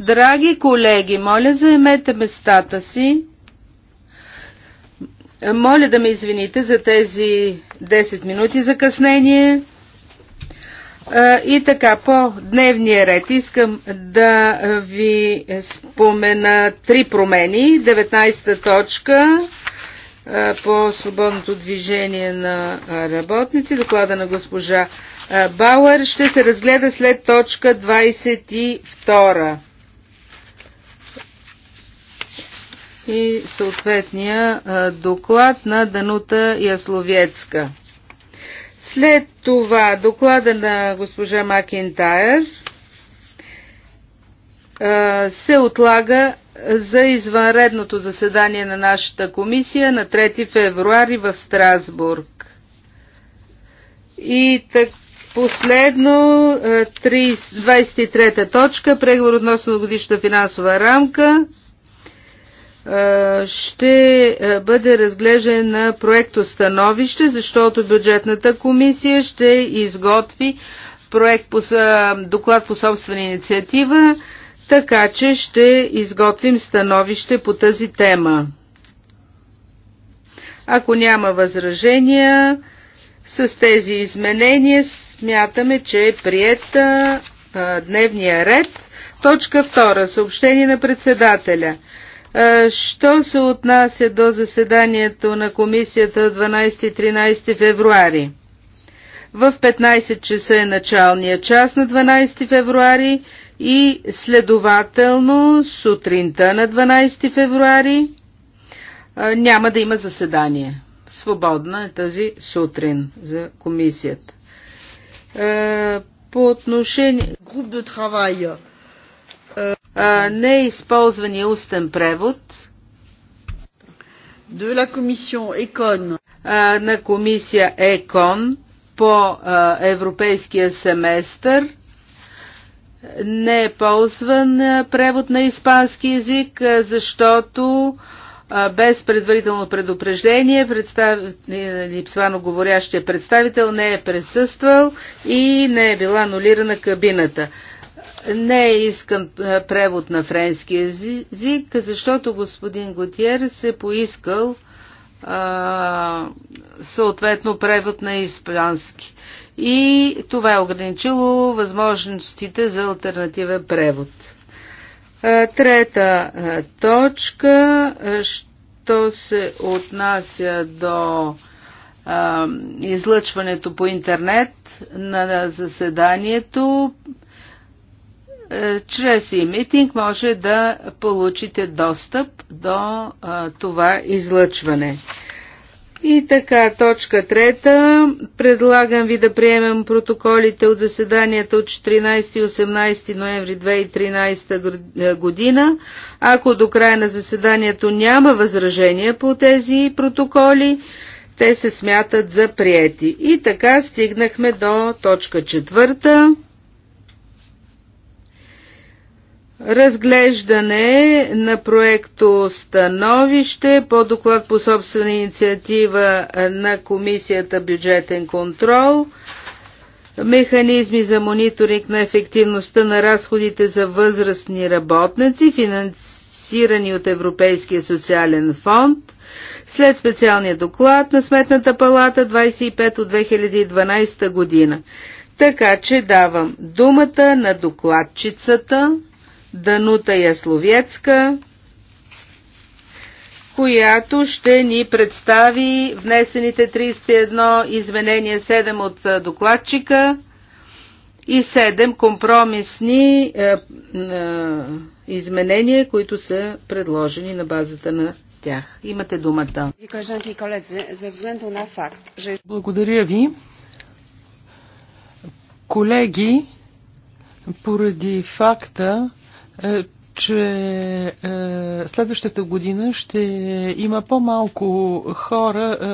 Драги колеги, моля заемете местата си. Моля да ме извините за тези 10 минути закъснение. И така, по дневния ред искам да ви спомена три промени. 19 точка по свободното движение на работници. Доклада на госпожа Бауер ще се разгледа след точка 22 и съответния доклад на Данута Ясловецка. След това доклада на госпожа Макентайер се отлага за извънредното заседание на нашата комисия на 3 февруари в Страсбург. И так, последно, 23-та точка, преговор относно годишната финансова рамка, ще бъде разглежен на проекто становище, защото бюджетната комисия ще изготви проект, доклад по собствена инициатива, така че ще изготвим становище по тази тема. Ако няма възражения, с тези изменения смятаме, че е приета а, дневния ред. Точка 2. Съобщение на председателя. А, що се отнася до заседанието на комисията 12-13 февруари? В 15 часа е началния час на 12 февруари и следователно сутринта на 12 февруари няма да има заседание. Свободна е тази сутрин за комисията. По отношение... Груп де Не е използвания устен превод. De la На комисия ЕКОН по европейския семестър не е ползван превод на испански язик, защото без предварително предупреждение представ... липсвано говорящия представител не е присъствал и не е била анулирана кабината. Не е искан превод на френски язик, защото господин Готиерес е поискал а, съответно превод на испански и това е ограничило възможностите за альтернативен превод. Трета точка, що се отнася до излъчването по интернет на заседанието, чрез и митинг може да получите достъп до това излъчване. И така, точка трета. Предлагам ви да приемем протоколите от заседанията от 14 и 18 ноември 2013 е, година. Ако до края на заседанието няма възражения по тези протоколи, те се смятат за приети. И така стигнахме до точка четвърта. Разглеждане на проекто становище по доклад по собствена инициатива на Комисията бюджетен контрол механизми за мониторинг на ефективността на разходите за възрастни работници, финансирани от Европейския социален фонд, след специалния доклад на Сметната палата 25 от 2012 година. Така че давам думата на докладчицата. Данута Ясловецка, която ще ни представи внесените 301 извинения 7 от докладчика и 7 компромисни е, е, изменения, които са предложени на базата на тях. Имате думата. Благодаря ви. Колеги, поради факта, е, че е, следващата година ще има по-малко хора, е,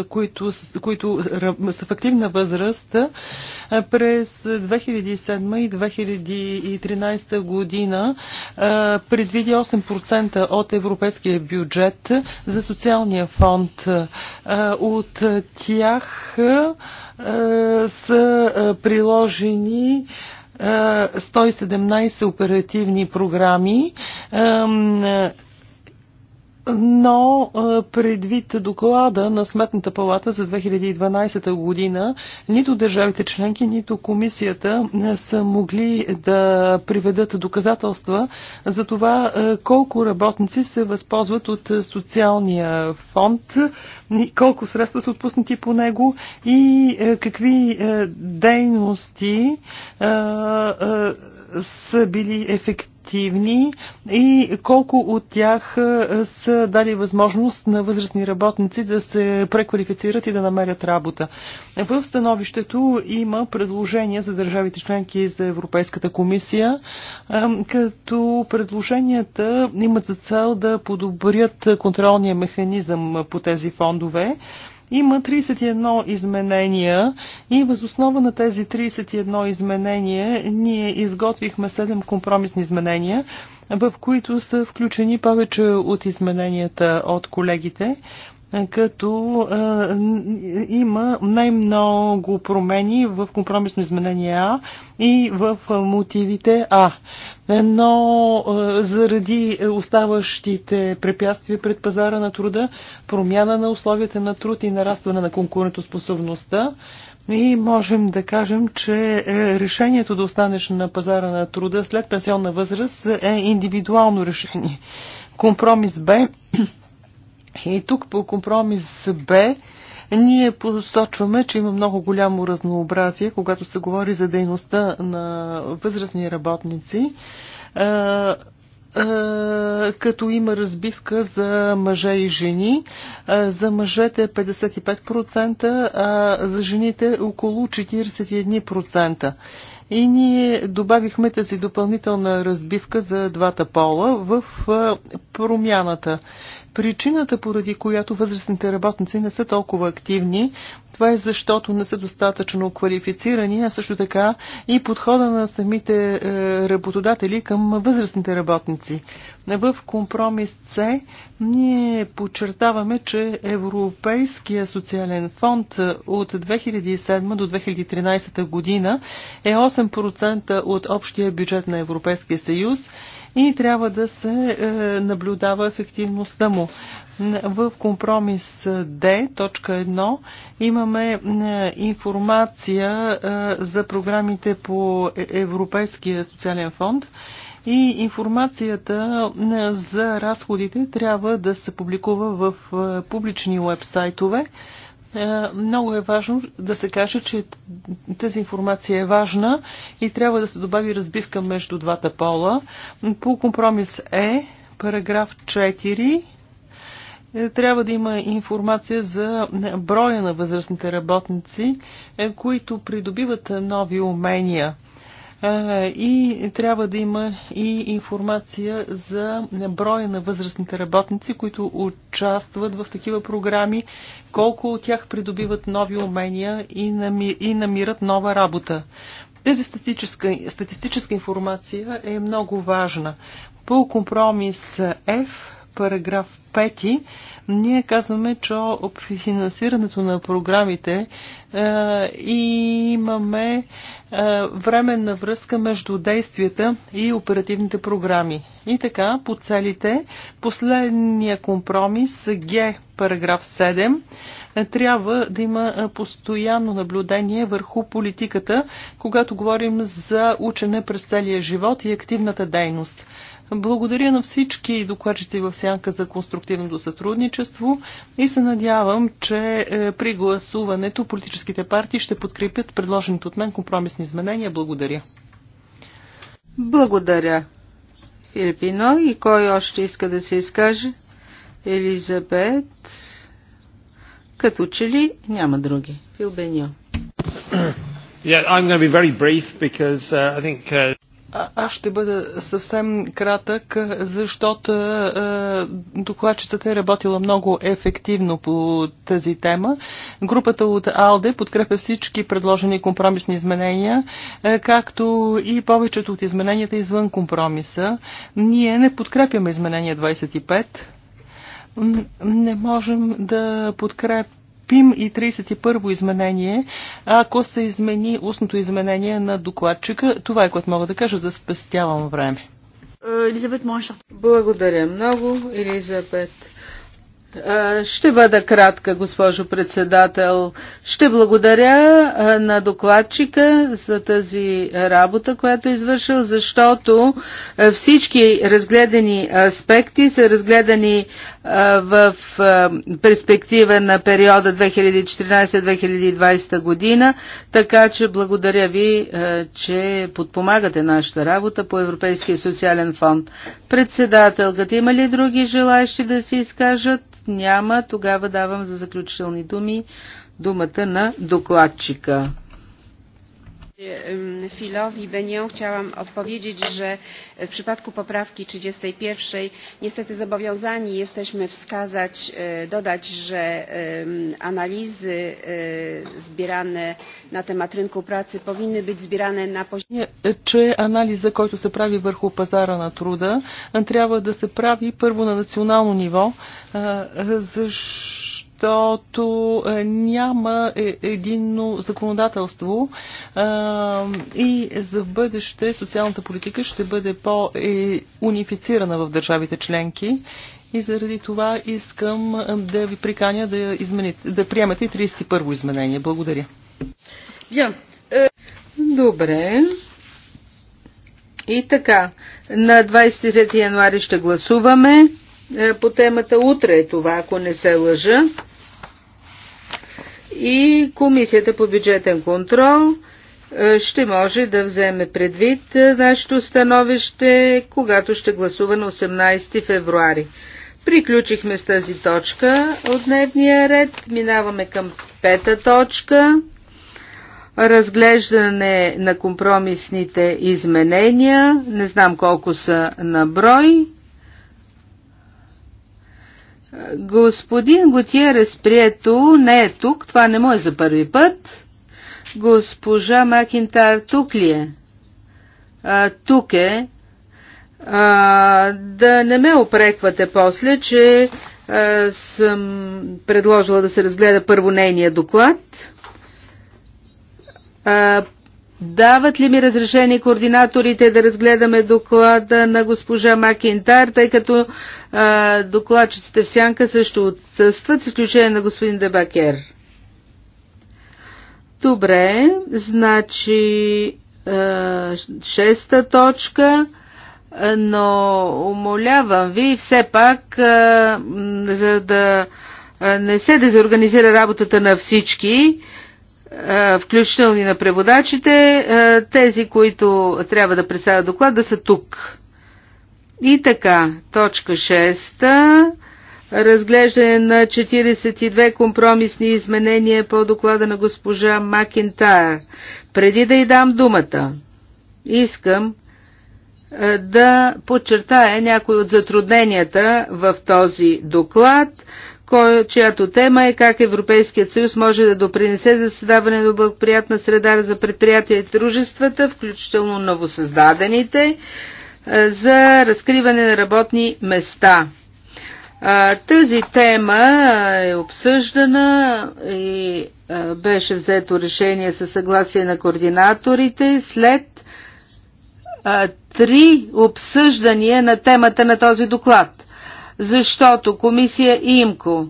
е, които, които са в активна възраст. Е, през 2007 и 2013 година е, предвиди 8% от европейския бюджет за социалния фонд. Е, от тях е, са е, приложени е, 117 оперативни програми но предвид доклада на Сметната палата за 2012 година, нито държавите членки, нито комисията са могли да приведат доказателства за това колко работници се възползват от социалния фонд, колко средства са отпуснати по него и какви дейности са били ефективни и колко от тях са дали възможност на възрастни работници да се преквалифицират и да намерят работа. В становището има предложения за държавите членки и за Европейската комисия, като предложенията имат за цел да подобрят контролния механизъм по тези фондове. Има 31 изменения и възоснова на тези 31 изменения ние изготвихме 7 компромисни изменения, в които са включени повече от измененията от колегите. Е, като е, има най-много промени в компромисно изменение А и в мотивите А. Но е, заради оставащите препятствия пред пазара на труда, промяна на условията на труд и нарастване на конкурентоспособността, и можем да кажем, че решението да останеш на пазара на труда след пенсионна възраст е индивидуално решение. Компромис Б и тук по компромис Б ние посочваме, че има много голямо разнообразие, когато се говори за дейността на възрастни работници, като има разбивка за мъже и жени. За мъжете е 55%, а за жените е около 41%. И ние добавихме тази допълнителна разбивка за двата пола в промяната. Причината, поради която възрастните работници не са толкова активни, това е защото не са достатъчно квалифицирани, а също така и подхода на самите е, работодатели към възрастните работници. В компромис С ние подчертаваме, че Европейския социален фонд от 2007 до 2013 година е 8% от общия бюджет на Европейския съюз и трябва да се е, наблюдава ефективността му. В компромис D.1 точка 1, имаме е, информация е, за програмите по Европейския социален фонд и информацията за разходите трябва да се публикува в публични уебсайтове. сайтове е, много е важно да се каже, че тази информация е важна и трябва да се добави разбивка между двата пола. По компромис е параграф 4 е, трябва да има информация за броя на възрастните работници, е, които придобиват нови умения – и трябва да има и информация за броя на възрастните работници, които участват в такива програми, колко от тях придобиват нови умения и намират нова работа. Тази статистическа, статистическа информация е много важна. По компромис F параграф 5 ние казваме, че финансирането на програмите е, имаме е, временна връзка между действията и оперативните програми. И така, по целите, последния компромис Г, параграф 7, е, трябва да има е, постоянно наблюдение върху политиката, когато говорим за учене през целия живот и активната дейност. Благодаря на всички докладчици в Сянка за конструктивното сътрудничество и се надявам, че е, при гласуването политическите партии ще подкрепят предложените от мен компромисни изменения. Благодаря. Благодаря. Филипино и кой още иска да се изкаже? Елизабет. Като че ли няма други. Филбенио. Yeah, I'm going to be very brief because uh, I think uh... Аз ще бъда съвсем кратък, защото е, докладчицата е работила много ефективно по тази тема. Групата от АЛДЕ подкрепя всички предложени компромисни изменения, е, както и повечето от измененията извън компромиса. Ние не подкрепяме изменение 25 не можем да подкрепим Пим, и 31-во изменение, ако се измени устното изменение на докладчика. Това е което мога да кажа, да спестявам време. Елизабет Моншарт. Благодаря много, Елизабет. Ще бъда кратка, госпожо председател. Ще благодаря на докладчика за тази работа, която е извършил, защото всички разгледани аспекти са разгледани в перспектива на периода 2014-2020 година, така че благодаря ви, че подпомагате нашата работа по Европейския социален фонд. Председателката, има ли други желаящи да се изкажат? Няма. Тогава давам за заключителни думи думата на докладчика. Filowi Benion chciałam odpowiedzieć, że w przypadku poprawki jeden niestety zobowiązani jesteśmy wskazać, dodać, że analizy zbierane na temat rynku pracy powinny być zbierane na poziomie... Czy analiza, się се w ruchu pazara na trudę trzeba by się прави първо na национално niveau защото защото е, няма е, единно законодателство е, и за бъдеще социалната политика ще бъде по-унифицирана в държавите членки и заради това искам да ви приканя да, измените, да приемате 31-во изменение. Благодаря. Добре. И така, на 23 януари ще гласуваме по темата утре е това, ако не се лъжа и Комисията по бюджетен контрол е, ще може да вземе предвид е, нашето становище, когато ще гласува на 18 февруари. Приключихме с тази точка от дневния ред. Минаваме към пета точка. Разглеждане на компромисните изменения. Не знам колко са на брой. Господин Готиерес Прието не е тук, това не му е за първи път. Госпожа Макинтар тук ли е? А, тук е. А, да не ме опреквате после, че а, съм предложила да се разгледа първо нейния доклад. А, Дават ли ми разрешение координаторите да разгледаме доклада на госпожа Макинтар, тъй като а, докладчиците в сянка също отсъстват, с изключение на господин Дебакер? Добре, значи а, шеста точка, но умолявам ви все пак, а, за да не се дезорганизира работата на всички, а, е, включително и на преводачите, е, тези, които трябва да представят доклад, да са тук. И така, точка 6. Разглеждане на 42 компромисни изменения по доклада на госпожа Макентайр. Преди да й дам думата, искам е, да подчертая някои от затрудненията в този доклад, кой, чиято тема е как Европейският съюз може да допринесе за създаване на благоприятна среда за предприятия и дружествата, включително новосъздадените, е, за разкриване на работни места. Е, тази тема е, е обсъждана и беше взето решение със съгласие на координаторите след три обсъждания на темата на този доклад защото комисия ИМКО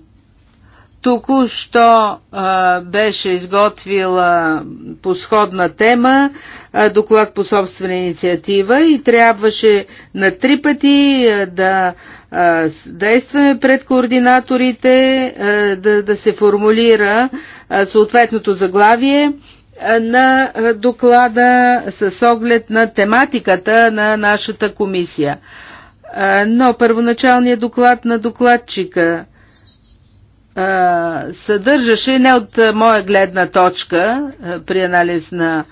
току-що беше изготвила по сходна тема а, доклад по собствена инициатива и трябваше на три пъти а, да а, действаме пред координаторите, да, да се формулира съответното заглавие на доклада с оглед на тематиката на нашата комисия но първоначалният доклад на докладчика съдържаше не от моя гледна точка при анализ на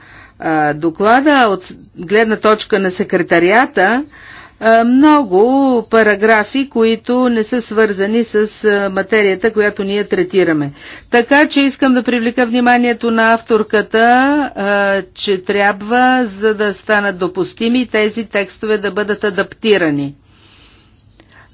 доклада, а от гледна точка на секретарията много параграфи, които не са свързани с материята, която ние третираме. Така че искам да привлека вниманието на авторката, че трябва, за да станат допустими, тези текстове да бъдат адаптирани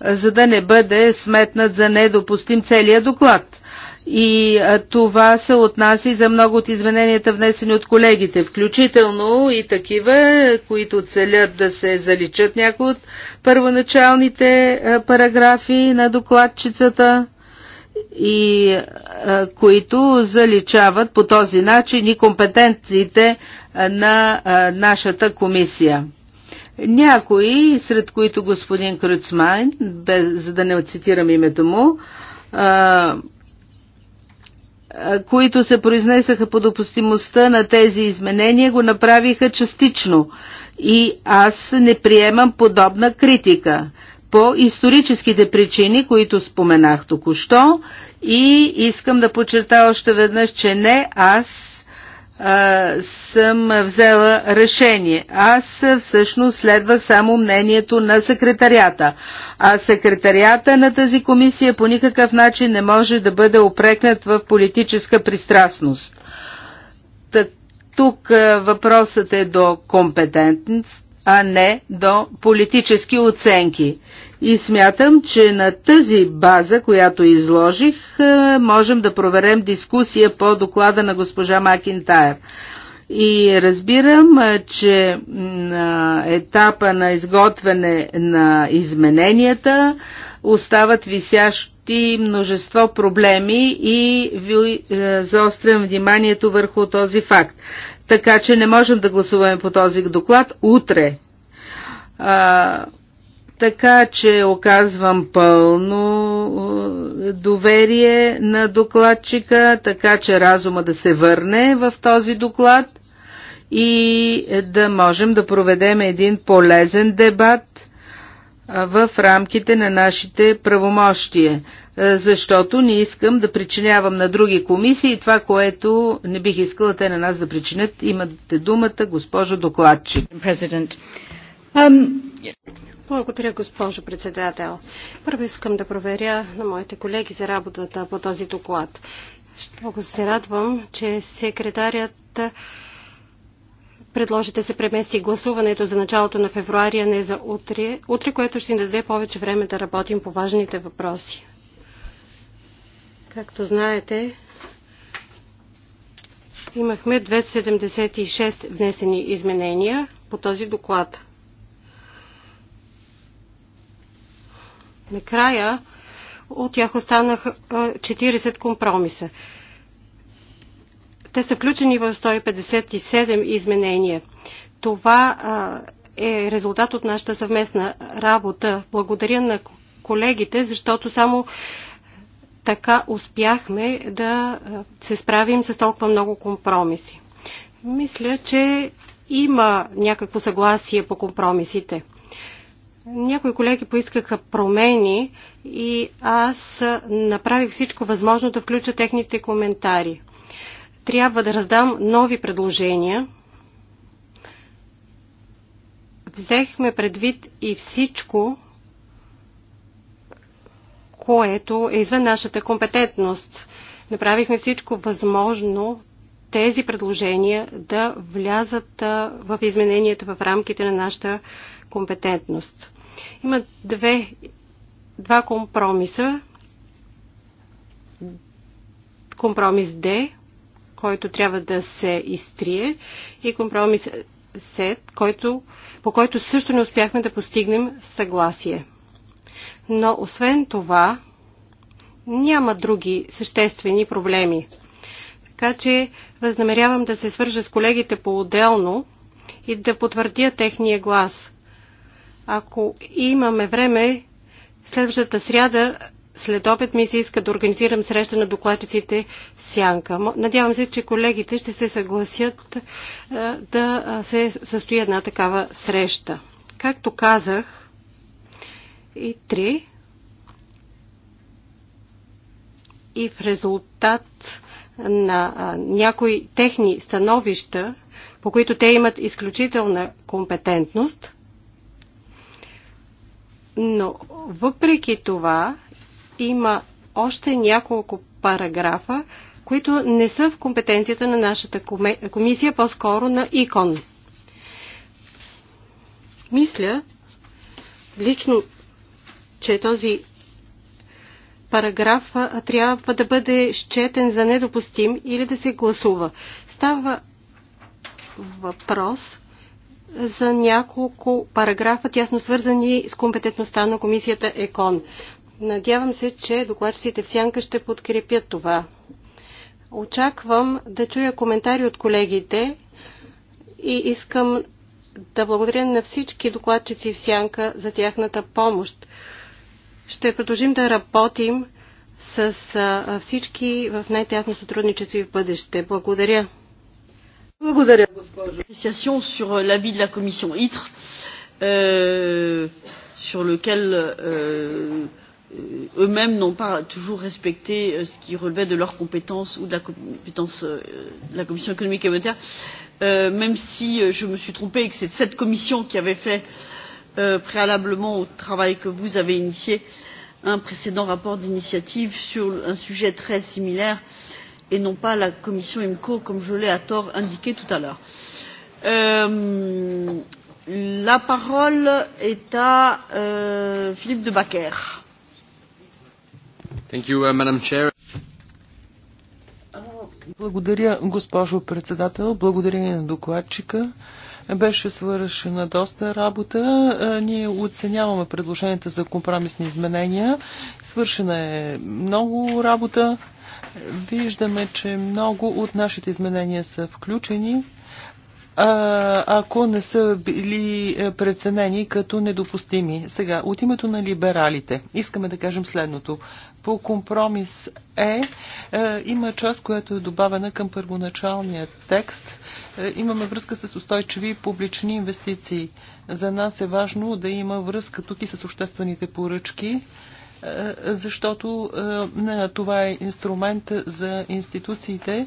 за да не бъде сметнат за недопустим целият доклад. И това се отнася и за много от измененията внесени от колегите, включително и такива, които целят да се заличат някои от първоначалните параграфи на докладчицата и които заличават по този начин и компетенциите на нашата комисия. Някои, сред които господин Кръцмайн, без, за да не цитирам името му, а, които се произнесаха по допустимостта на тези изменения, го направиха частично. И аз не приемам подобна критика по историческите причини, които споменах току-що и искам да подчертая още веднъж, че не аз съм взела решение. Аз всъщност следвах само мнението на секретарията. А секретарията на тази комисия по никакъв начин не може да бъде опрекнат в политическа пристрастност. тук въпросът е до компетентност, а не до политически оценки. И смятам, че на тази база, която изложих, е, можем да проверем дискусия по доклада на госпожа Макинтайр. И разбирам, е, че на етапа на изготвяне на измененията остават висящи множество проблеми и ви е, заострям вниманието върху този факт. Така че не можем да гласуваме по този доклад утре. Така че оказвам пълно е, доверие на докладчика, така че разума да се върне в този доклад и да можем да проведем един полезен дебат е, в рамките на нашите правомощия, е, защото не искам да причинявам на други комисии това, което не бих искала те на нас да причинят. Имате думата, госпожо докладчик. Благодаря, госпожо председател. Първо искам да проверя на моите колеги за работата по този доклад. Много се радвам, че секретарят предложи да се премести гласуването за началото на февруария, не за утре, утре, което ще ни даде повече време да работим по важните въпроси. Както знаете, имахме 276 внесени изменения по този доклад. накрая от тях останаха 40 компромиса. Те са включени в 157 изменения. Това е резултат от нашата съвместна работа. Благодаря на колегите, защото само така успяхме да се справим с толкова много компромиси. Мисля, че има някакво съгласие по компромисите. Някои колеги поискаха промени и аз направих всичко възможно да включа техните коментари. Трябва да раздам нови предложения. Взехме предвид и всичко, което е извън нашата компетентност. Направихме всичко възможно тези предложения да влязат в измененията в рамките на нашата компетентност. Има две, два компромиса. Компромис Д, който трябва да се изтрие, и компромис С, който, по който също не успяхме да постигнем съгласие. Но освен това, няма други съществени проблеми. Така че възнамерявам да се свържа с колегите по-отделно и да потвърдя техния глас. Ако имаме време, следващата сряда след обед ми се иска да организирам среща на докладчиците в Сянка. Надявам се, че колегите ще се съгласят е, да се състои една такава среща. Както казах, и три. И в резултат на някои техни становища, по които те имат изключителна компетентност – но въпреки това има още няколко параграфа, които не са в компетенцията на нашата комисия, по-скоро на ИКОН. Мисля лично, че този параграф трябва да бъде счетен за недопустим или да се гласува. Става въпрос за няколко параграфа, тясно свързани с компетентността на комисията ЕКОН. Надявам се, че докладчиците в Сянка ще подкрепят това. Очаквам да чуя коментари от колегите и искам да благодаря на всички докладчици в Сянка за тяхната помощ. Ще продължим да работим с всички в най-тясно сътрудничество и в бъдеще. Благодаря. Благодаря, госпожо. Appréciation sur l'avis de la commission ITRE, euh, sur lequel euh, eux-mêmes n'ont pas toujours respecté ce qui relevait de leurs compétences ou de la compétence de la Commission économique et monétaire, même si je me suis trompée et que c'est cette commission qui avait fait, préalablement au travail que vous avez initié, un précédent rapport d'initiative sur un sujet très similaire et non pas la commission imco comme je l'ai à tort indiqué tout à l'heure. Euh, la parole est à euh, philippe de backer. Uh, Благодаря, госпожо председател. Благодаря на докладчика. Беше свършена доста работа. Е, ние оценяваме предложенията за компромисни изменения. Свършена е много работа. Виждаме, че много от нашите изменения са включени, ако не са били е, преценени като недопустими. Сега, от името на либералите, искаме да кажем следното. По компромис Е, е има част, която е добавена към първоначалния текст. Е, имаме връзка с устойчиви публични инвестиции. За нас е важно да има връзка тук и с обществените поръчки. Е, защото е, това е инструмент за институциите,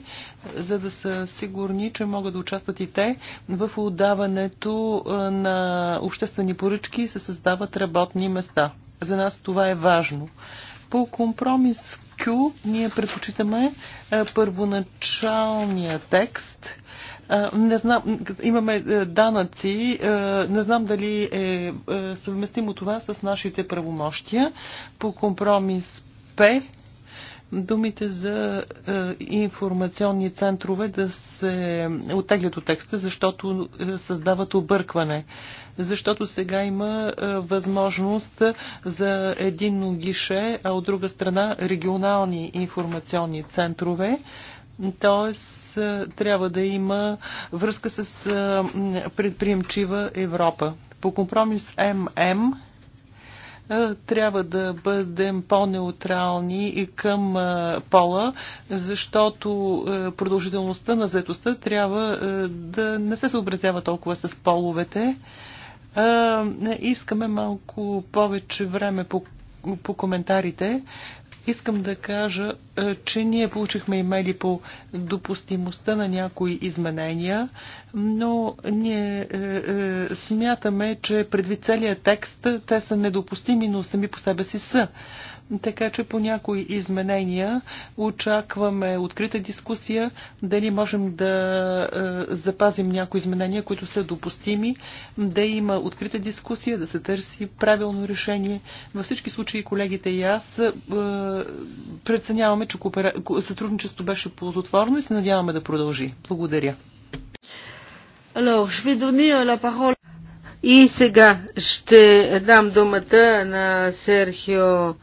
за да са сигурни, че могат да участват и те в отдаването е, на обществени поръчки и се създават работни места. За нас това е важно. По компромис Q ние предпочитаме първоначалния текст – не знам, имаме е, данъци, е, не знам дали е, е съвместимо това с нашите правомощия. По компромис П думите за информационни центрове да се отеглят от текста, защото създават объркване. Защото сега има възможност за единно гише, а от друга страна регионални информационни центрове т.е. трябва да има връзка с е, предприемчива Европа. По компромис ММ е, трябва да бъдем по-неутрални и към е, пола, защото продължителността на заетостта трябва да не се съобразява толкова с половете. Искаме малко повече време по, по коментарите, Искам да кажа, е, че ние получихме имейли по допустимостта на някои изменения, но ние е, е, смятаме, че предвид целият текст те са недопустими, но сами по себе си са. Така че по някои изменения очакваме открита дискусия, дали можем да е, запазим някои изменения, които са допустими, да има открита дискусия, да се търси правилно решение. Във всички случаи колегите и аз е, преценяваме, че купера... сътрудничество беше ползотворно и се надяваме да продължи. Благодаря. Euh, и сега ще дам думата на Серхио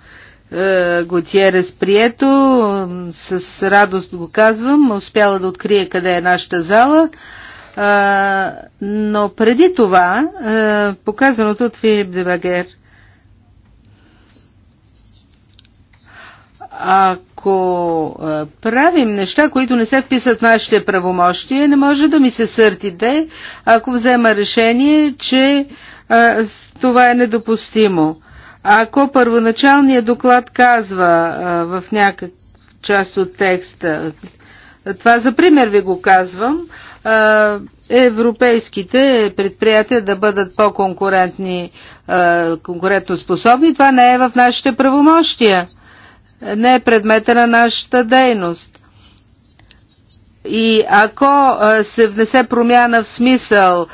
е, Готиерес прието. С радост го казвам. Успяла да открие къде е нашата зала. Е, но преди това, е, показаното от Филип Дебагер, ако правим неща, които не се вписат в нашите правомощия, не може да ми се съртите, ако взема решение, че това е недопустимо. Ако първоначалният доклад казва а, в някакъв част от текста, това за пример ви го казвам, а, европейските предприятия да бъдат по-конкурентни, конкурентоспособни, това не е в нашите правомощия. Не е предмета на нашата дейност. И ако се внесе промяна в смисъл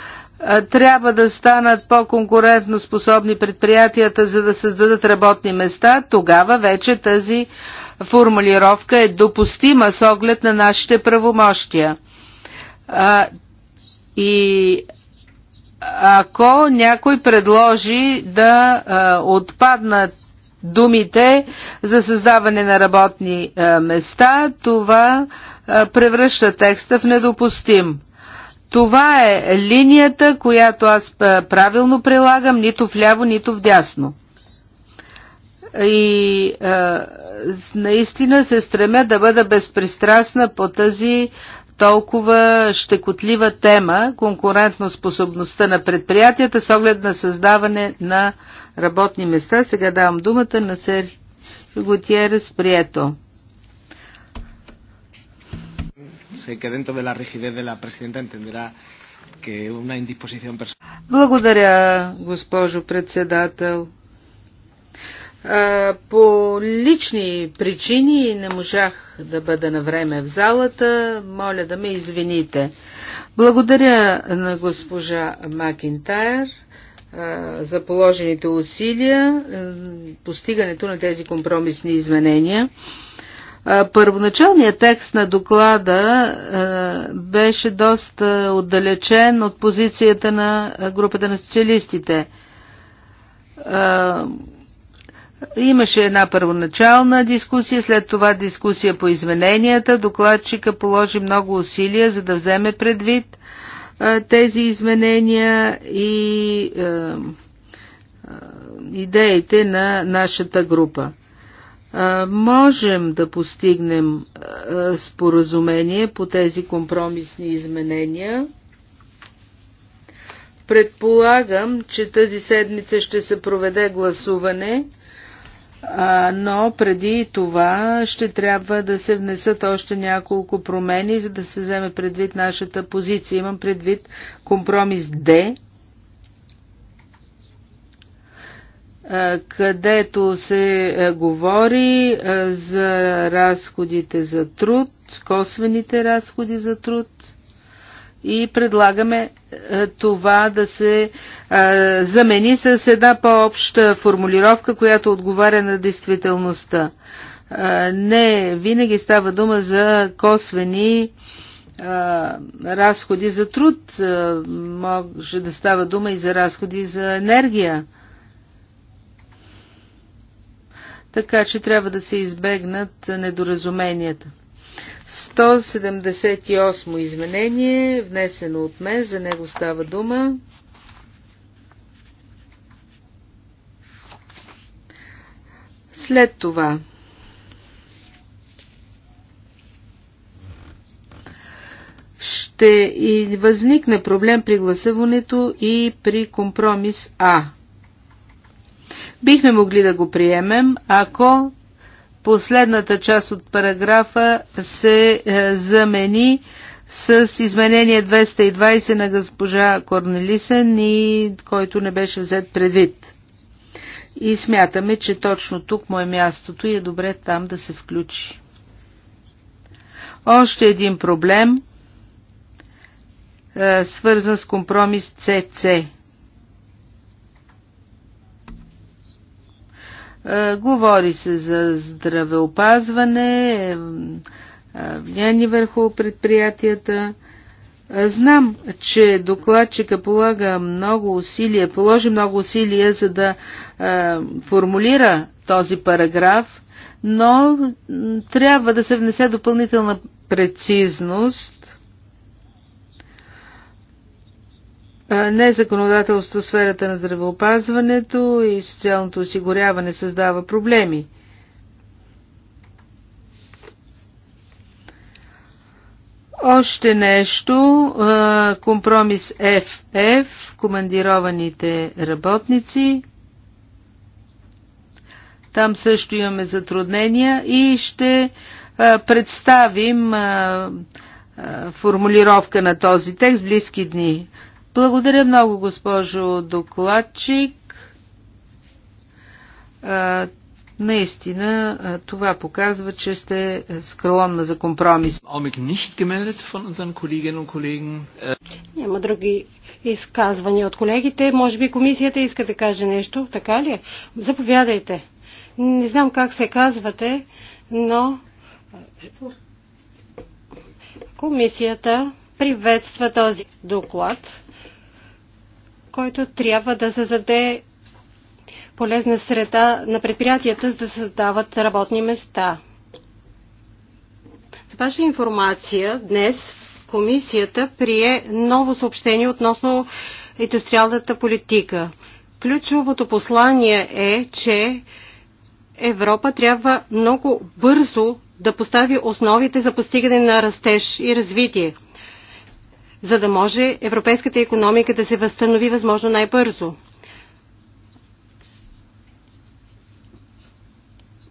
трябва да станат по-конкурентно способни предприятията, за да създадат работни места. Тогава вече тази формулировка е допустима с оглед на нашите правомощия. А, и ако някой предложи да а, отпаднат думите за създаване на работни а, места, това а, превръща текста в недопустим. Това е линията, която аз правилно прилагам нито вляво, нито вдясно. И а, наистина се стремя да бъда безпристрастна по тази толкова щекотлива тема конкурентно способността на предприятията с оглед на създаване на работни места. Сега давам думата на Серхио Готиерес Прието. sé que dentro de la rigidez de la presidenta entenderá que una indisposición personal. Благодаря, госпожо председател. По лични причини не можах да бъда на време в залата. Моля да ме извините. Благодаря на госпожа Макинтайр за положените усилия, постигането на тези компромисни изменения. Първоначалният текст на доклада беше доста отдалечен от позицията на групата на социалистите. Имаше една първоначална дискусия, след това дискусия по измененията. Докладчика положи много усилия, за да вземе предвид тези изменения и идеите на нашата група можем да постигнем споразумение по тези компромисни изменения. Предполагам, че тази седмица ще се проведе гласуване, но преди това ще трябва да се внесат още няколко промени, за да се вземе предвид нашата позиция. Имам предвид компромис Д, където се говори за разходите за труд, косвените разходи за труд и предлагаме това да се замени с една по-обща формулировка, която отговаря на действителността. Не, винаги става дума за косвени разходи за труд. Може да става дума и за разходи за енергия така че трябва да се избегнат недоразуменията. 178 изменение, внесено от мен, за него става дума. След това ще и възникне проблем при гласуването и при компромис А. Бихме могли да го приемем, ако последната част от параграфа се е, замени с изменение 220 на госпожа Корнелисен и който не беше взет предвид. И смятаме, че точно тук му е мястото и е добре там да се включи. Още един проблем, е, свързан с компромис ЦЦ. Е, говори се за здравеопазване, е, е, влияние върху предприятията. Знам, че докладчика полага много усилия, положи много усилия, за да формулира този параграф, но трябва да се внесе допълнителна прецизност не законодателство в сферата на здравеопазването и социалното осигуряване създава проблеми. Още нещо, компромис FF, командированите работници. Там също имаме затруднения и ще представим формулировка на този текст близки дни. Благодаря много, госпожо докладчик. Наистина, това показва, че сте скромна за компромис. Äh, Няма други изказвания от колегите. Може би комисията иска да каже нещо, така ли? Е? Заповядайте. Не знам как се казвате, но комисията приветства този доклад който трябва да създаде полезна среда на предприятията, за да създават работни места. За ваша информация, днес комисията прие ново съобщение относно индустриалната политика. Ключовото послание е, че Европа трябва много бързо да постави основите за постигане на растеж и развитие за да може европейската економика да се възстанови възможно най-бързо.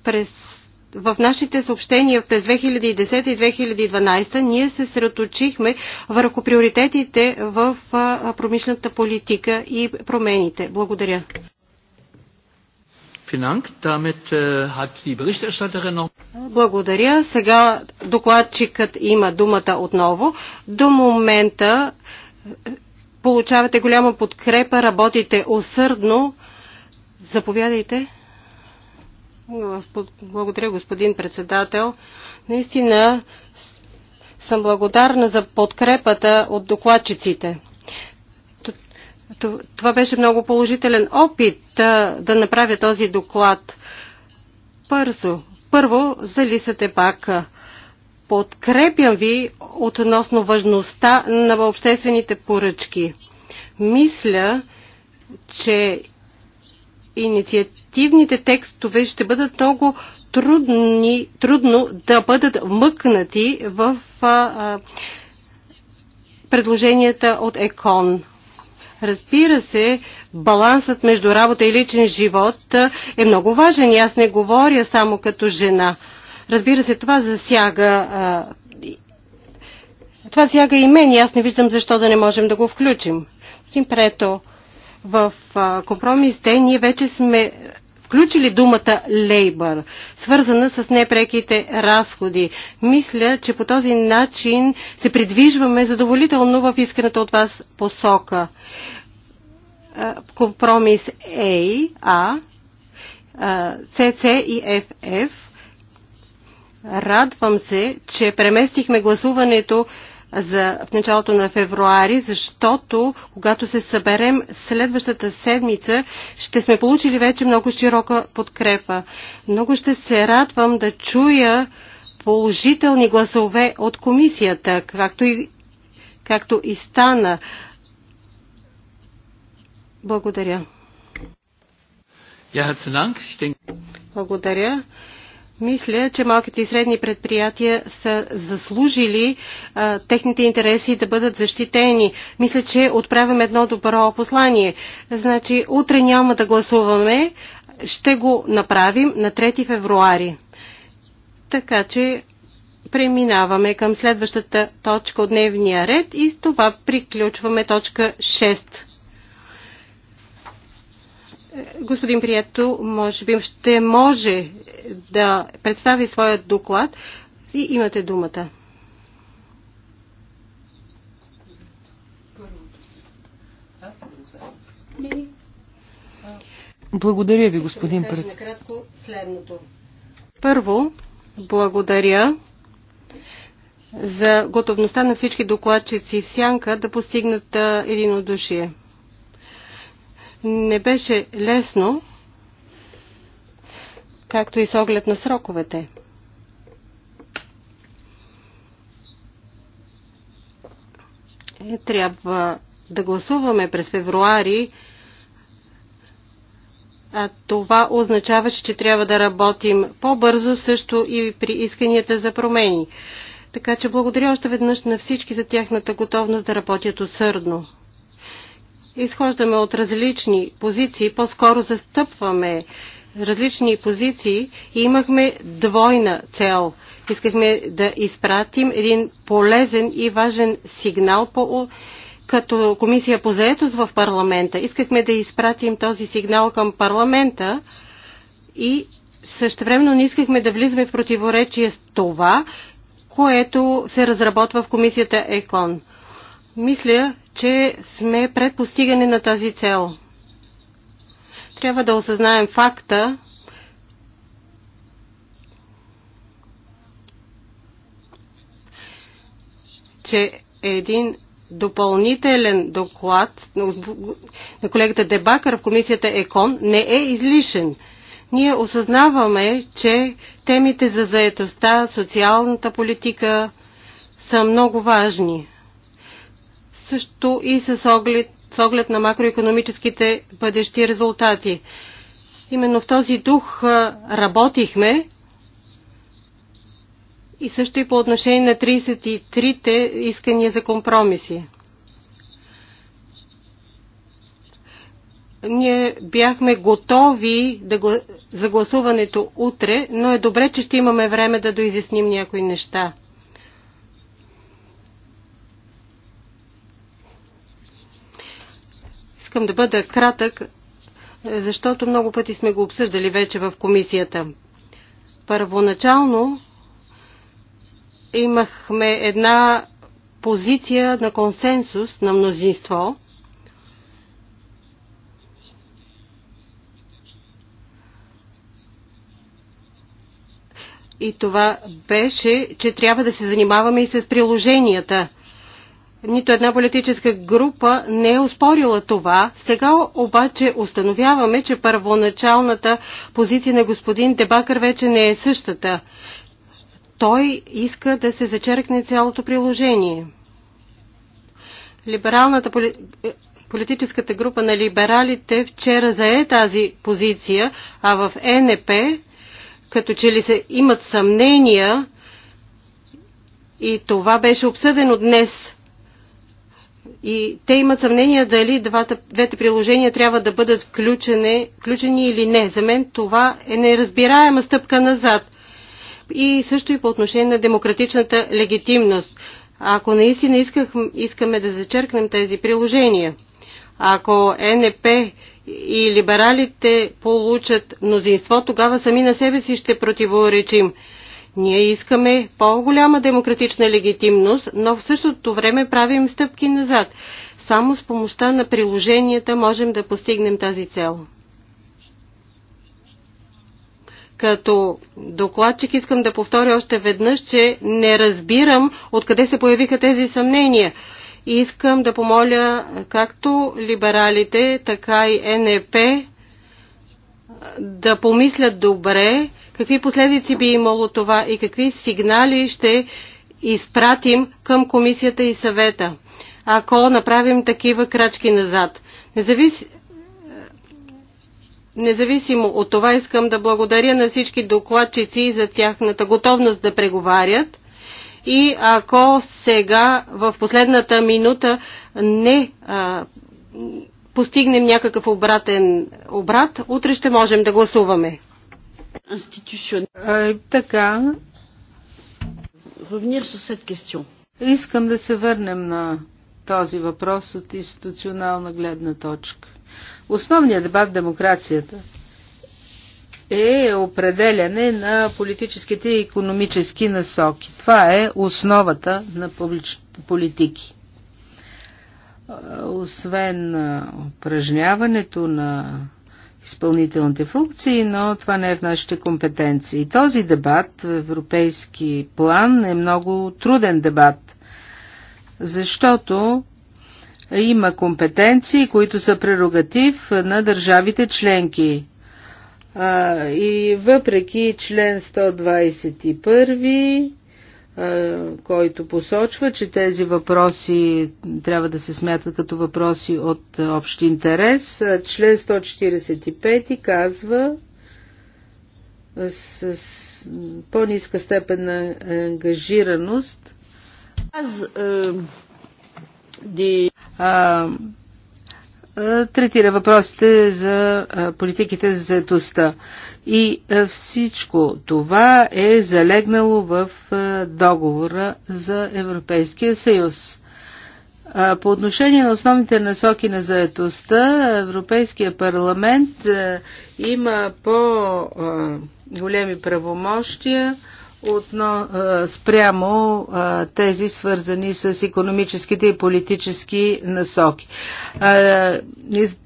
През в нашите съобщения през 2010 и 2012 ние се средоточихме върху приоритетите в промишлената политика и промените. Благодаря. Äh, Благодаря. Сега докладчикът има думата отново. До момента е, получавате голяма подкрепа, работите усърдно. Заповядайте. Благодаря, господин председател. Наистина съм благодарна за подкрепата от докладчиците. Това беше много положителен опит да, да направя този доклад. Пързо, първо за лисате пак. Подкрепям ви относно важността на обществените поръчки. Мисля, че инициативните текстове ще бъдат много трудни, трудно да бъдат мъкнати в а, а, предложенията от ЕКОН. Разбира се, балансът между работа и личен живот е много важен и аз не говоря само като жена. Разбира се, това засяга. Това засяга и мен и аз не виждам защо да не можем да го включим. Прето, в компромисте ние вече сме включили думата лейбър, свързана с непреките разходи. Мисля, че по този начин се придвижваме задоволително в исканата от вас посока. Компромис A, A, CC и FF. Радвам се, че преместихме гласуването за, в началото на февруари, защото когато се съберем следващата седмица, ще сме получили вече много широка подкрепа. Много ще се радвам да чуя положителни гласове от комисията, както и, както и стана. Благодаря. Благодаря. Мисля, че малките и средни предприятия са заслужили а, техните интереси да бъдат защитени. Мисля, че отправям едно добро послание. Значи, утре няма да гласуваме, ще го направим на 3 февруари. Така че преминаваме към следващата точка от дневния ред и с това приключваме точка 6 господин Прието, може би ще може да представи своят доклад и имате думата. Благодаря ви, господин председател. Първо, благодаря за готовността на всички докладчици в Сянка да постигнат единодушие. Не беше лесно, както и с оглед на сроковете. Трябва да гласуваме през февруари, а това означаваше, че трябва да работим по-бързо също и при исканията за промени. Така че благодаря още веднъж на всички за тяхната готовност да работят усърдно изхождаме от различни позиции, по-скоро застъпваме различни позиции и имахме двойна цел. Искахме да изпратим един полезен и важен сигнал по, като комисия по заетост в парламента. Искахме да изпратим този сигнал към парламента и същевременно не искахме да влизаме в противоречие с това, което се разработва в комисията ЕКОН. Мисля, че сме пред постигане на тази цел. Трябва да осъзнаем факта, че един допълнителен доклад на колегата Дебакър в комисията ЕКОН не е излишен. Ние осъзнаваме, че темите за заетостта, социалната политика са много важни също и с оглед, с оглед на макроекономическите бъдещи резултати. Именно в този дух работихме и също и по отношение на 33-те искания за компромиси. Ние бяхме готови да гла... за гласуването утре, но е добре, че ще имаме време да доизясним някои неща. Искам да бъда кратък, защото много пъти сме го обсъждали вече в комисията. Първоначално имахме една позиция на консенсус на мнозинство. И това беше, че трябва да се занимаваме и с приложенията – нито една политическа група не е успорила това. Сега обаче установяваме, че първоначалната позиция на господин Дебакър вече не е същата. Той иска да се зачеркне цялото приложение. Либералната поли... политическата група на либералите вчера зае тази позиция, а в ЕНП, като че ли се имат съмнения, и това беше обсъдено днес и те имат съмнение дали двата, двете приложения трябва да бъдат включени, включени или не. За мен това е неразбираема стъпка назад. И също и по отношение на демократичната легитимност. Ако наистина исках, искаме да зачеркнем тези приложения, ако НП и либералите получат мнозинство, тогава сами на себе си ще противоречим. Ние искаме по-голяма демократична легитимност, но в същото време правим стъпки назад. Само с помощта на приложенията можем да постигнем тази цел. Като докладчик искам да повторя още веднъж, че не разбирам откъде се появиха тези съмнения. Искам да помоля както либералите, така и НЕП да помислят добре какви последици би имало това и какви сигнали ще изпратим към комисията и съвета, ако направим такива крачки назад. Независ... Независимо от това искам да благодаря на всички докладчици за тяхната готовност да преговарят и ако сега в последната минута не а, постигнем някакъв обратен обрат, утре ще можем да гласуваме. Институцион... така. Revenir със cette question. Искам да се върнем на този въпрос от институционална гледна точка. Основният дебат в демокрацията е определяне на политическите и економически насоки. Това е основата на публичните политики. Е, освен е, упражняването на изпълнителните функции, но това не е в нашите компетенции. Този дебат в европейски план е много труден дебат, защото има компетенции, които са прерогатив на държавите членки. Е, и въпреки член 121 който посочва, че тези въпроси трябва да се смятат като въпроси от общ интерес. Член 145 казва с, с по-ниска степен на ангажираност. Аз, а, е, третира въпросите за е, политиките за заедостта. И е, всичко това е залегнало в договора за Европейския съюз. По отношение на основните насоки на заедостта, Европейския парламент има по-големи правомощия Отно, спрямо тези свързани с економическите и политически насоки.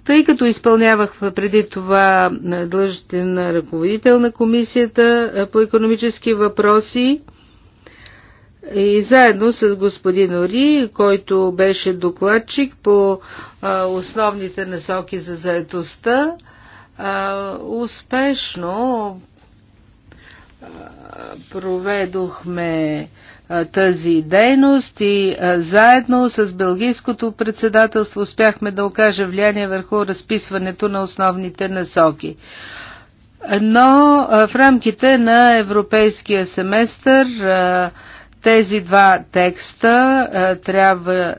Тъй като изпълнявах преди това длъжите на ръководител на комисията по економически въпроси, и заедно с господин Ори, който беше докладчик по основните насоки за заедостта, успешно проведохме тази дейност и заедно с Белгийското председателство успяхме да окаже влияние върху разписването на основните насоки. Но в рамките на европейския семестър тези два текста трябва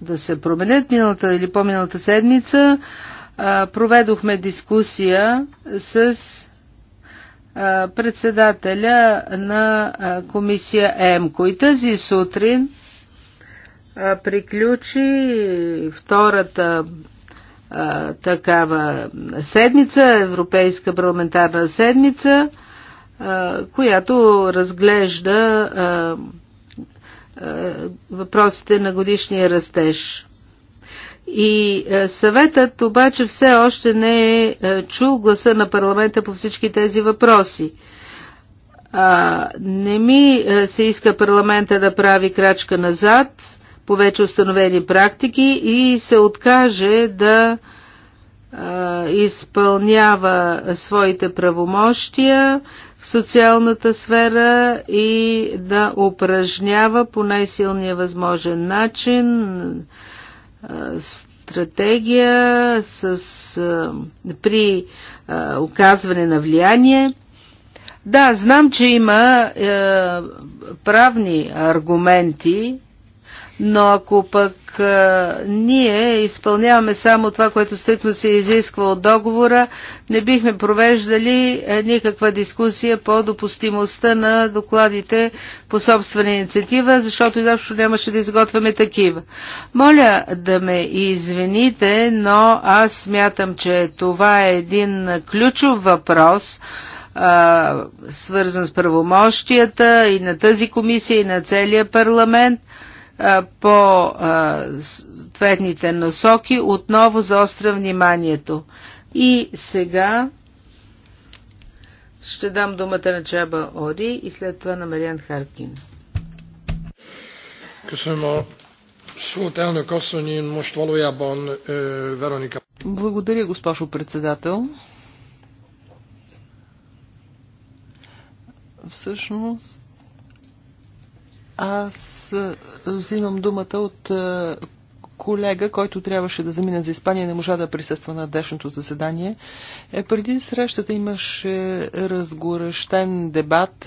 да се променят. Миналата или по-миналата седмица проведохме дискусия с председателя на комисия ЕМКО. И тази сутрин приключи втората такава седмица, Европейска парламентарна седмица, която разглежда въпросите на годишния растеж. И е, съветът обаче все още не е, е чул гласа на парламента по всички тези въпроси. А, не ми е, се иска парламента да прави крачка назад по вече установени практики и се откаже да а, изпълнява своите правомощия в социалната сфера и да упражнява по най-силния възможен начин стратегия с, при оказване на влияние. Да, знам, че има е, правни аргументи но ако пък а, ние изпълняваме само това, което стрикно се изисква от договора, не бихме провеждали е, никаква дискусия по допустимостта на докладите по собствена инициатива, защото изобщо нямаше да изготвяме такива. Моля да ме извините, но аз смятам, че това е един ключов въпрос, а, свързан с правомощията и на тази комисия, и на целия парламент – по съответните насоки отново заостря вниманието. И сега ще дам думата на Чаба Ори и след това на Мариан Харкин. Е, Благодаря, госпожо председател. Всъщност, аз взимам думата от колега, който трябваше да замине за Испания, не можа да присъства на днешното заседание. Е, преди срещата имаше разгорещен дебат.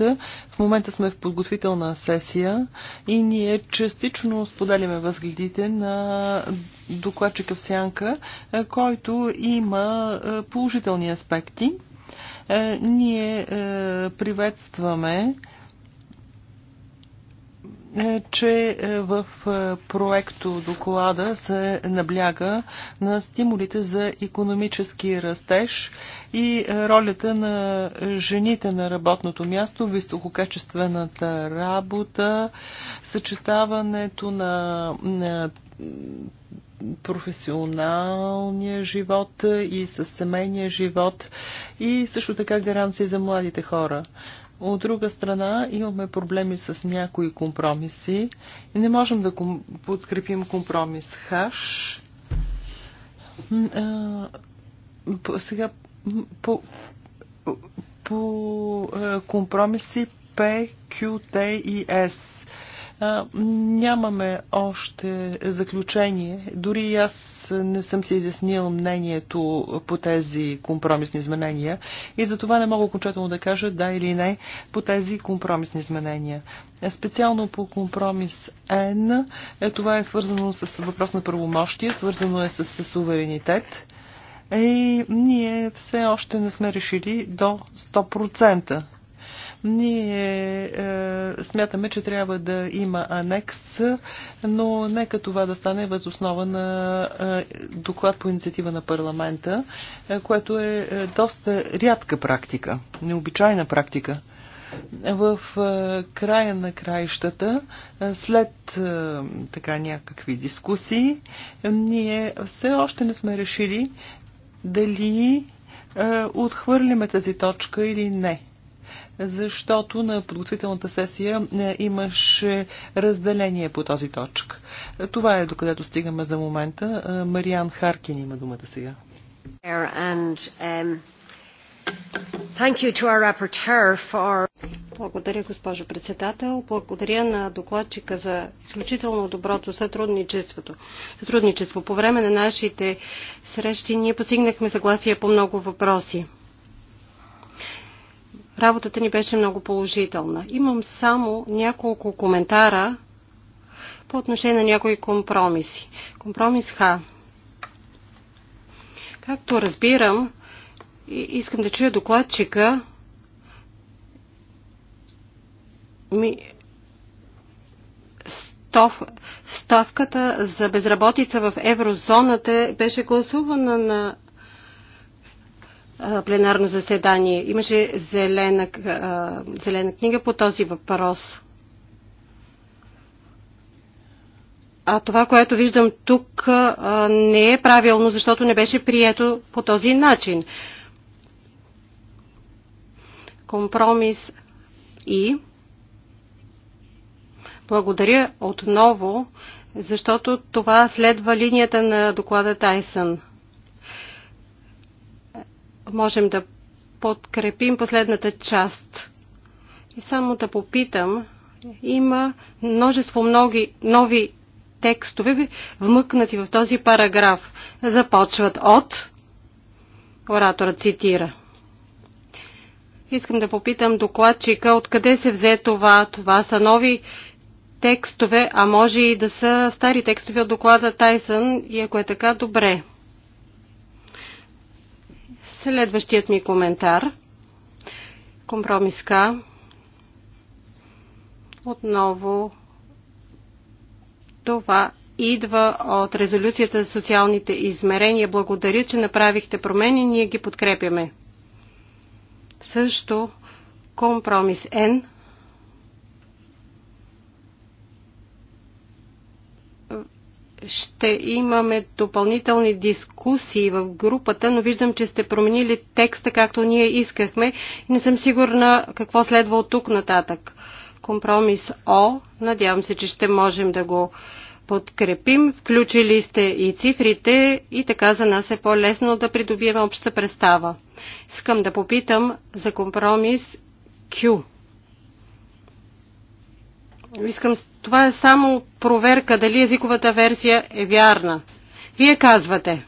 В момента сме в подготвителна сесия и ние частично споделяме възгледите на докладчика в Сянка, който има положителни аспекти. Е, ние е, приветстваме е, е, че е, в е, проекто доклада се набляга на стимулите за економически растеж и ролята на жените на работното място, висококачествената работа, съчетаването на, професионалния живот и със семейния живот и също така гаранции за младите хора. От друга страна имаме проблеми с някои компромиси и не можем да подкрепим компромис хаш. Сега по, по компромиси П, Q, T и S. Нямаме още заключение. Дори и аз не съм се изяснил мнението по тези компромисни изменения и за това не мога окончателно да кажа да или не по тези компромисни изменения. Специално по компромис Н, е, това е свързано с въпрос на правомощие, свързано е с суверенитет. Е, и ние все още не сме решили до 100%. Ние е, смятаме, че трябва да има анекс, но нека това да стане възоснова на е, доклад по инициатива на парламента, е, което е, е доста рядка практика, необичайна практика. В е, края на краищата, е, след е, така някакви дискусии, е, ние все още не сме решили дали е, отхвърлиме тази точка или не защото на подготвителната сесия е, имаше разделение по този точк. Това е докъдето стигаме за момента. Е, Мариан Харкин има думата сега. Um, Благодаря, госпожо председател. Благодаря на докладчика за изключително доброто сътрудничеството. сътрудничество. По време на нашите срещи ние постигнахме съгласие по много въпроси. Работата ни беше много положителна. Имам само няколко коментара по отношение на някои компромиси. Компромис Х. Както разбирам, искам да чуя докладчика. Ми... Ставката за безработица в еврозоната беше гласувана на пленарно заседание. Имаше зелена, зелена книга по този въпрос. А това, което виждам тук, не е правилно, защото не беше прието по този начин. Компромис и. Благодаря отново, защото това следва линията на доклада Тайсън можем да подкрепим последната част. И само да попитам, има множество многи, нови текстове, вмъкнати в този параграф. Започват от... Оратора цитира. Искам да попитам докладчика, откъде се взе това? Това са нови текстове, а може и да са стари текстове от доклада Тайсън и ако е така, добре. Следващият ми коментар. Компромис Отново това идва от резолюцията за социалните измерения. Благодаря, че направихте промени, ние ги подкрепяме. Също компромис Н ще имаме допълнителни дискусии в групата, но виждам, че сте променили текста, както ние искахме и не съм сигурна какво следва от тук нататък. Компромис О, надявам се, че ще можем да го подкрепим. Включили сте и цифрите и така за нас е по-лесно да придобием обща представа. Искам да попитам за компромис Q. Искам, това е само проверка дали езиковата версия е вярна. Вие казвате.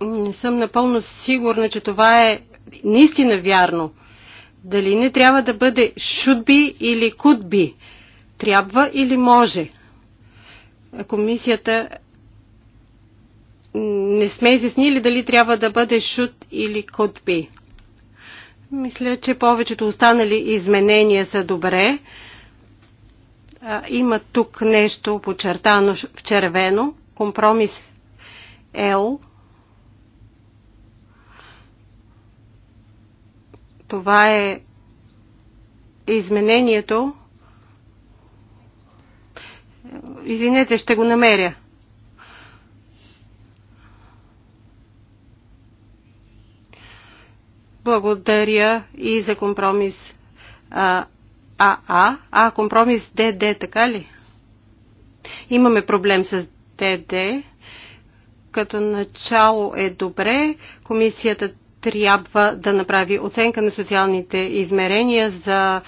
Не съм напълно сигурна, че това е наистина вярно. Дали не трябва да бъде should be или could be? Трябва или може? комисията не сме изяснили дали трябва да бъде should или could be. Мисля, че повечето останали изменения са добре. Има тук нещо почертано в червено. Компромис L. Това е изменението, Извинете, ще го намеря. Благодаря и за компромис АА. А, а компромис ДД, така ли? Имаме проблем с ДД. Като начало е добре. Комисията трябва да направи оценка на социалните измерения за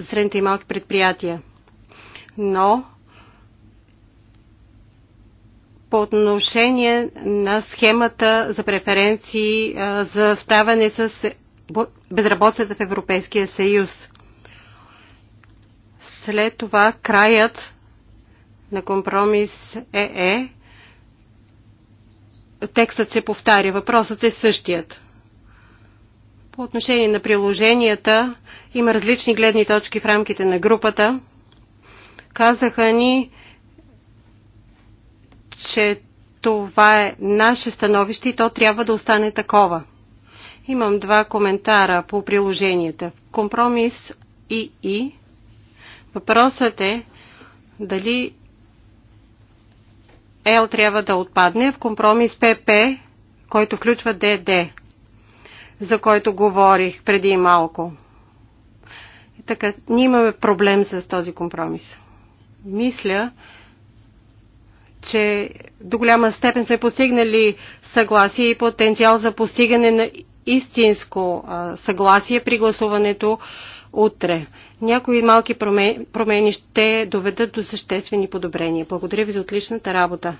средните и малки предприятия. Но по отношение на схемата за преференции за справяне с безработицата в Европейския съюз. След това краят на компромис ЕЕ е. текстът се повтаря. Въпросът е същият. По отношение на приложенията има различни гледни точки в рамките на групата. Казаха ни, че това е наше становище и то трябва да остане такова. Имам два коментара по приложенията. Компромис и и. Въпросът е дали L трябва да отпадне в компромис ПП, който включва ДД, за който говорих преди малко. така, ние имаме проблем с този компромис. Мисля, че до голяма степен сме постигнали съгласие и потенциал за постигане на истинско съгласие при гласуването утре. Някои малки промени ще доведат до съществени подобрения. Благодаря ви за отличната работа.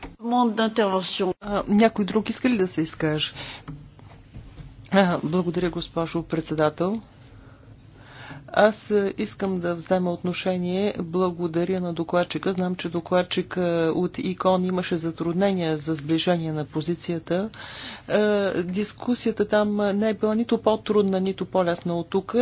Някой друг иска ли да се изкаже? Благодаря, госпожо председател. Аз е, искам да взема отношение. Благодаря на докладчика. Знам, че докладчик е, от ИКОН имаше затруднения за сближение на позицията. Е, дискусията там не е била нито по-трудна, нито по-лесна от тук.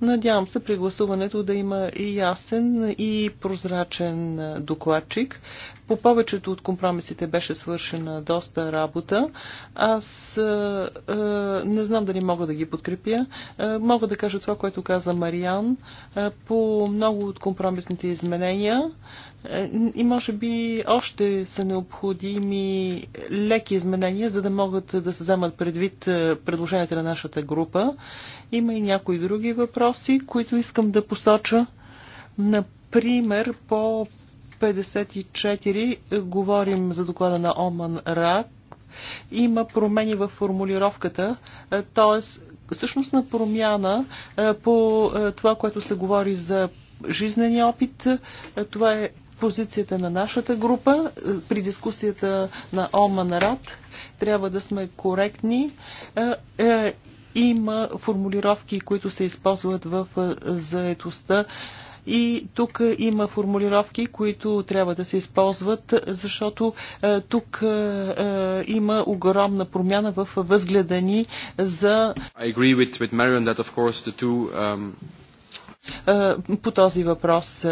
Надявам се при гласуването да има и ясен и прозрачен докладчик. По повечето от компромисите беше свършена доста работа. Аз а, а, не знам дали мога да ги подкрепя. А, мога да кажа това, което каза Мариан а, по много от компромисните изменения. А, и може би още са необходими леки изменения, за да могат да се вземат предвид предложенията на нашата група. Има и някои други въпроси, които искам да посоча. Например, по 54 е, говорим за доклада на Оман Рак. Има промени в формулировката, т.е. всъщност на промяна е, по е, това, което се говори за жизнения опит. Това е позицията на нашата група при дискусията на Оман Рад. Трябва да сме коректни има формулировки, които се използват в заетостта и тук има формулировки, които трябва да се използват, защото е, тук е, е, има огромна промяна в възгледа ни за... Um, по този въпрос.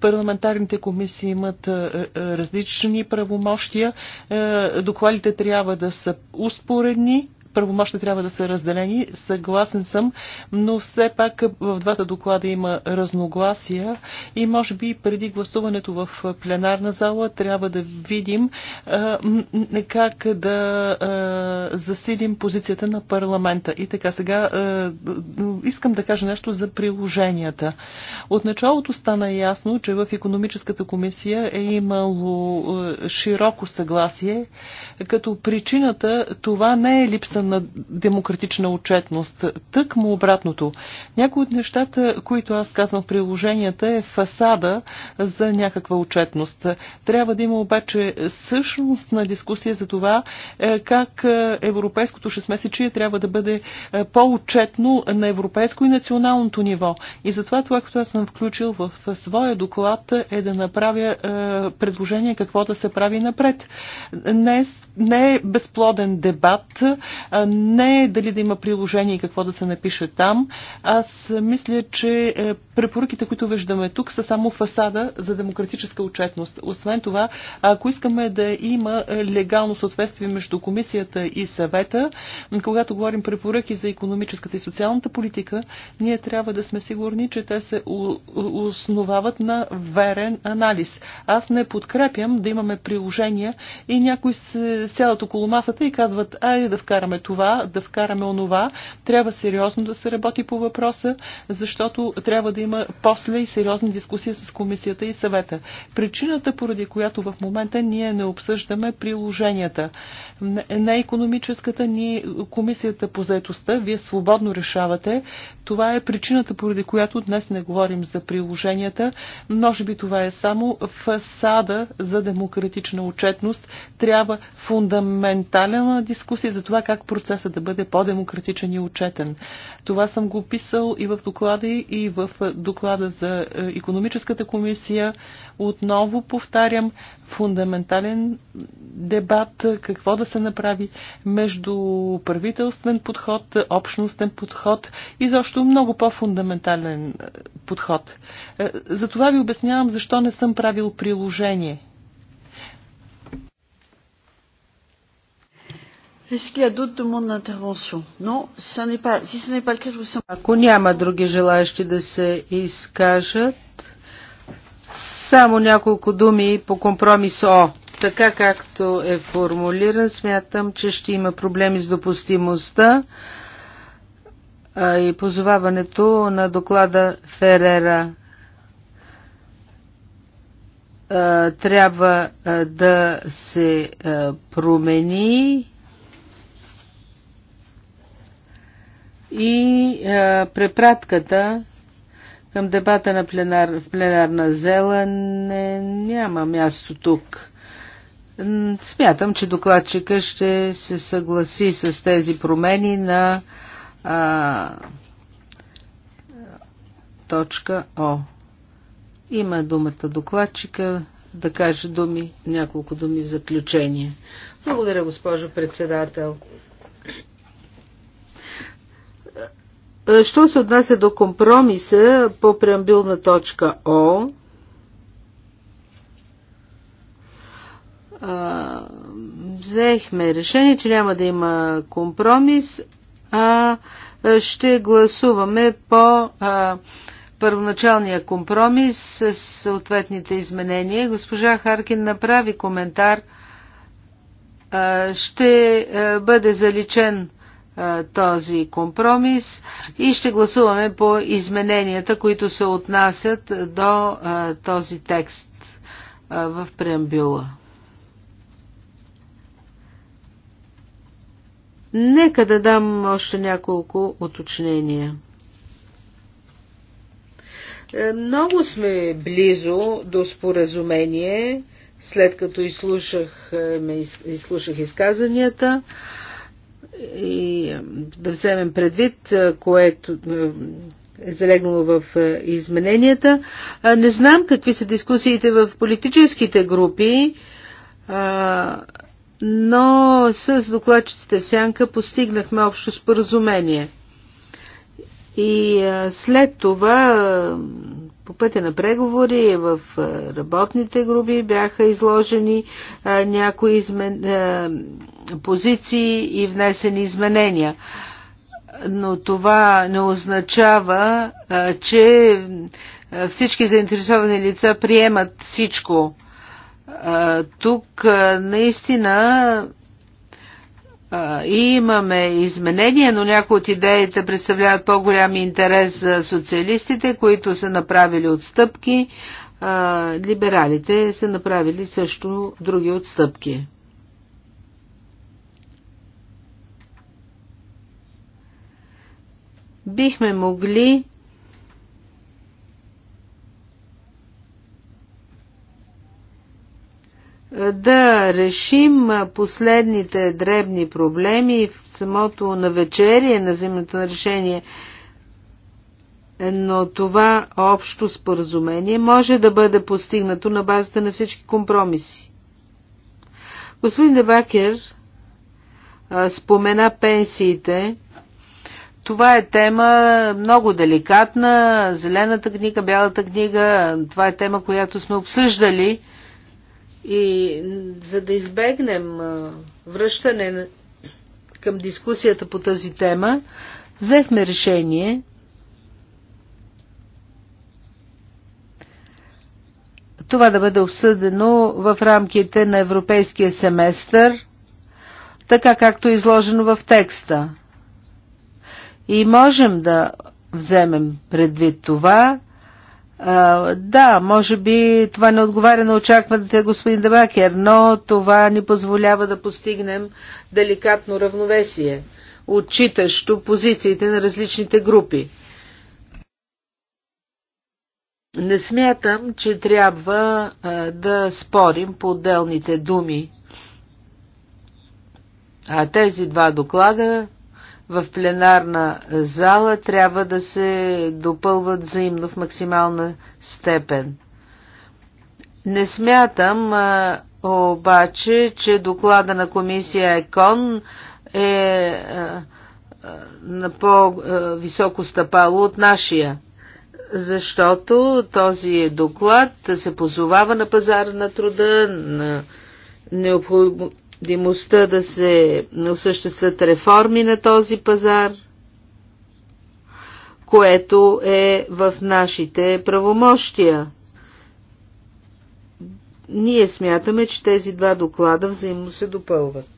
Парламентарните комисии имат различни правомощия. Докладите трябва да са успоредни, Първомощно трябва да са разделени. Съгласен съм, но все пак в двата доклада има разногласия и може би преди гласуването в пленарна зала трябва да видим как да засилим позицията на парламента. И така сега искам да кажа нещо за приложенията. От началото стана ясно, че в економическата комисия е имало широко съгласие, като причината това не е липса на демократична отчетност. Тък му обратното. Някои от нещата, които аз казвам в приложенията е фасада за някаква отчетност. Трябва да има обаче същност на дискусия за това е, как е, европейското 6-месечие трябва да бъде е, по-отчетно на европейско и националното ниво. И затова това, което аз съм включил в своя доклад е да направя предложение какво да се прави напред. Не, не е безплоден дебат, не е дали да има приложение и какво да се напише там. Аз мисля, че е, препоръките, които виждаме тук, са само фасада за демократическа отчетност. Освен това, ако искаме да има е, легално съответствие между комисията и съвета, когато говорим препоръки за економическата и социалната политика, ние трябва да сме сигурни, че те се основават на верен анализ. Аз не подкрепям да имаме приложения и някои се сядат около масата и казват, айде да вкараме това, да вкараме онова. Трябва сериозно да се работи по въпроса, защото трябва да има после и сериозна дискусия с комисията и съвета. Причината, поради която в момента ние не обсъждаме приложенията на економическата ни комисията по заетостта, вие свободно решавате. Това е причината, поради която днес не говорим за приложенията. Може би това е само фасада за демократична отчетност. Трябва фундаментална дискусия за това как процеса да бъде по-демократичен и отчетен. Това съм го писал и в доклада, и в доклада за е, економическата комисия. Отново повтарям, фундаментален дебат, какво да се направи между правителствен подход, общностен подход и защо много по-фундаментален е, подход. Е, затова ви обяснявам защо не съм правил приложение – Est-ce qu'il y a d'autres demandes d'intervention Non, ça n'est pas. Si ce n'est pas le cas, je vous Ако няма други желаящи да се изкажат, само няколко думи по компромис О. Така както е формулиран, смятам, че ще има проблеми с допустимостта и позоваването на доклада Ферера. трябва да се промени и е, препратката към дебата на пленар, в пленарна зела не, няма място тук. Смятам, че докладчика ще се съгласи с тези промени на а, точка О. Има думата докладчика да каже думи, няколко думи в заключение. Благодаря, госпожо председател. Е, що се отнася до компромиса по преамбилна точка О, взехме решение, че няма да има компромис, а ще гласуваме по първоначалния компромис с съответните изменения. Госпожа Харкин направи коментар. ще бъде заличен този компромис и ще гласуваме по измененията, които се отнасят до този текст в преамбюла. Нека да дам още няколко уточнения. Е, много сме близо до споразумение, след като изслушах, е, изслушах изказанията и е, да вземем предвид, е, което е, е залегнало в измененията. Не знам какви са дискусиите в политическите групи, но с докладчиците в Сянка постигнахме общо споразумение. И след това по пътя на преговори в работните групи бяха изложени някои измен... позиции и внесени изменения. Но това не означава, че всички заинтересовани лица приемат всичко. Тук наистина и имаме изменения, но някои от идеите представляват по-голям интерес за социалистите, които са направили отстъпки. Либералите са направили също други отстъпки. Бихме могли да решим последните дребни проблеми в самото навечерие на на решение. Но това общо споразумение може да бъде постигнато на базата на всички компромиси. Господин Дебакер спомена пенсиите. Това е тема много деликатна. Зелената книга, бялата книга, това е тема, която сме обсъждали и за да избегнем връщане към дискусията по тази тема, взехме решение това да бъде обсъдено в рамките на европейския семестър, така както е изложено в текста. И можем да вземем предвид това, да, може би това не отговаря на очакваните господин Дебакер, но това ни позволява да постигнем деликатно равновесие, отчитащо позициите на различните групи. Не смятам, че трябва да спорим по отделните думи. А тези два доклада в пленарна зала трябва да се допълват взаимно в максимална степен. Не смятам обаче, че доклада на комисия ЕКОН е на по-високо стъпало от нашия, защото този доклад се позовава на пазара на труда, на необходимо необходимостта да се осъществят реформи на този пазар, което е в нашите правомощия. Ние смятаме, че тези два доклада взаимно се допълват.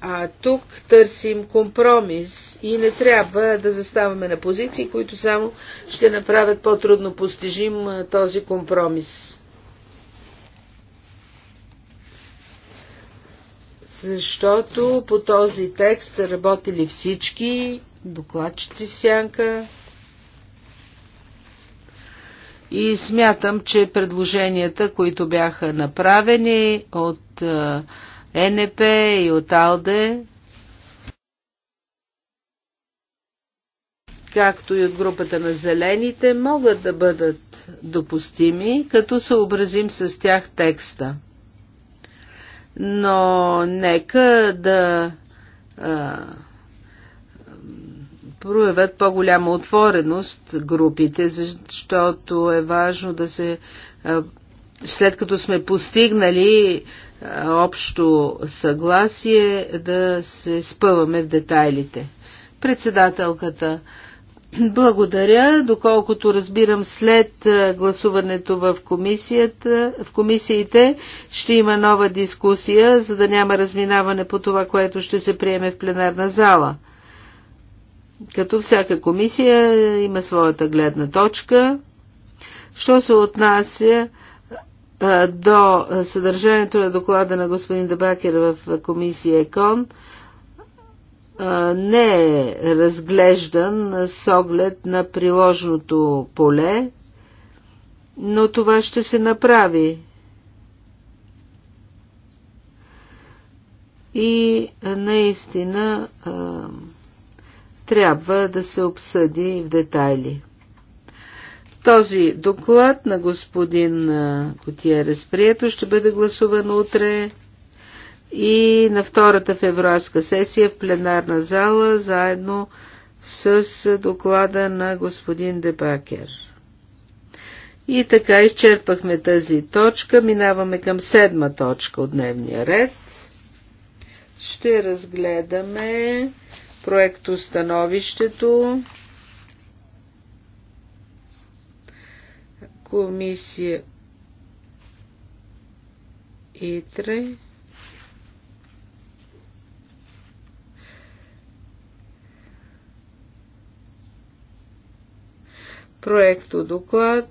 А тук търсим компромис и не трябва да заставаме на позиции, които само ще направят по-трудно постижим този компромис. защото по този текст са работили всички, докладчици в сянка. И смятам, че предложенията, които бяха направени от НП и от АЛДЕ, както и от групата на зелените, могат да бъдат допустими, като съобразим с тях текста но нека да а, проявят по-голяма отвореност групите, защото е важно да се. А, след като сме постигнали а, общо съгласие, да се спъваме в детайлите. Председателката. Благодаря. Доколкото разбирам, след гласуването в, комисията, в комисиите ще има нова дискусия, за да няма разминаване по това, което ще се приеме в пленарна зала. Като всяка комисия е, има своята гледна точка. Що се отнася до съдържанието на доклада на господин Дебакер в комисия ЕКОН, не е разглеждан с оглед на приложното поле, но това ще се направи. И наистина трябва да се обсъди в детайли. Този доклад на господин Котиерес Прието ще бъде гласуван утре и на втората февруарска сесия в пленарна зала, заедно с доклада на господин Дебакер. И така изчерпахме тази точка. Минаваме към седма точка от дневния ред. Ще разгледаме проектостановището Комисия ИТРЕ проекто доклад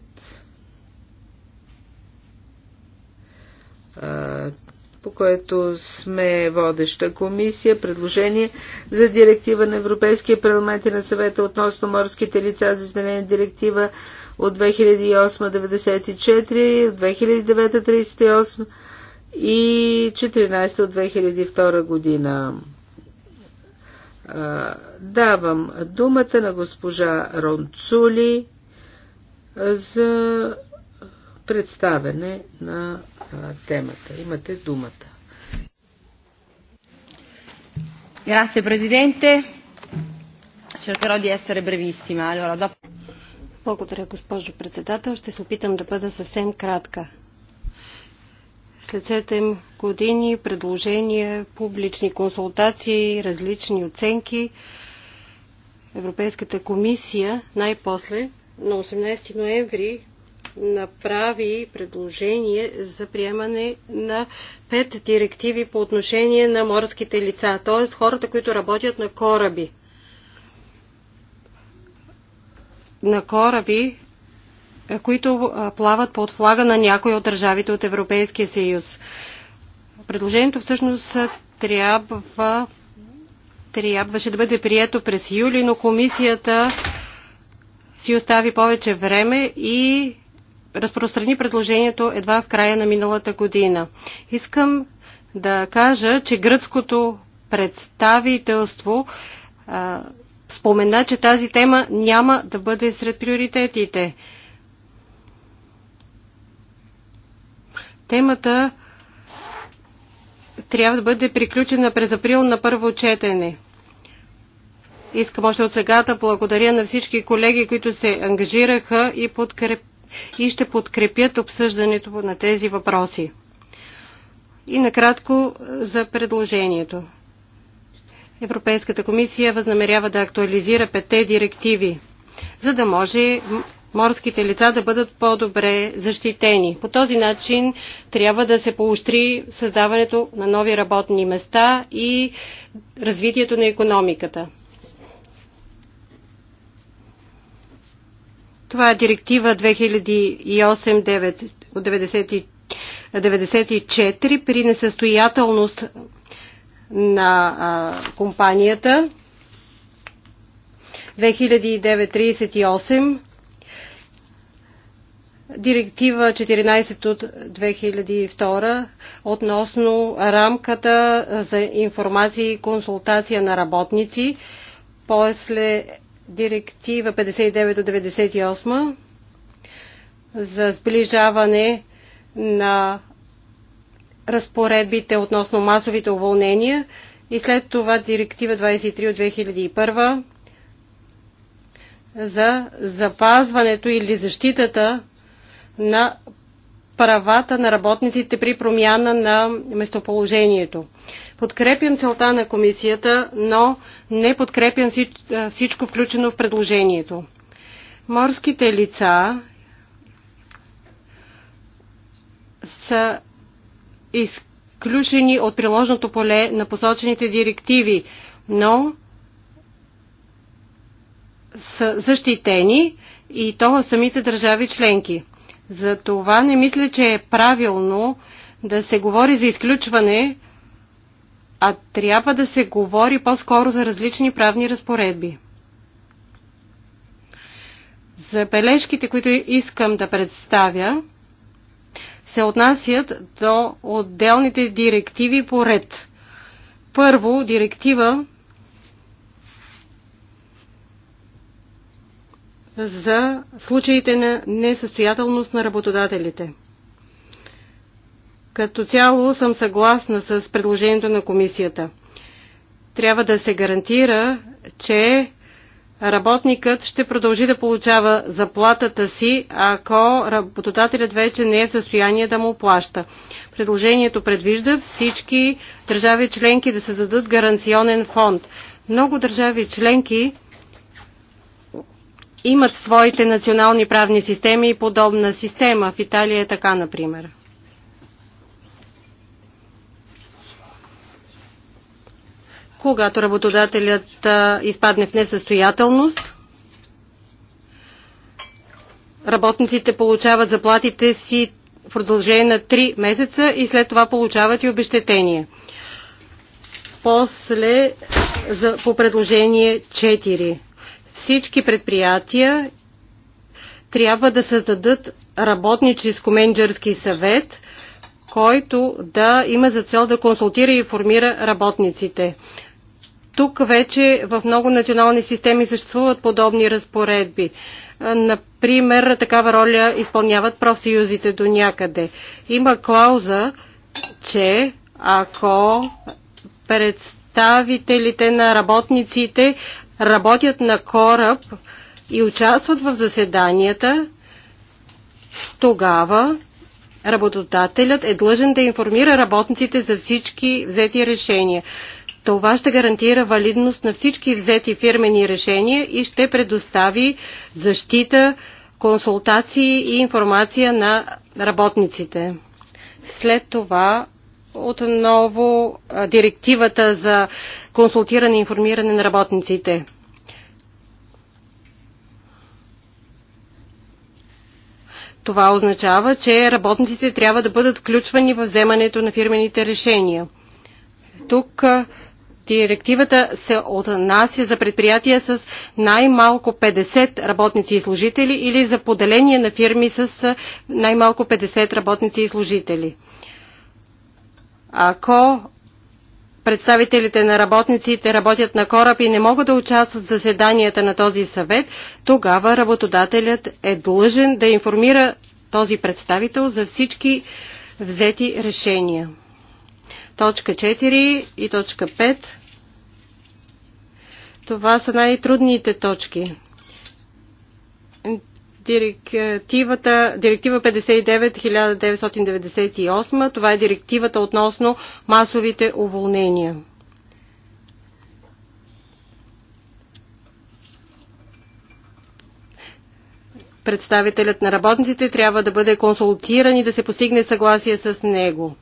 по което сме водеща комисия, предложение за директива на Европейския парламент и на съвета относно морските лица за изменение на директива от 2008-94, от 2009-38 и 14 от 2002 година. Давам думата на госпожа Ронцули за представене на темата. Имате думата. Grazie Presidente, cercherò di essere brevissima. Allora, dopo... Благодаря, госпожо председател. Ще се опитам да бъда съвсем кратка. След 7 години предложения, публични консултации, различни оценки, Европейската комисия най-после на 18 ноември направи предложение за приемане на пет директиви по отношение на морските лица, т.е. хората, които работят на кораби. На кораби, е, които е, плават под флага на някои от държавите от Европейския съюз. Предложението всъщност трябва, трябваше да бъде прието през юли, но комисията си остави повече време и разпространи предложението едва в края на миналата година. Искам да кажа, че гръцкото представителство а, спомена, че тази тема няма да бъде сред приоритетите. Темата трябва да бъде приключена през април на първо четене. Искам още от сега да благодаря на всички колеги, които се ангажираха и, подкреп... и ще подкрепят обсъждането на тези въпроси. И накратко за предложението. Европейската комисия възнамерява да актуализира петте директиви, за да може морските лица да бъдат по-добре защитени. По този начин трябва да се поощри създаването на нови работни места и развитието на економиката. Това е директива 2008 94 при несъстоятелност на а, компанията 2009-38 Директива 14 от 2002 относно рамката за информация и консултация на работници. После директива 59 до 98 за сближаване на разпоредбите относно масовите уволнения и след това директива 23 от 2001 за запазването или защитата на правата на работниците при промяна на местоположението. Подкрепям целта на комисията, но не подкрепям всичко включено в предложението. Морските лица са изключени от приложното поле на посочените директиви, но са защитени и то в самите държави членки. За това не мисля, че е правилно да се говори за изключване, а трябва да се говори по-скоро за различни правни разпоредби. бележките, които искам да представя, се отнасят до отделните директиви по ред. Първо, директива за случаите на несъстоятелност на работодателите. Като цяло съм съгласна с предложението на комисията. Трябва да се гарантира, че работникът ще продължи да получава заплатата си, ако работодателят вече не е в състояние да му плаща. Предложението предвижда всички държави членки да създадат гаранционен фонд. Много държави членки имат своите национални правни системи и подобна система. В Италия е така, например. Когато работодателят изпадне в несъстоятелност, работниците получават заплатите си в продължение на 3 месеца и след това получават и обещетение. После за, по предложение 4. Всички предприятия трябва да създадат работническо-менеджерски съвет, който да има за цел да консултира и информира работниците. Тук вече в много национални системи съществуват подобни разпоредби. Например, такава роля изпълняват профсъюзите до някъде. Има клауза, че ако представителите на работниците работят на кораб и участват в заседанията, тогава работодателят е длъжен да информира работниците за всички взети решения. Това ще гарантира валидност на всички взети фирмени решения и ще предостави защита, консултации и информация на работниците. След това отново директивата за консултиране и информиране на работниците. Това означава, че работниците трябва да бъдат включвани в вземането на фирмените решения. Тук директивата се отнася за предприятия с най-малко 50 работници и служители или за поделение на фирми с най-малко 50 работници и служители. Ако представителите на работниците работят на кораб и не могат да участват в заседанията на този съвет, тогава работодателят е длъжен да информира този представител за всички взети решения. Точка 4 и точка 5. Това са най-трудните точки директивата, директива 59-1998. Това е директивата относно масовите уволнения. Представителят на работниците трябва да бъде консултиран и да се постигне съгласие с него.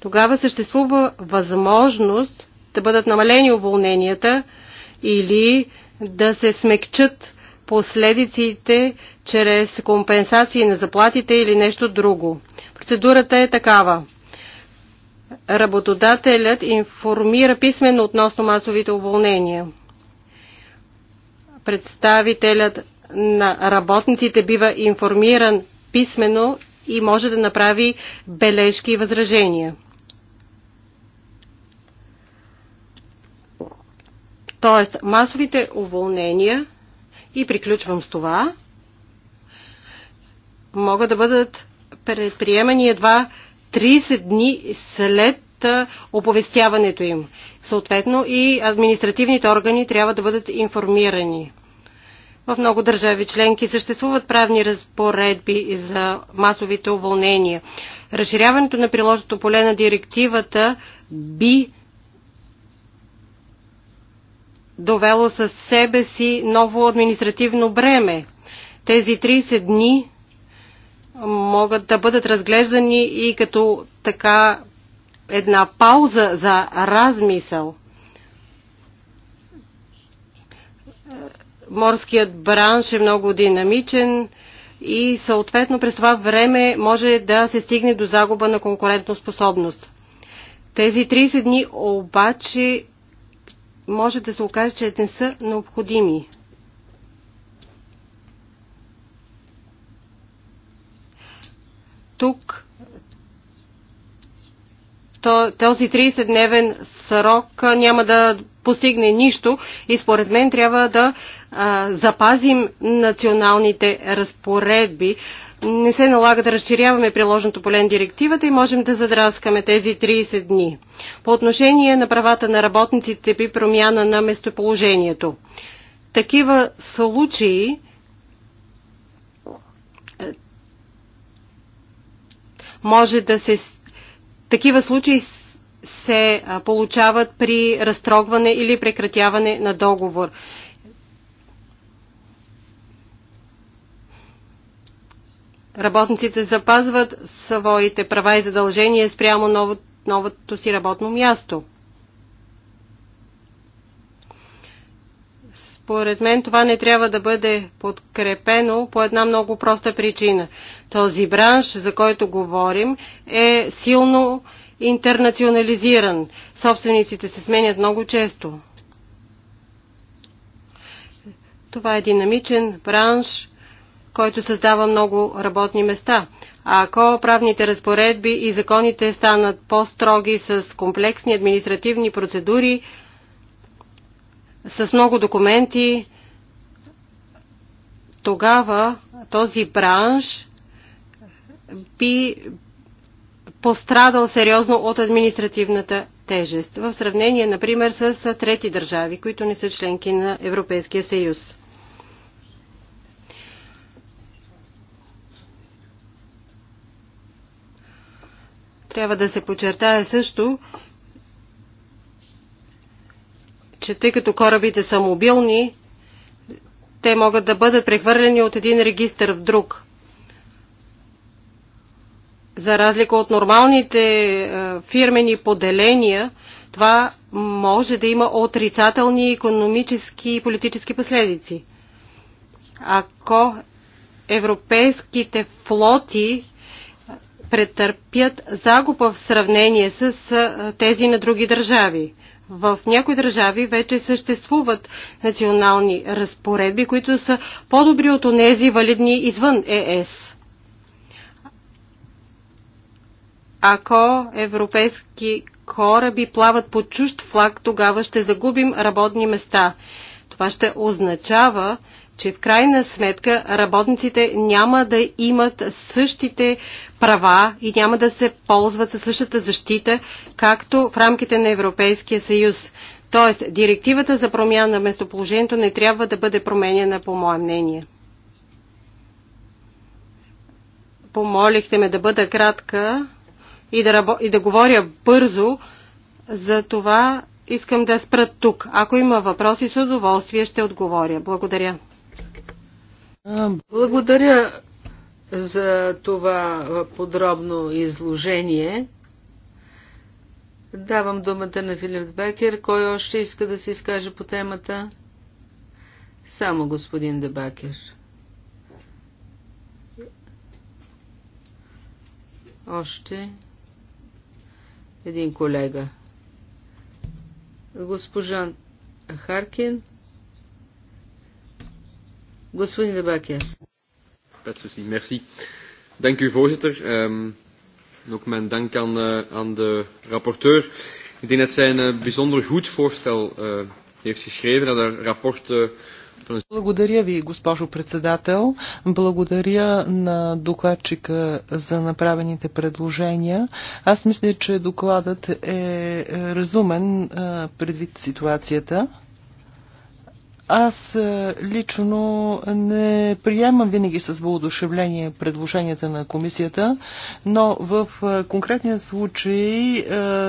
Тогава съществува възможност да бъдат намалени уволненията или да се смекчат последиците чрез компенсации на заплатите или нещо друго. Процедурата е такава. Работодателят информира писменно относно масовите уволнения. Представителят на работниците бива информиран писменно и може да направи бележки и възражения. Тоест, масовите уволнения и приключвам с това. Могат да бъдат предприемани едва 30 дни след оповестяването им. Съответно и административните органи трябва да бъдат информирани. В много държави членки съществуват правни разпоредби за масовите уволнения. Разширяването на приложното поле на директивата би довело със себе си ново административно бреме. Тези 30 дни могат да бъдат разглеждани и като така една пауза за размисъл. Морският бранш е много динамичен и съответно през това време може да се стигне до загуба на конкурентоспособност. Тези 30 дни обаче може да се окаже, че не са необходими. Тук този 30-дневен срок няма да постигне нищо и според мен трябва да а, запазим националните разпоредби, не се налага да разширяваме приложното поле на директивата и можем да задраскаме тези 30 дни. По отношение на правата на работниците при промяна на местоположението. Такива случаи е, може да се такива случаи се получават при разтрогване или прекратяване на договор. Работниците запазват своите права и задължения спрямо ново, новото си работно място. Според мен това не трябва да бъде подкрепено по една много проста причина. Този бранш, за който говорим, е силно интернационализиран. Собствениците се сменят много често. Това е динамичен бранш, който създава много работни места. А ако правните разпоредби и законите станат по-строги с комплексни административни процедури, с много документи, тогава този бранш би пострадал сериозно от административната тежест, в сравнение, например, с трети държави, които не са членки на Европейския съюз. Трябва да се подчертая също, че тъй като корабите са мобилни, те могат да бъдат прехвърлени от един регистър в друг. За разлика от нормалните е, фирмени поделения, това може да има отрицателни економически и политически последици. Ако европейските флоти претърпят загуба в сравнение с тези на други държави. В някои държави вече съществуват национални разпоредби, които са по-добри от онези валидни извън ЕС. Ако европейски кораби плават под чужд флаг, тогава ще загубим работни места. Това ще означава, че в крайна сметка работниците няма да имат същите права и няма да се ползват със същата защита, както в рамките на Европейския съюз. Тоест, директивата за промяна на местоположението не трябва да бъде променена, по мое мнение. Помолихте ме да бъда кратка и да, рабо... и да говоря бързо, за това искам да спра тук. Ако има въпроси, с удоволствие ще отговоря. Благодаря. Благодаря за това подробно изложение. Давам думата на Филип Бекер. Кой още иска да се изкаже по темата? Само господин Дебакер. Още един колега. Госпожа Харкин. Господин Дебакия. Мерси. Dank u, voorzitter. Um, ook mijn dank aan, uh, aan de rapporteur. Ik denk dat zij een eh, bijzonder goed voorstel uh, heeft geschreven. Dat rapport uh, благодаря ви, госпожо председател. Благодаря на докладчика за направените предложения. Аз мисля, че докладът е, е разумен е, предвид ситуацията. Аз е, лично не приемам винаги с въодушевление предложенията на комисията, но в е, конкретния случай е,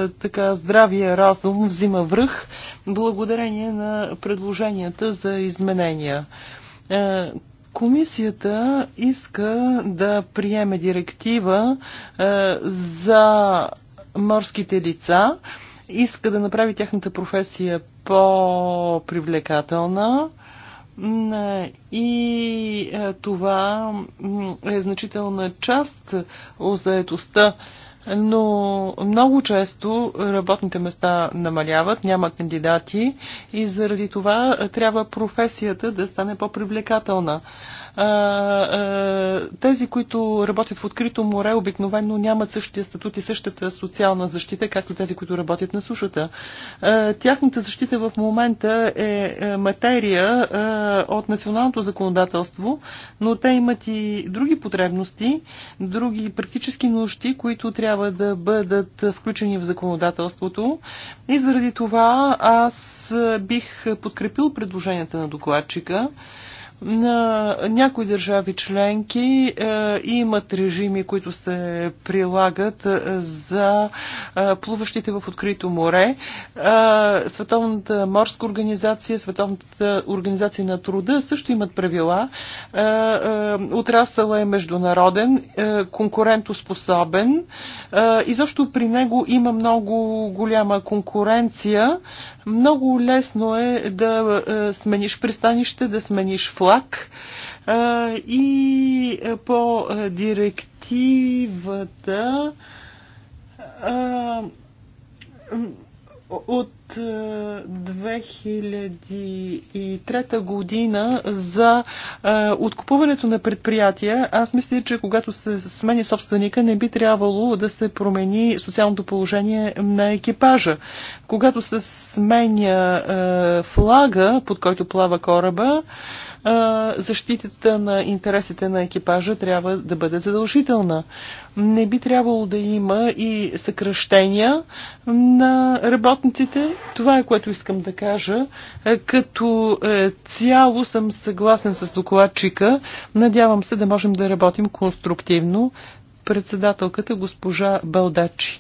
така здравия разум взима връх благодарение на предложенията за изменения. Комисията иска да приеме директива за морските лица, иска да направи тяхната професия по-привлекателна. И е, това е значителна част от заедостта но много често работните места намаляват, няма кандидати и заради това трябва професията да стане по-привлекателна. Тези, които работят в открито море, обикновено нямат същия статут и същата социална защита, както тези, които работят на сушата. Тяхната защита в момента е, е материя от националното законодателство, но те имат и други потребности, други практически нужди, които трябва да бъдат включени в законодателството. И заради това аз бих подкрепил предложенията на докладчика. На някои държави членки е, имат режими, които се прилагат е, за е, плуващите в открито море. Световната морска организация, Световната организация на труда също имат правила. Отрасъла е международен, конкурентоспособен. Изобщо при него има много голяма конкуренция. Много лесно е да е, смениш пристанище, да смениш флаг е, и по директивата е, от 2003 е, година за е, откупуването на предприятия. Аз мисля, че когато се смени собственика, не би трябвало да се промени социалното положение на екипажа. Когато се сменя е, флага, под който плава кораба, защитата на интересите на екипажа трябва да бъде задължителна. Не би трябвало да има и съкръщения на работниците. Това е което искам да кажа. Като цяло съм съгласен с докладчика. Надявам се да можем да работим конструктивно председателката госпожа Балдачи.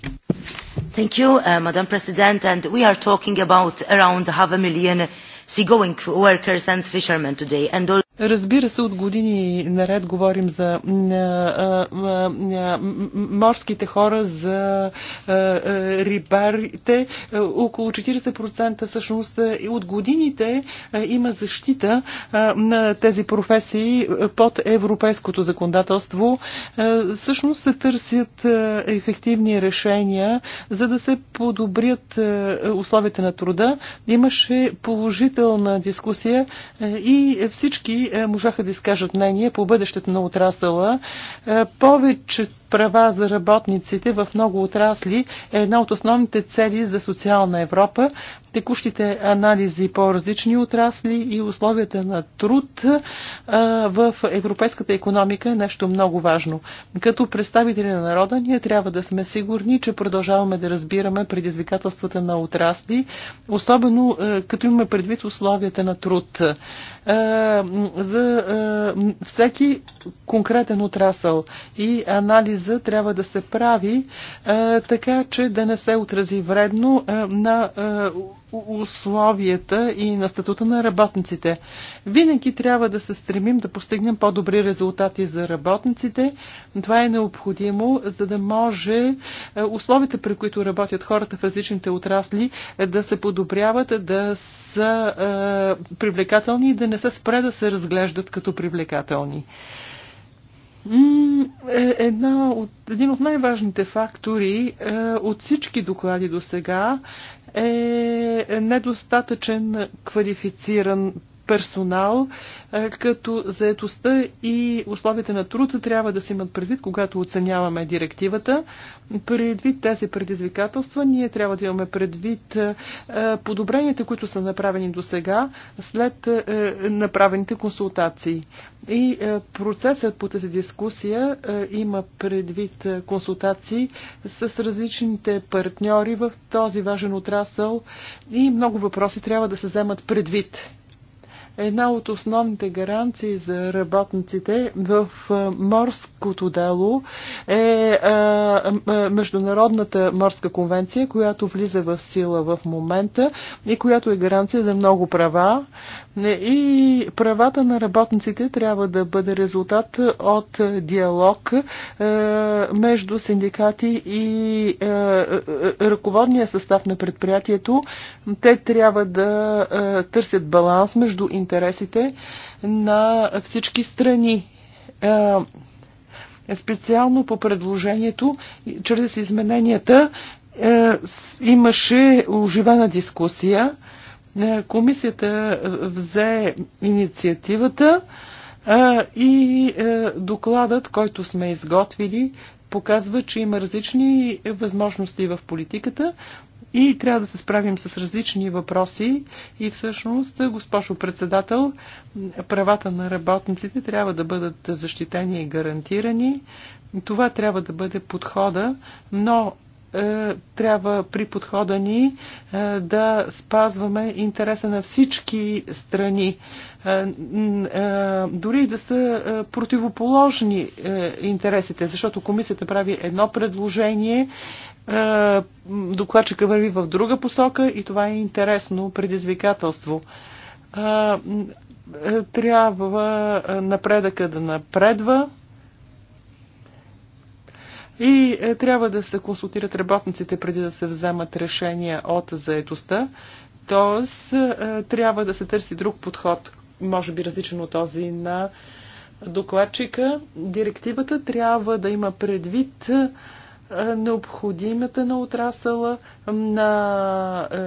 Thank you, uh, Madam President, and we are talking about around half a million seagoing workers and fishermen today and Разбира се, от години наред говорим за морските хора, за рибарите. Около 40% всъщност от годините има защита на тези професии под европейското законодателство. Всъщност се търсят ефективни решения, за да се подобрят условията на труда. Имаше положителна дискусия и всички е, можаха да изкажат мнение по бъдещето на отрасъла. Е, повечето права за работниците в много отрасли е една от основните цели за социална Европа. Текущите анализи по различни отрасли и условията на труд в европейската економика е нещо много важно. Като представители на народа ние трябва да сме сигурни, че продължаваме да разбираме предизвикателствата на отрасли, особено като имаме предвид условията на труд. За всеки конкретен отрасъл и анализ анализа трябва да се прави е, така, че да не се отрази вредно е, на е, условията и на статута на работниците. Винаги трябва да се стремим да постигнем по-добри резултати за работниците. Това е необходимо, за да може условията, при които работят хората в различните отрасли, да се подобряват, да са привлекателни и да не се спре да се разглеждат като привлекателни. Е, една от, един от най-важните фактори е, от всички доклади до сега е недостатъчен квалифициран персонал, е, като заетостта и условията на труд трябва да се имат предвид, когато оценяваме директивата. Предвид тези предизвикателства, ние трябва да имаме предвид е, подобренията, които са направени до сега, след е, направените консултации. И процесът по тази дискусия има предвид консултации с различните партньори в този важен отрасъл и много въпроси трябва да се вземат предвид. Една от основните гаранции за работниците в морското дело е Международната морска конвенция, която влиза в сила в момента и която е гаранция за много права. И правата на работниците трябва да бъде резултат от диалог между синдикати и ръководния състав на предприятието. Те трябва да търсят баланс между интересите на всички страни. Е, специално по предложението, чрез измененията, е, имаше оживена дискусия. Е, комисията взе инициативата и докладът, който сме изготвили, показва, че има различни възможности в политиката и трябва да се справим с различни въпроси и всъщност, госпожо председател, правата на работниците трябва да бъдат защитени и гарантирани. Това трябва да бъде подхода, но е, трябва при подхода ни е, да спазваме интереса на всички страни, е, дори да са противоположни интересите, защото комисията прави едно предложение е, докладчика върви в друга посока и това е интересно предизвикателство. Е, е, трябва напредъка да напредва и трябва да се консултират работниците преди да се вземат решения от заедостта. Тоест, трябва да се търси друг подход, може би различен от този на докладчика. Директивата трябва да има предвид е, необходимата на отрасъла на е,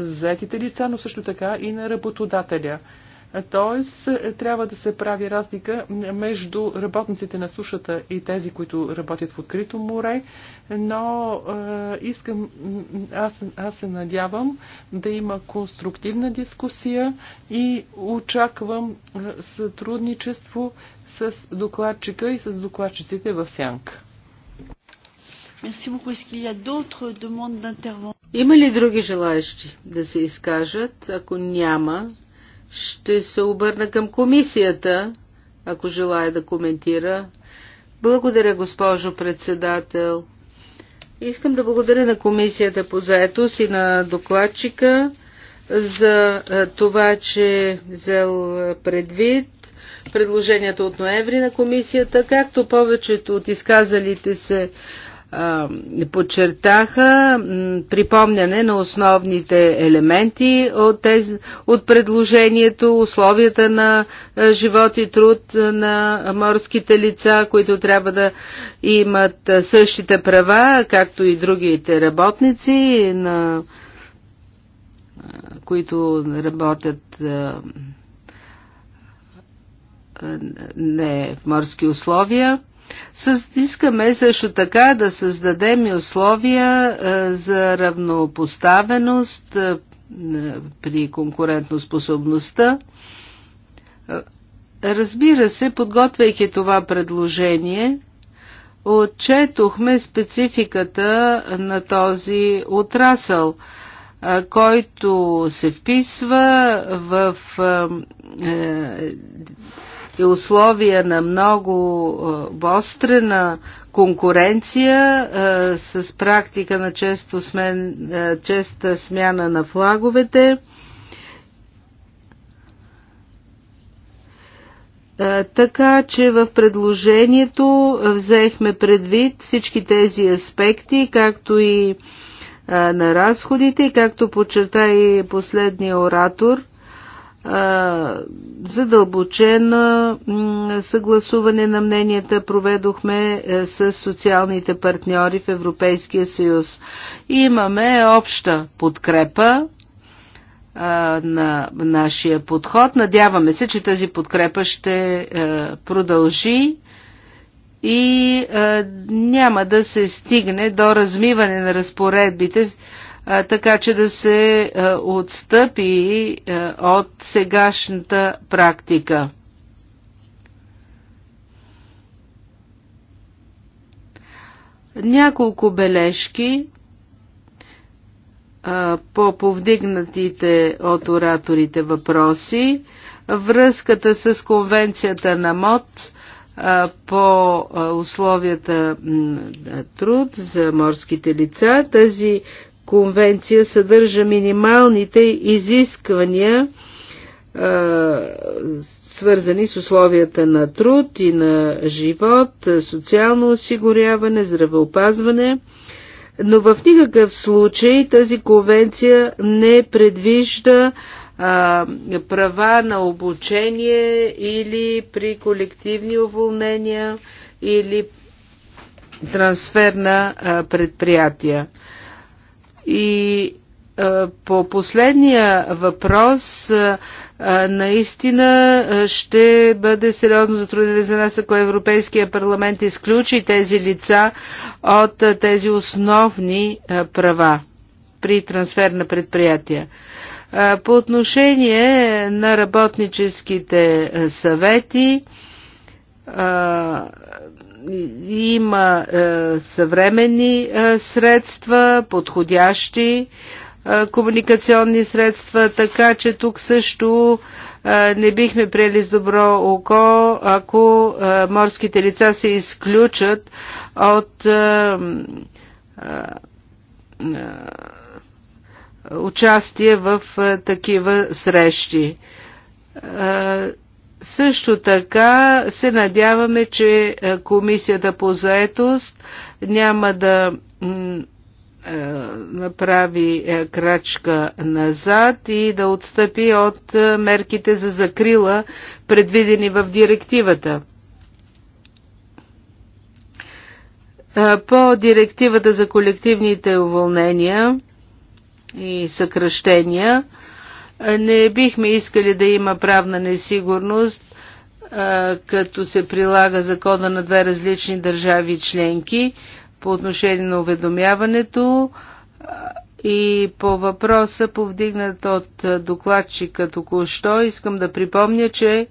е, заетите лица, но също така и на работодателя. Тоест, трябва да се прави разлика между работниците на сушата и тези, които работят в открито море, но е, искам, аз, аз се надявам да има конструктивна дискусия и очаквам сътрудничество с докладчика и с докладчиците в сянка. Има ли други желаящи да се изкажат? Ако няма, ще се обърна към комисията, ако желая да коментира. Благодаря, госпожо председател. Искам да благодаря на комисията по заетост и на докладчика за е, това, че взел предвид предложенията от ноември на комисията, както повечето от изказалите се подчертаха припомняне на основните елементи от, тези, от предложението, условията на живот и труд на морските лица, които трябва да имат същите права, както и другите работници, на, които работят не в морски условия. Искаме също така да създадем и условия е, за равнопоставеност е, при конкурентоспособността. Е, разбира се, подготвяйки това предложение, отчетохме спецификата на този отрасъл, който се вписва в и условия на много бострена е, конкуренция е, с практика на често смен, е, честа смяна на флаговете. Така че в предложението взехме предвид всички тези аспекти, както и на разходите, както подчерта и последния оратор – задълбочено съгласуване на мненията проведохме е, с социалните партньори в Европейския съюз. Имаме обща подкрепа на нашия подход. Надяваме се, че тази подкрепа ще е, продължи и е, няма да се стигне до размиване на разпоредбите така че да се отстъпи от сегашната практика. Няколко бележки по повдигнатите от ораторите въпроси. Връзката с конвенцията на МОД по условията труд за морските лица. Тази конвенция съдържа минималните изисквания, свързани с условията на труд и на живот, социално осигуряване, здравеопазване, но в никакъв случай тази конвенция не предвижда а, права на обучение или при колективни уволнения или трансфер на а, предприятия. И по последния въпрос наистина ще бъде сериозно затруднение за нас, ако Европейския парламент изключи тези лица от тези основни права при трансфер на предприятия. По отношение на работническите съвети, има е, съвременни е, средства, подходящи е, комуникационни средства, така че тук също не бихме приели с добро око, ако морските лица се изключат от участие в такива срещи. Също така се надяваме, че е, комисията по заетост няма да е, направи е, крачка назад и да отстъпи от мерките за закрила, предвидени в директивата. По директивата за колективните уволнения и съкръщения, не бихме искали да има правна несигурност, като се прилага закона на две различни държави и членки по отношение на уведомяването и по въпроса повдигнат от докладчика току-що. Искам да припомня, че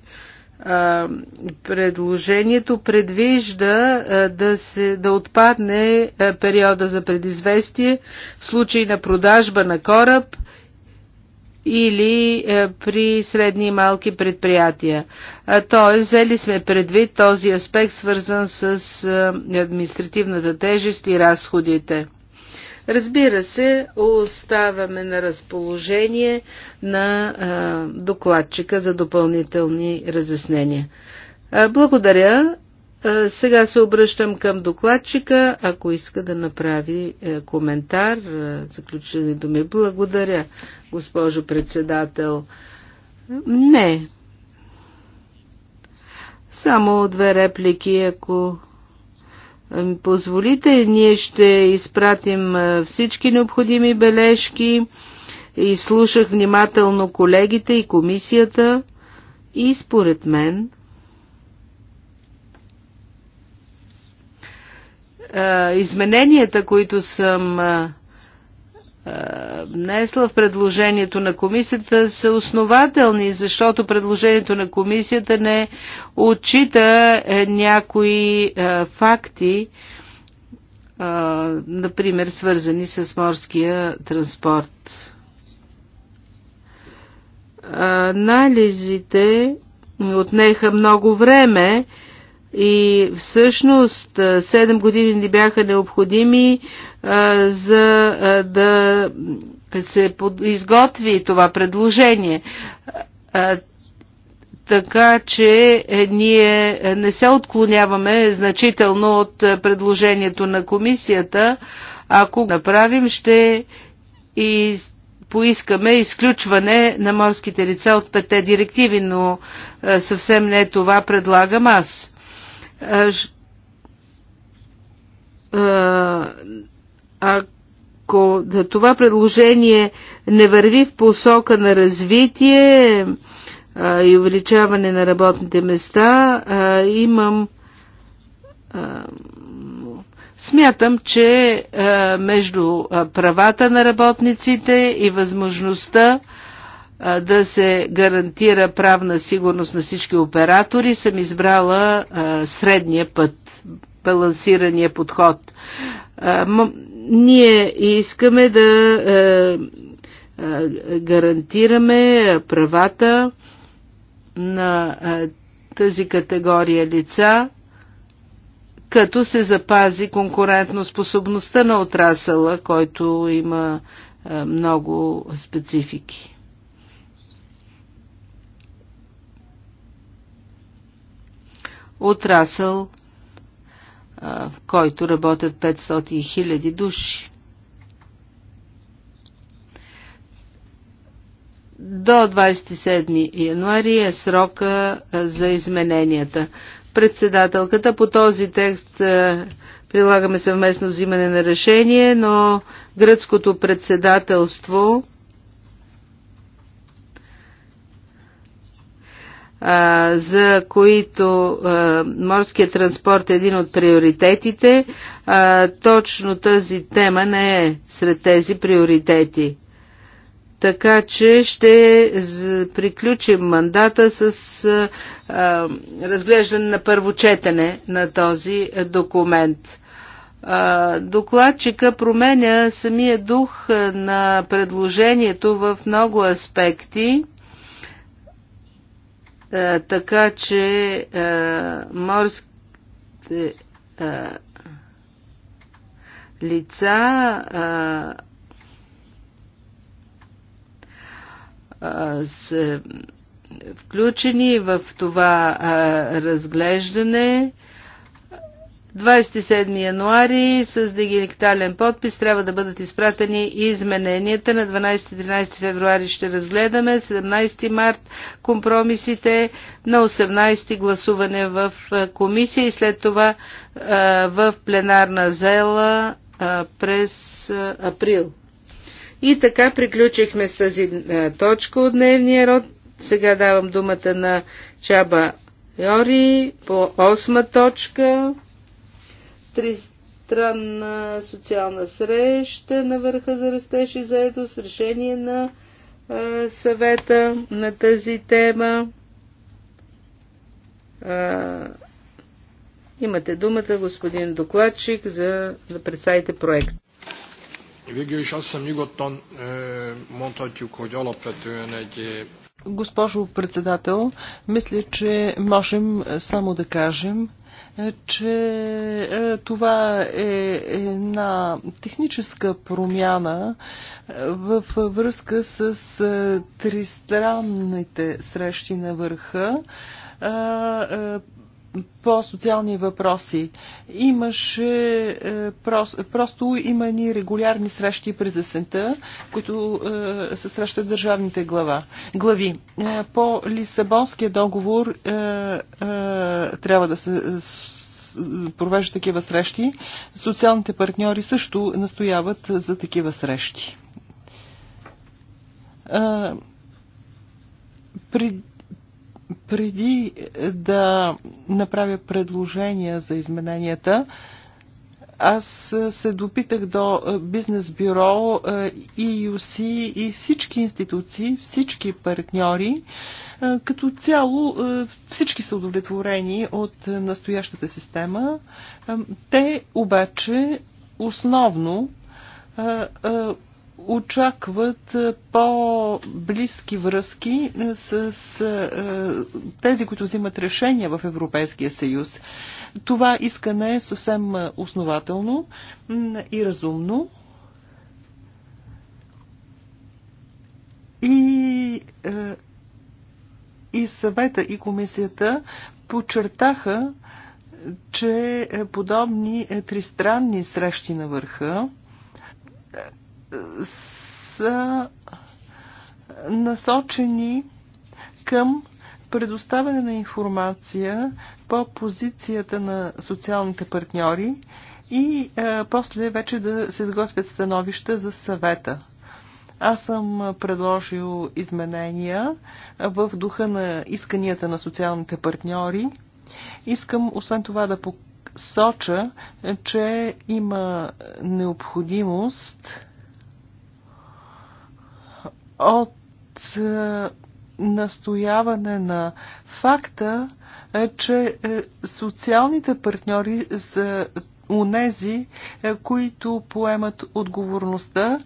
предложението предвижда да, се, да отпадне периода за предизвестие в случай на продажба на кораб или е, при средни и малки предприятия. Тоест, взели сме предвид този аспект, свързан с е, административната тежест и разходите. Разбира се, оставаме на разположение на е, докладчика за допълнителни разяснения. благодаря. Сега се обръщам към докладчика, ако иска да направи е, коментар, е, заключени думи. Благодаря, госпожо председател. Не. Само две реплики, ако е, ми позволите. Ние ще изпратим всички необходими бележки и слушах внимателно колегите и комисията и според мен Е, измененията, които съм е, е, внесла в предложението на комисията са основателни, защото предложението на комисията не отчита някои факти, например свързани с морския транспорт. Анализите отнеха много време, и всъщност 7 години ни бяха необходими за да се изготви това предложение. така че е, ние не се отклоняваме значително от предложението на комисията. Ако направим, ще и поискаме изключване на морските лица от пете директиви, но съвсем не това предлагам аз. Е, е, ако това предложение не върви в посока на развитие е, и увеличаване на работните места, имам Смятам, че между правата на работниците и възможността да се гарантира правна сигурност на всички оператори, съм избрала средния път, балансирания подход. Ние искаме да гарантираме правата на тази категория лица, като се запази конкурентно способността на отрасъла, който има много специфики. отрасъл, в който работят 500 хиляди души. До 27 януари е срока за измененията. Председателката по този текст прилагаме съвместно взимане на решение, но гръцкото председателство за които морският транспорт е един от приоритетите, точно тази тема не е сред тези приоритети. Така че ще приключим мандата с разглеждане на първо четене на този документ. Докладчика променя самия дух на предложението в много аспекти. Е, така че а, е, морските а, е, лица а, а, са включени в това а, разглеждане. А, 27 януари с дигитален подпис трябва да бъдат изпратени и измененията. На 12-13 февруари ще разгледаме, 17 март компромисите, на 18 гласуване в комисия и след това в пленарна зала през април. И така приключихме с тази точка от дневния род. Сега давам думата на Чаба Йори по осма точка тристранна социална среща на върха за растеж и заедо с решение на е, съвета на тази тема. Е, имате думата, господин докладчик, за да представите проект. Е, Госпожо председател, мисля, че можем само да кажем, че е, това е една техническа промяна е, в връзка с е, тристранните срещи на върха по социални въпроси. Имаше е, просто, просто има ни регулярни срещи през есента, които е, се срещат държавните глава, глави. Е, по Лисабонския договор трябва да се провежда такива срещи. Социалните партньори също настояват за такива срещи. При пред преди да направя предложения за измененията, аз се допитах до бизнес бюро, EUC е, и всички институции, всички партньори. Е, като цяло е, всички са удовлетворени от настоящата система. Те обаче основно очакват е, по-близки връзки е, с е, тези, които взимат решения в Европейския съюз. Това искане е съвсем основателно и разумно. И, и съвета и комисията подчертаха, че подобни тристранни срещи на върха са насочени към предоставяне на информация по позицията на социалните партньори и е, после вече да се изготвят становища за съвета. Аз съм предложил изменения в духа на исканията на социалните партньори. Искам освен това да посоча, че има необходимост от е, настояване на факта, е, че е, социалните партньори са унези, които поемат отговорността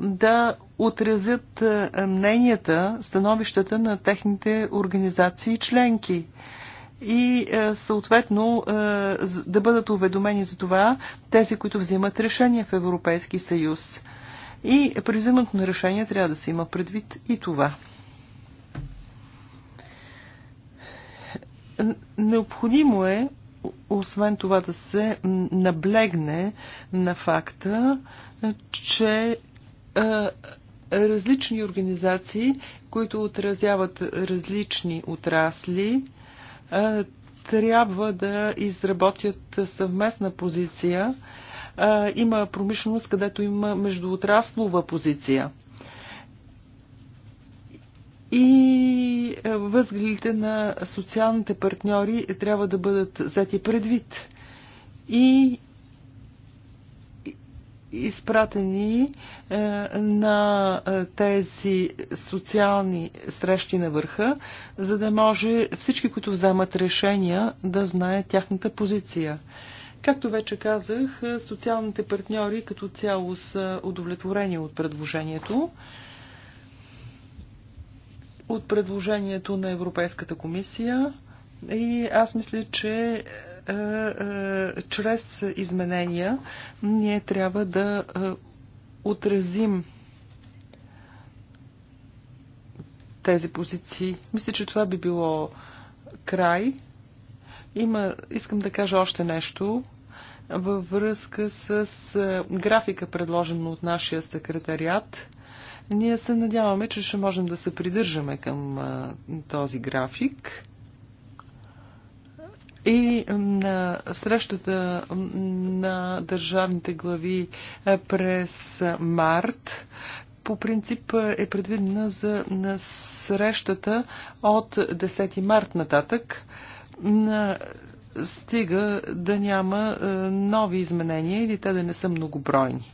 да отразят мненията, становищата на техните организации членки и съответно да бъдат уведомени за това тези, които взимат решения в Европейски съюз. И при вземането на решение трябва да се има предвид и това. Необходимо е, освен това, да се наблегне на факта, че различни организации, които отразяват различни отрасли, трябва да изработят съвместна позиция, има промишленост, където има междуотраслова позиция. И е, възгледите на социалните партньори трябва да бъдат взети предвид и изпратени е, на е, тези социални срещи на върха, за да може всички, които вземат решения, да знаят тяхната позиция. Както вече казах, социалните партньори като цяло са удовлетворени от предложението. От предложението на Европейската комисия. И аз мисля, че е, е, чрез изменения ние трябва да е, отразим тези позиции. Мисля, че това би било край. Има, искам да кажа още нещо във връзка с графика, предложена от нашия секретариат. Ние се надяваме, че ще можем да се придържаме към този график. И на срещата на държавните глави през март по принцип е предвидена за на срещата от 10 март нататък. На стига да няма е, нови изменения или те да не са многобройни.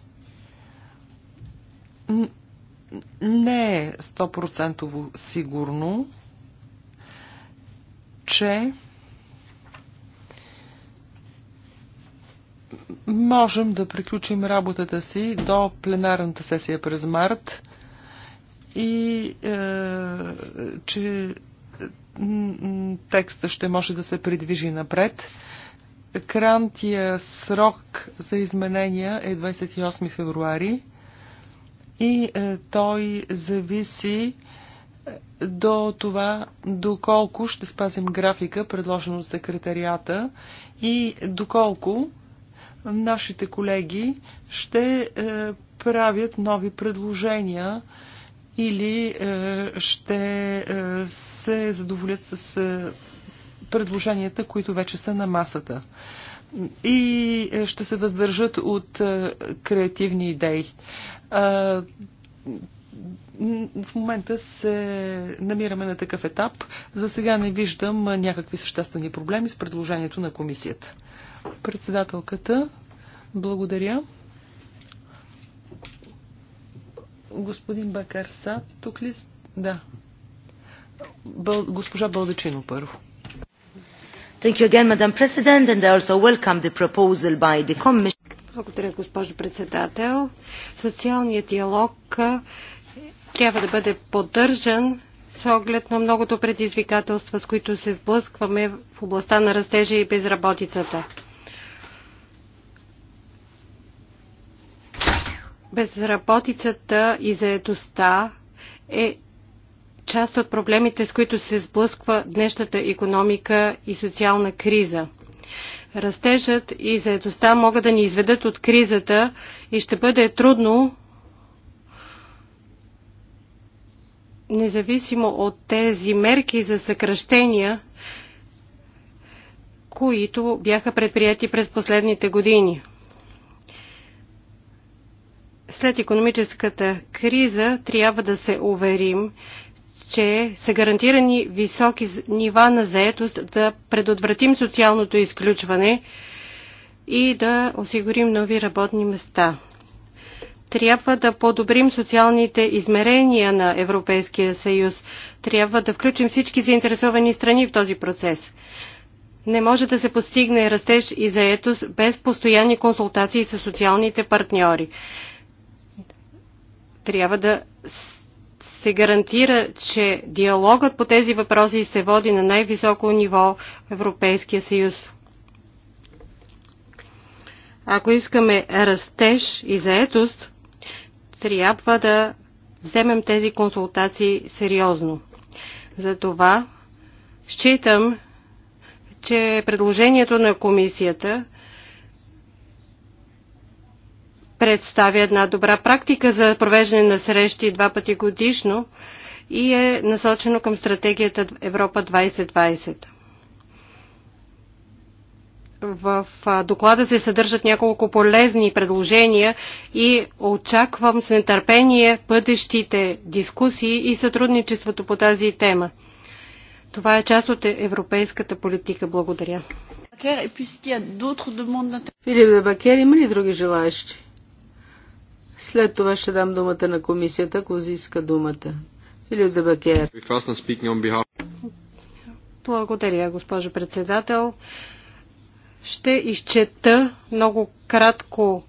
Не е 100% сигурно, че можем да приключим работата си до пленарната сесия през март и е, че текста ще може да се придвижи напред. Крантия срок за изменения е 28 февруари и е, той зависи е, до това доколко ще спазим графика, предложен от секретарията и доколко нашите колеги ще е, правят нови предложения или е, ще е, се задоволят с е, предложенията, които вече са на масата. И ще се въздържат от креативни идеи. В момента се намираме на такъв етап. За сега не виждам някакви съществени проблеми с предложението на комисията. Председателката, благодаря. Господин Бакарса, тук ли? Да. Бъл... Госпожа Бълдачино първо. Thank you again, Madam President, and I also welcome the proposal by the Commission. Благодаря, госпожо председател. Социалният диалог трябва да бъде поддържан с оглед на многото предизвикателства, с които се сблъскваме в областта на растежа и безработицата. Безработицата и заедостта е част от проблемите, с които се сблъсква днешната економика и социална криза. Растежът и заедостта могат да ни изведат от кризата и ще бъде трудно, независимо от тези мерки за съкръщения, които бяха предприяти през последните години след економическата криза трябва да се уверим, че са гарантирани високи нива на заетост да предотвратим социалното изключване и да осигурим нови работни места. Трябва да подобрим социалните измерения на Европейския съюз. Трябва да включим всички заинтересовани страни в този процес. Не може да се постигне растеж и заетост без постоянни консултации с социалните партньори. Трябва да се гарантира, че диалогът по тези въпроси се води на най-високо ниво в Европейския съюз. Ако искаме растеж и заетост, трябва да вземем тези консултации сериозно. Затова считам, че предложението на комисията – представя една добра практика за провеждане на срещи два пъти годишно и е насочено към стратегията Европа 2020. В доклада се съдържат няколко полезни предложения и очаквам с нетърпение бъдещите дискусии и сътрудничеството по тази тема. Това е част от европейската политика. Благодаря. Филип Бакер, има ли други желаящи? След това ще дам думата на комисията, ако изиска думата. Или Дебакер. Благодаря, госпожо председател. Ще изчета много кратко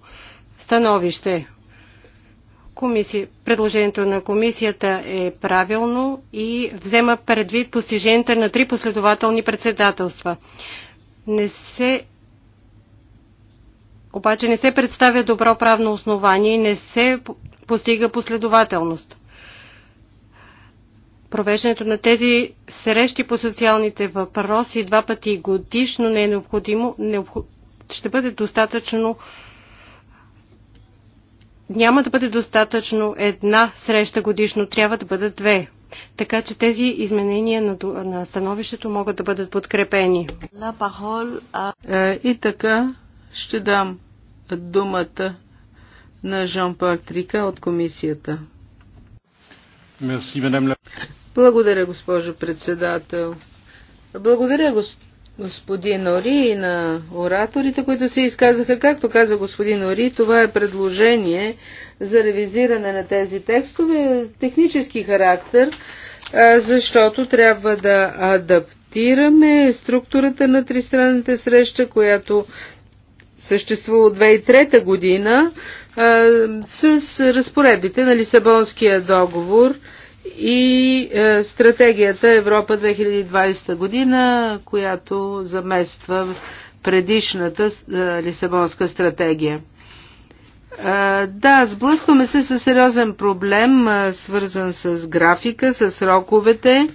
становище. Комисия, предложението на комисията е правилно и взема предвид постиженията на три последователни председателства. Не се обаче не се представя добро правно основание и не се постига последователност. Провеждането на тези срещи по социалните въпроси два пъти годишно не е необходимо, ще бъде достатъчно няма да бъде достатъчно една среща годишно, трябва да бъдат две. Така че тези изменения на, на становището могат да бъдат подкрепени. Е, и така, ще дам думата на Жан-Пар Трика от комисията. Благодаря, госпожо председател. Благодаря, господин господин Ори и на ораторите, които се изказаха. Както каза господин Ори, това е предложение за ревизиране на тези текстове технически характер, защото трябва да адаптираме структурата на тристранната среща, която съществува от 2003 година с разпоредбите на Лисабонския договор и стратегията Европа 2020 година, която замества предишната Лисабонска стратегия. Да, сблъскваме се с сериозен проблем, свързан с графика, с сроковете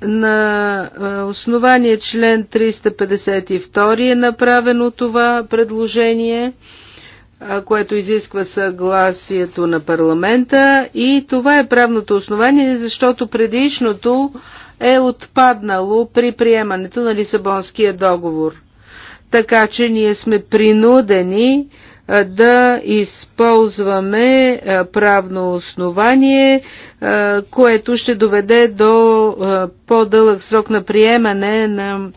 на основание член 352 е направено това предложение, което изисква съгласието на парламента и това е правното основание, защото предишното е отпаднало при приемането на Лисабонския договор. Така че ние сме принудени е, да използваме е, правно основание, е, което ще доведе до по-дълъг срок на приемане на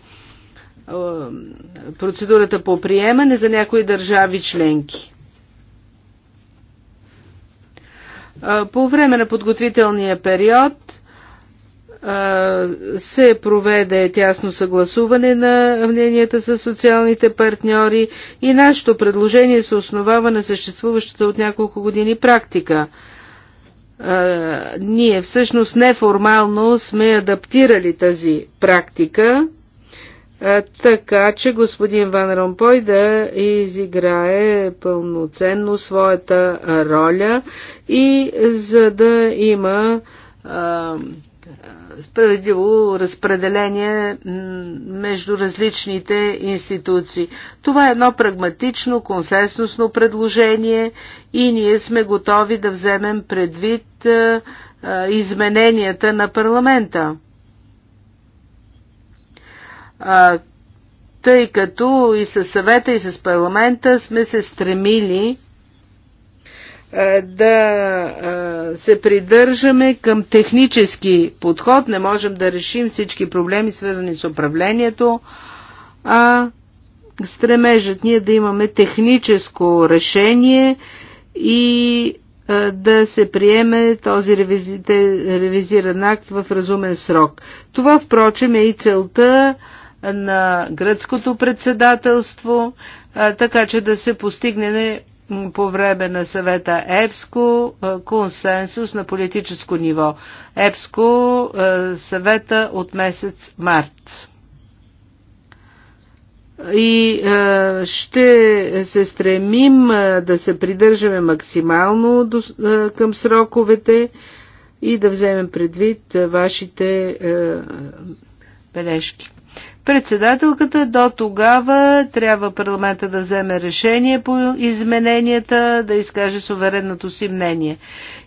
процедурата по приемане за някои държави членки. По време на подготвителния период се проведе тясно съгласуване на мненията с социалните партньори и нашето предложение се основава на съществуващата от няколко години практика. Ние всъщност неформално сме адаптирали тази практика, така че господин Ван Ромпой да изиграе пълноценно своята роля и за да има справедливо разпределение между различните институции. Това е едно прагматично, консенсусно предложение и ние сме готови да вземем предвид измененията на парламента. Тъй като и с съвета, и с парламента сме се стремили е, да е, се придържаме към технически подход. Не можем да решим всички проблеми, свързани с управлението, а стремежът ние да имаме техническо решение и е, да се приеме този ревизиран акт в разумен срок. Това, впрочем, е и целта на гръцкото председателство, така че да се постигне по време на съвета ЕПСКО консенсус на политическо ниво. ЕПСКО съвета от месец март. И ще се стремим да се придържаме максимално към сроковете и да вземем предвид вашите бележки председателката. До тогава трябва парламента да вземе решение по измененията, да изкаже суверенното си мнение.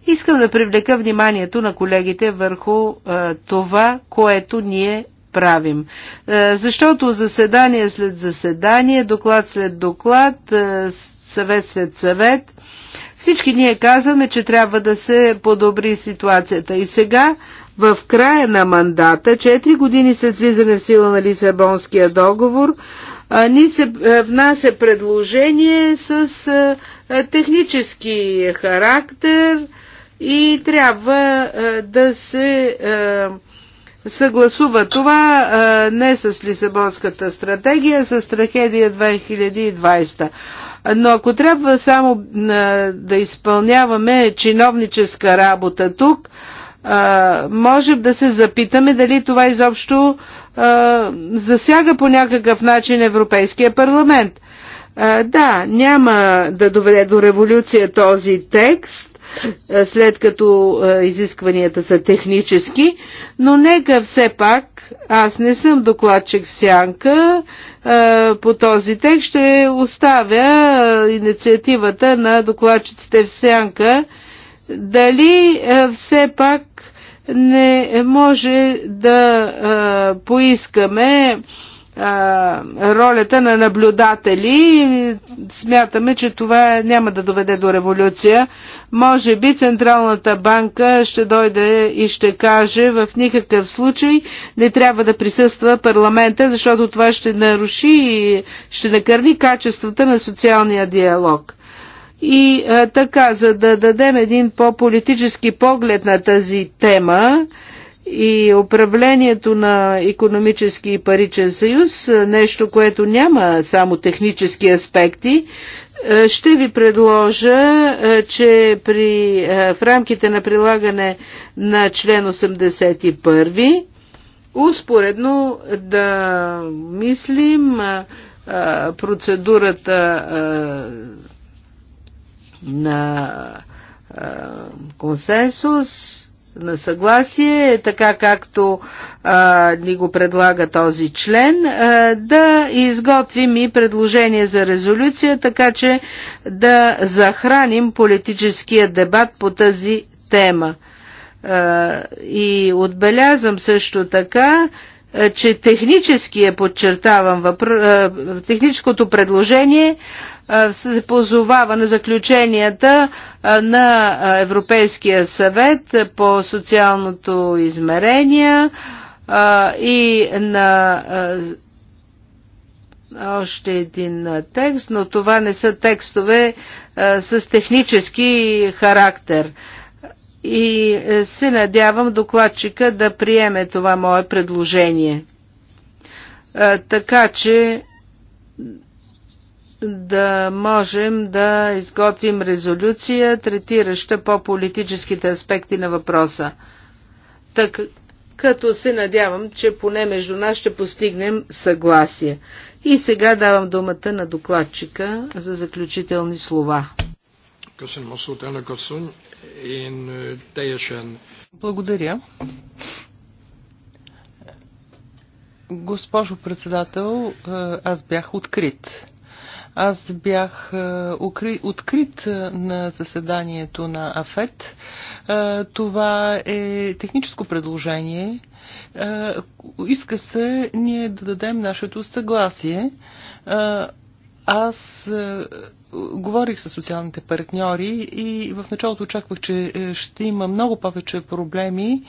Искам да привлека вниманието на колегите върху а, е, това, което ние правим. А, е, защото заседание след заседание, доклад след доклад, а, е, съвет след съвет, всички ние казваме, че трябва да се подобри ситуацията. И сега в края на мандата, 4 години след влизане в сила на Лисабонския договор, ни се внася предложение с технически характер и трябва да се съгласува това не с Лисабонската стратегия, а с стратегия 2020. Но ако трябва само да изпълняваме чиновническа работа тук, можем да се запитаме дали това изобщо засяга по някакъв начин Европейския парламент. Да, няма да доведе до революция този текст, след като изискванията са технически, но нека все пак, аз не съм докладчик в сянка, по този текст ще оставя инициативата на докладчиците в сянка, дали все пак не може да а, поискаме а, ролята на наблюдатели. Смятаме, че това няма да доведе до революция. Може би Централната банка ще дойде и ще каже в никакъв случай не трябва да присъства парламента, защото това ще наруши и ще накърни качествата на социалния диалог. И а, така, за да дадем един по-политически поглед на тази тема и управлението на економически и паричен съюз, нещо, което няма само технически аспекти, ще ви предложа, че при, в рамките на прилагане на член 81, успоредно да мислим процедурата на консенсус, на съгласие, така както а, ни го предлага този член, а, да изготвим и предложение за резолюция, така че да захраним политическия дебат по тази тема. А, и отбелязвам също така, а, че техническия, е, подчертавам, въпро... а, техническото предложение а, се позовава на заключенията на Европейския съвет по социалното измерение и на още един текст, но това не са текстове с технически характер. И е, се надявам докладчика да приеме това мое предложение. Така че да можем да изготвим резолюция, третираща по-политическите аспекти на въпроса. Так, като се надявам, че поне между нас ще постигнем съгласие. И сега давам думата на докладчика за заключителни слова. Е, Благодаря. Госпожо председател, е, аз бях открит. Аз бях е, открит е, на заседанието на АФЕТ. Е, това е техническо предложение. Иска се ние да дадем нашето съгласие. Аз говорих с социалните партньори и в началото очаквах, че ще има много повече проблеми,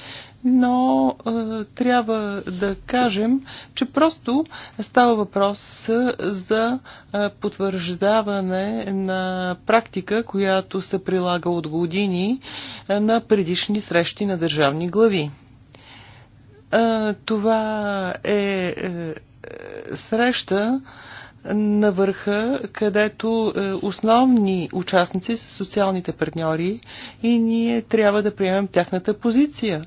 но е, трябва да кажем, че просто става въпрос е, за е, потвърждаване на практика, която се прилага от години е, на предишни срещи на държавни глави. Е, това е, е среща, на върха, където е, основни участници са социалните партньори и ние трябва да приемем тяхната позиция.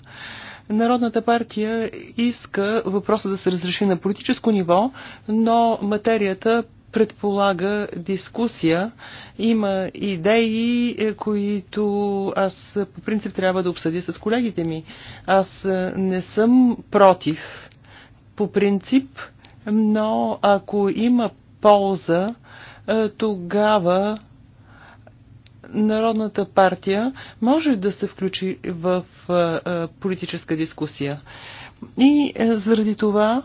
Народната партия иска въпроса да се разреши на политическо ниво, но материята предполага дискусия. Има идеи, е, които аз по принцип трябва да обсъдя с колегите ми. Аз е, не съм против по принцип, но ако има полза, е, тогава Народната партия може да се включи в политическа дискусия. И заради това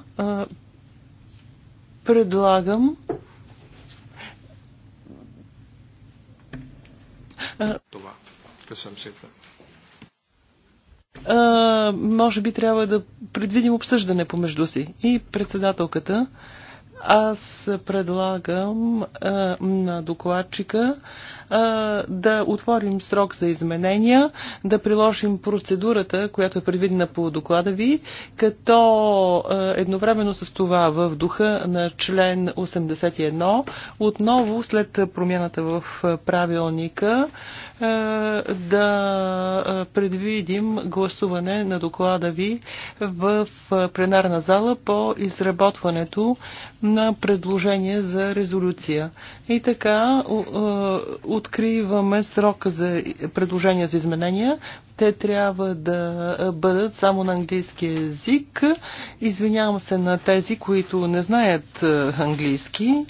предлагам това. А, може би трябва да предвидим обсъждане помежду си. И председателката аз предлагам а, на докладчика а, да отворим срок за изменения, да приложим процедурата, която е предвидена по доклада ви, като а, едновременно с това в духа на член 81, отново след промяната в правилника да предвидим гласуване на доклада ви в пленарна зала по изработването на предложение за резолюция. И така е, откриваме срока за предложения за изменения. Те трябва да бъдат само на английски язик. Извинявам се на тези, които не знаят е, английски. Е,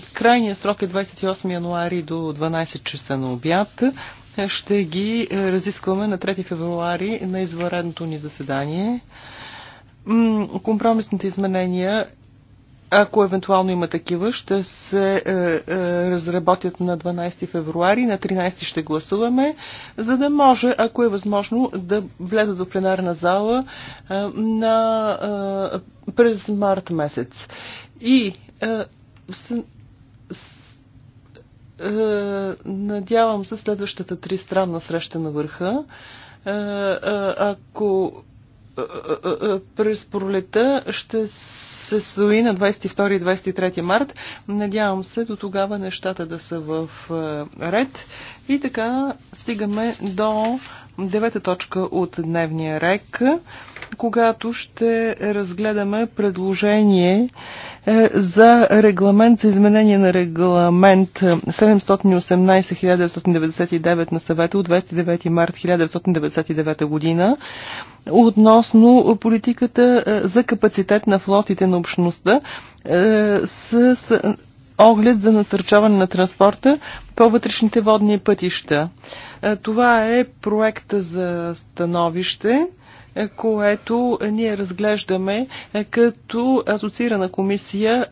крайният срок е 28 януари до 12 часа на обяд ще ги разискваме на 3 февруари на извънредното ни заседание. Компромисните изменения ако евентуално има такива, ще се е, е, разработят на 12 февруари, на 13 ще гласуваме, за да може, ако е възможно, да влезат до пленарна зала е, на, е, през март месец. И е, с, с, е, надявам се следващата тристранна среща на върха, е, е, ако през пролета ще се стои на 22 и 23 март. Надявам се до тогава нещата да са в е, ред. И така стигаме до Девета точка от дневния рек, когато ще разгледаме предложение е, за регламент за изменение на регламент 718-1999 на съвета от 29 март 1999 година относно политиката е, за капацитет на флотите на общността е, с оглед за насърчаване на транспорта по вътрешните водни пътища. Е, това е проекта за становище е, което ние разглеждаме е, като асоциирана комисия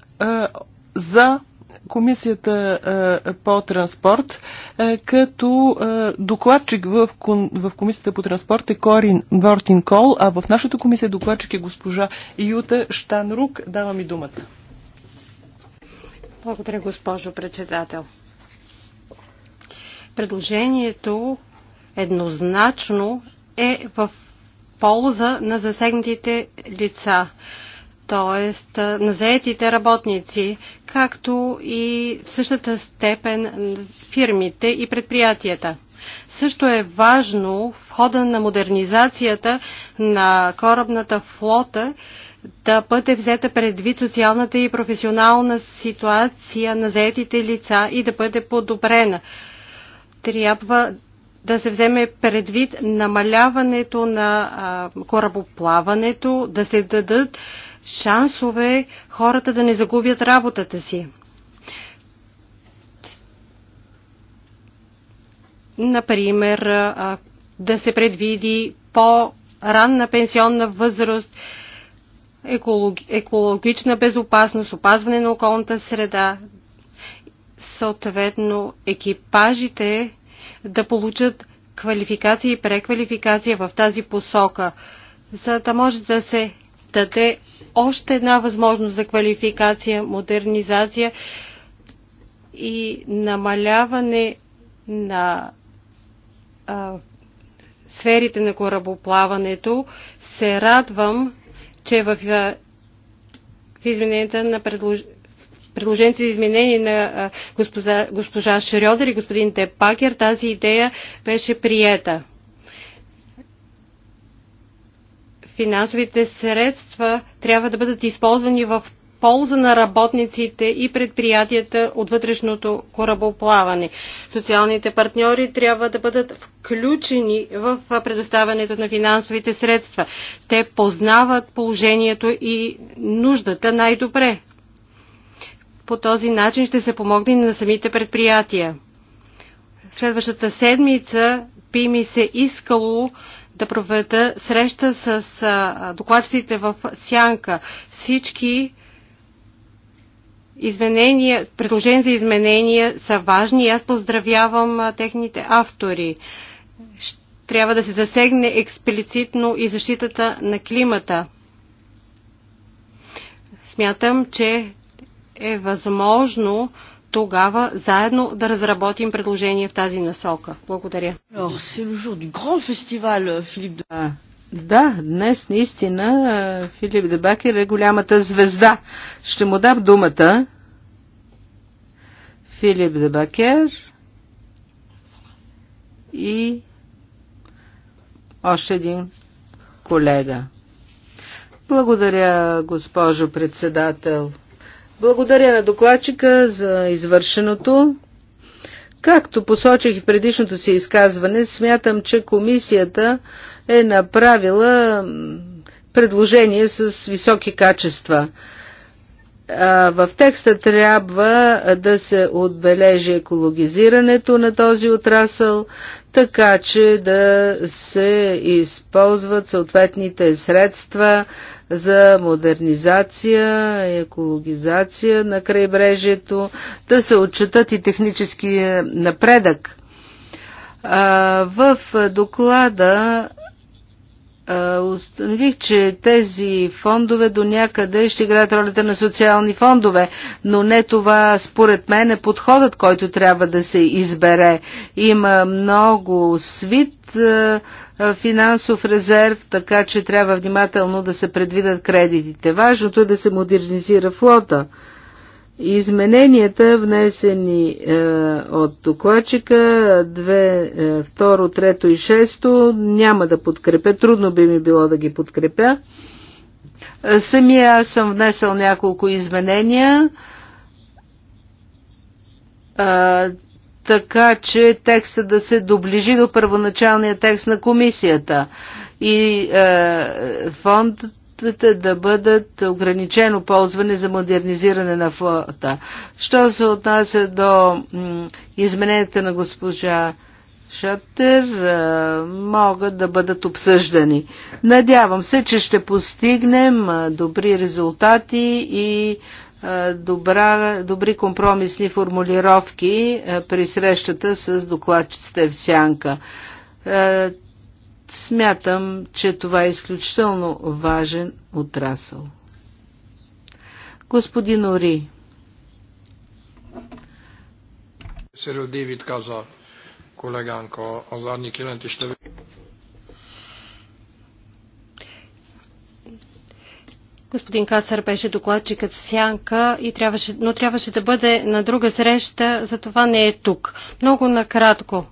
за Комисията по транспорт, като докладчик в, Комисията по транспорт е Корин Вортин Кол, а в нашата комисия докладчик е госпожа Юта Штанрук. Давам и думата. Благодаря, госпожо председател. Предложението еднозначно е в полза на засегнатите лица, т.е. на заетите работници, както и в същата степен фирмите и предприятията. Също е важно в хода на модернизацията на корабната флота да бъде взета предвид социалната и професионална ситуация на заетите лица и да бъде подобрена. Трябва да се вземе предвид намаляването на корабоплаването, да се дадат шансове хората да не загубят работата си. Например, да се предвиди по-ранна пенсионна възраст, екологична безопасност, опазване на околната среда, съответно екипажите да получат квалификация и преквалификация в тази посока, за да може да се даде още една възможност за квалификация, модернизация и намаляване на а, сферите на корабоплаването. Се радвам, че в, в измененията на предлож... предложението за изменение на госпожа, госпожа Шрёдер и господин Депакер тази идея беше приета. Финансовите средства трябва да бъдат използвани в полза на работниците и предприятията от вътрешното корабоплаване. Социалните партньори трябва да бъдат включени в предоставянето на финансовите средства. Те познават положението и нуждата най-добре. По този начин ще се помогне на самите предприятия. Следващата седмица би ми се искало да проведа среща с докладчиците в Сянка. Всички изменения, предложения за изменения са важни и аз поздравявам техните автори. Трябва да се засегне експлицитно и защитата на климата. Смятам, че е възможно тогава заедно да разработим предложение в тази насока. Благодаря. Euh, да, днес наистина Филип Дебакер е голямата звезда. Ще му дам думата, Филип Дебакер и още един колега. Благодаря, госпожо председател. Благодаря на докладчика за извършеното. Както посочих и предишното си изказване, смятам, че комисията е направила предложение с високи качества в текста трябва да се отбележи екологизирането на този отрасъл, така че да се използват съответните средства за модернизация и екологизация на крайбрежието, да се отчитат и технически напредък. В доклада установих, че тези фондове до някъде ще играят ролята на социални фондове, но не това според мен е подходът, който трябва да се избере. Има много свит финансов резерв, така че трябва внимателно да се предвидят кредитите. Важното е да се модернизира флота. Измененията, внесени е, от докладчика, е, второ, трето и шесто няма да подкрепя. Трудно би ми било да ги подкрепя. Е, самия аз съм внесъл няколко изменения, а, е, така че текста да се доближи до първоначалния текст на комисията. И е, фонд да бъдат ограничено ползване за модернизиране на флота. Що се отнася до измененията на госпожа Шатер, могат да бъдат обсъждани. Надявам се, че ще постигнем добри резултати и добра, добри компромисни формулировки при срещата с докладчиците в Сянка Смятам, че това е изключително важен отрасъл. Господин Ори. каза колеганко, а задни киленти ще ви... Господин Касър беше докладчикът Сянка, и трябваше, но трябваше да бъде на друга среща, затова не е тук. Много накратко.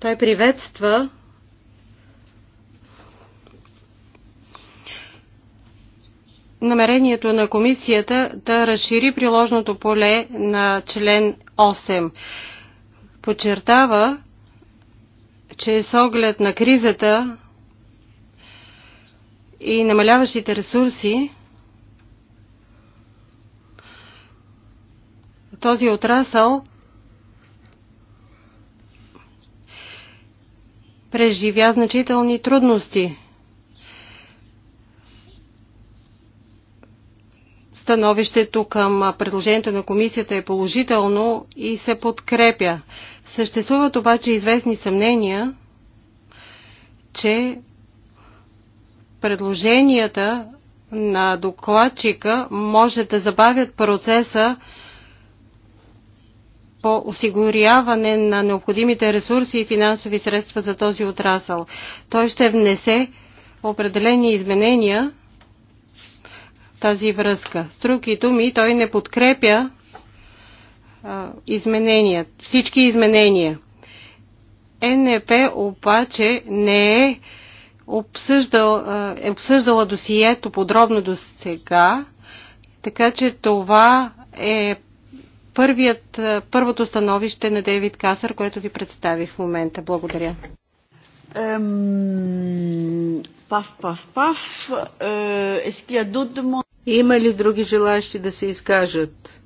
Той приветства намерението на комисията да разшири приложното поле на член 8. Подчертава, че с оглед на кризата и намаляващите ресурси, този отрасъл – преживя значителни трудности. Становището към предложението на комисията е положително и се подкрепя. Съществуват обаче известни съмнения, че предложенията на докладчика може да забавят процеса по осигуряване на необходимите ресурси и финансови средства за този отрасъл. Той ще внесе определени изменения в тази връзка. С други думи, той не подкрепя изменения, всички изменения. НП обаче не е обсъждал, е обсъждала досието подробно до сега, така че това е първият, е, първото становище на Дейвид Касър, което ви представи в момента. Благодаря. Ем, пав, пав, Е, Има ли други желащи да се изкажат?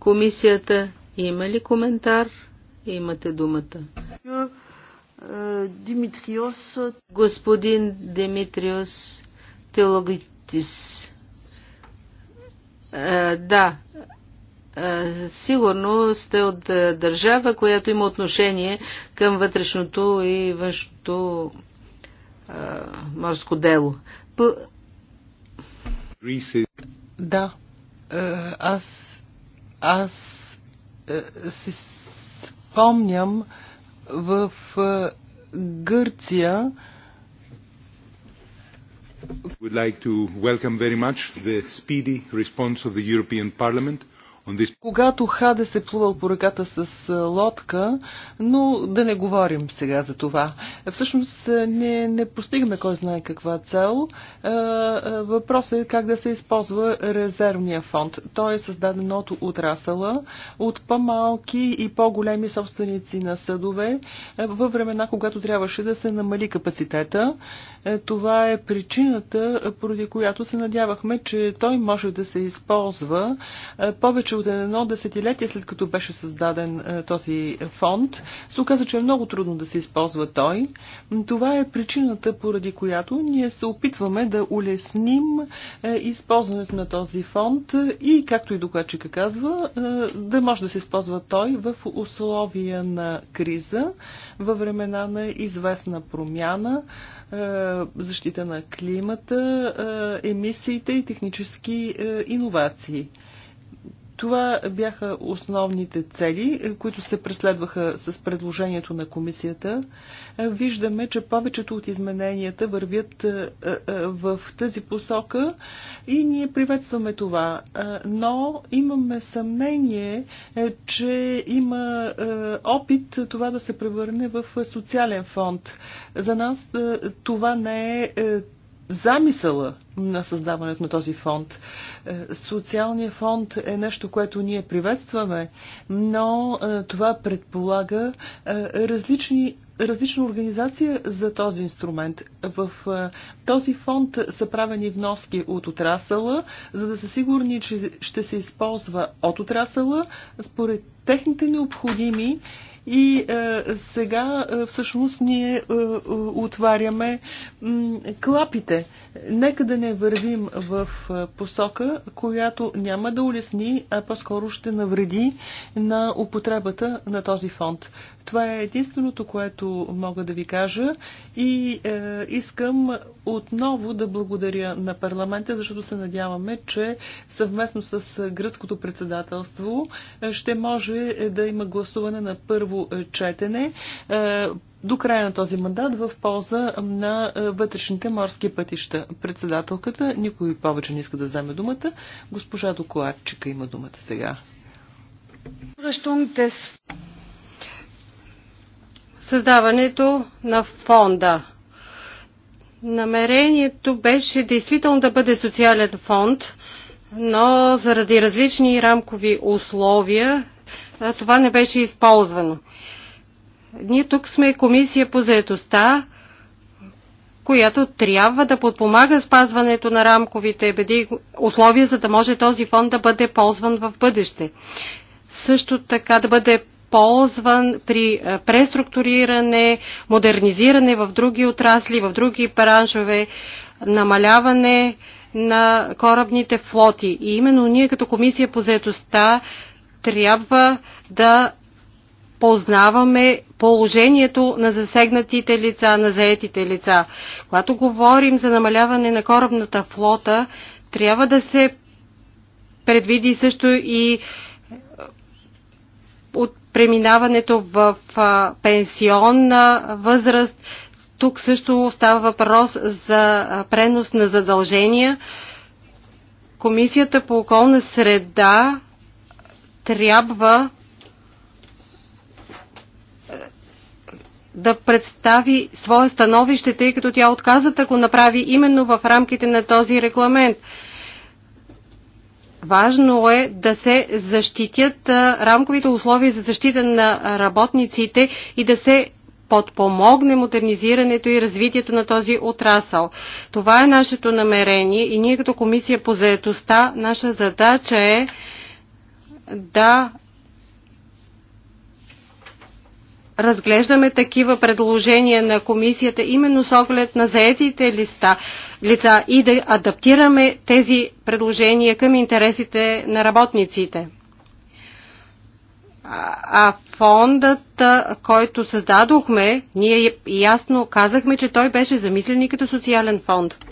Комисията има ли коментар? Имате думата. Е, Димитриос. Господин Димитриос Теологитис. Е, да, сигурно сте от държава, която има отношение към вътрешното и външното морско дело. П... Да, аз, аз си спомням в Гърция, would like to welcome very much the speedy response of the European Parliament когато Хаде се плувал по ръката с лодка, но да не говорим сега за това. Всъщност не, не постигаме кой знае каква цел. Въпросът е как да се използва резервния фонд. Той е създаден от отрасъла, от по-малки и по-големи собственици на съдове, във времена, когато трябваше да се намали капацитета. Това е причината, поради която се надявахме, че той може да се използва повече от едно десетилетие след като беше създаден е, този фонд, се оказа, че е много трудно да се използва той. Това е причината, поради която ние се опитваме да улесним е, използването на този фонд и, както и докладчика казва, е, да може да се използва той в условия на криза, във времена на известна промяна, защита на климата, емисиите и технически иновации. Това бяха основните цели, които се преследваха с предложението на комисията. Виждаме, че повечето от измененията вървят е, е, в тази посока и ние приветстваме това. Е, но имаме съмнение, че има опит това да се превърне в социален фонд. За нас това не е замисъла на създаването на този фонд. Е, социалният фонд е нещо, което ние приветстваме, но е, това предполага е, различни различна организация за този инструмент. В този фонд са правени вноски от отрасъла, за да са сигурни, че ще се използва от отрасъла според техните необходими и е, сега е, всъщност ние е, е, отваряме м, клапите. Нека да не вървим в е, посока, която няма да улесни, а по-скоро ще навреди на употребата на този фонд. Това е единственото, което мога да ви кажа и е, искам отново да благодаря на парламента, защото се надяваме, че съвместно с гръцкото председателство е, ще може да има гласуване на първо е, четене. Е, до края на този мандат в полза на е, вътрешните морски пътища. Председателката никой повече не иска да вземе думата. Госпожа Докладчика има думата сега създаването на фонда. Намерението беше действително да бъде социален фонд, но заради различни рамкови условия това не беше използвано. Ние тук сме комисия по заедостта, която трябва да подпомага спазването на рамковите беди условия, за да може този фонд да бъде ползван в бъдеще. Също така да бъде ползван при преструктуриране, модернизиране в други отрасли, в други паранжове, намаляване на корабните флоти. И именно ние като комисия по заедостта трябва да познаваме положението на засегнатите лица, на заетите лица. Когато говорим за намаляване на корабната флота, трябва да се предвиди също и преминаването в пенсионна възраст. Тук също става въпрос за пренос на задължения. Комисията по околна среда трябва да представи свое становище, тъй като тя отказа да го направи именно в рамките на този регламент. Важно е да се защитят рамковите условия за защита на работниците и да се подпомогне модернизирането и развитието на този отрасъл. Това е нашето намерение и ние като комисия по заедостта, наша задача е да разглеждаме такива предложения на комисията именно с оглед на заетите листа, лица и да адаптираме тези предложения към интересите на работниците. А фондът, който създадохме, ние ясно казахме, че той беше замислен и като социален фонд.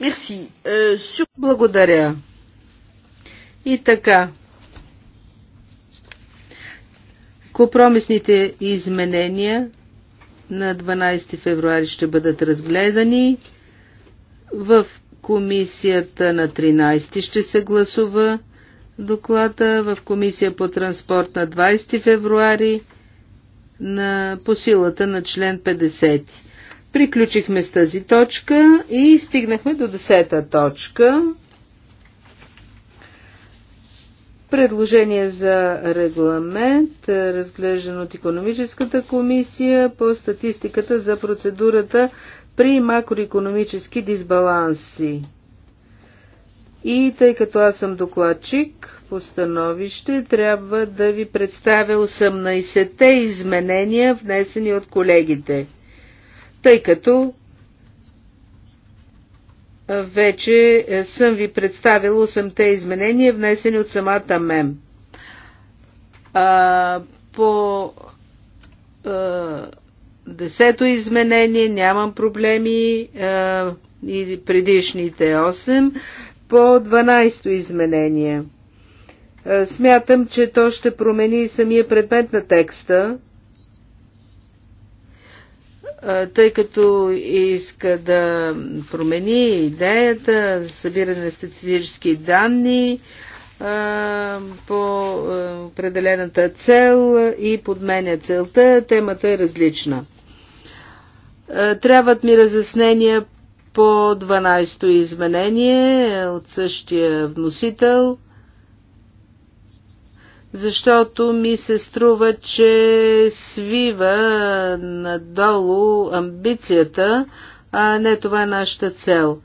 Е, Благодаря. И така, Компромисните изменения на 12 февруари ще бъдат разгледани. В комисията на 13 ще се гласува доклада, в комисия по транспорт на 20 февруари на, по силата на член 50. Приключихме с тази точка и стигнахме до 10 точка. Предложение за регламент, е, разглеждан от економическата комисия по статистиката за процедурата при макроекономически дисбаланси. И тъй като аз съм докладчик по становище, трябва да ви представя 18-те изменения, внесени от колегите. Тъй като вече е, съм ви представила 8-те изменения, внесени от самата МЕМ. А, по а, десето изменение нямам проблеми а, и предишните 8. По 12-то изменение. А, смятам, че то ще промени самия предмет на текста, тъй като иска да промени идеята за събиране на статистически данни по определената цел и подменя целта, темата е различна. Трябват ми разяснения по 12-то изменение от същия вносител защото ми се струва, че свива надолу амбицията, а не това е нашата цел.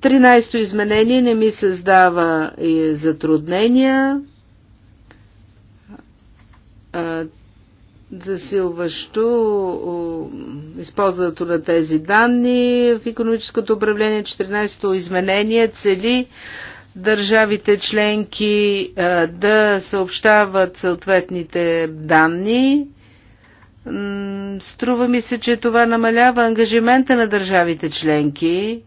Тринайсто изменение не ми създава и затруднения, засилващо използването на тези данни в економическото управление. 14-то изменение цели държавите членки да съобщават съответните данни. Струва ми се, че това намалява ангажимента на държавите членки.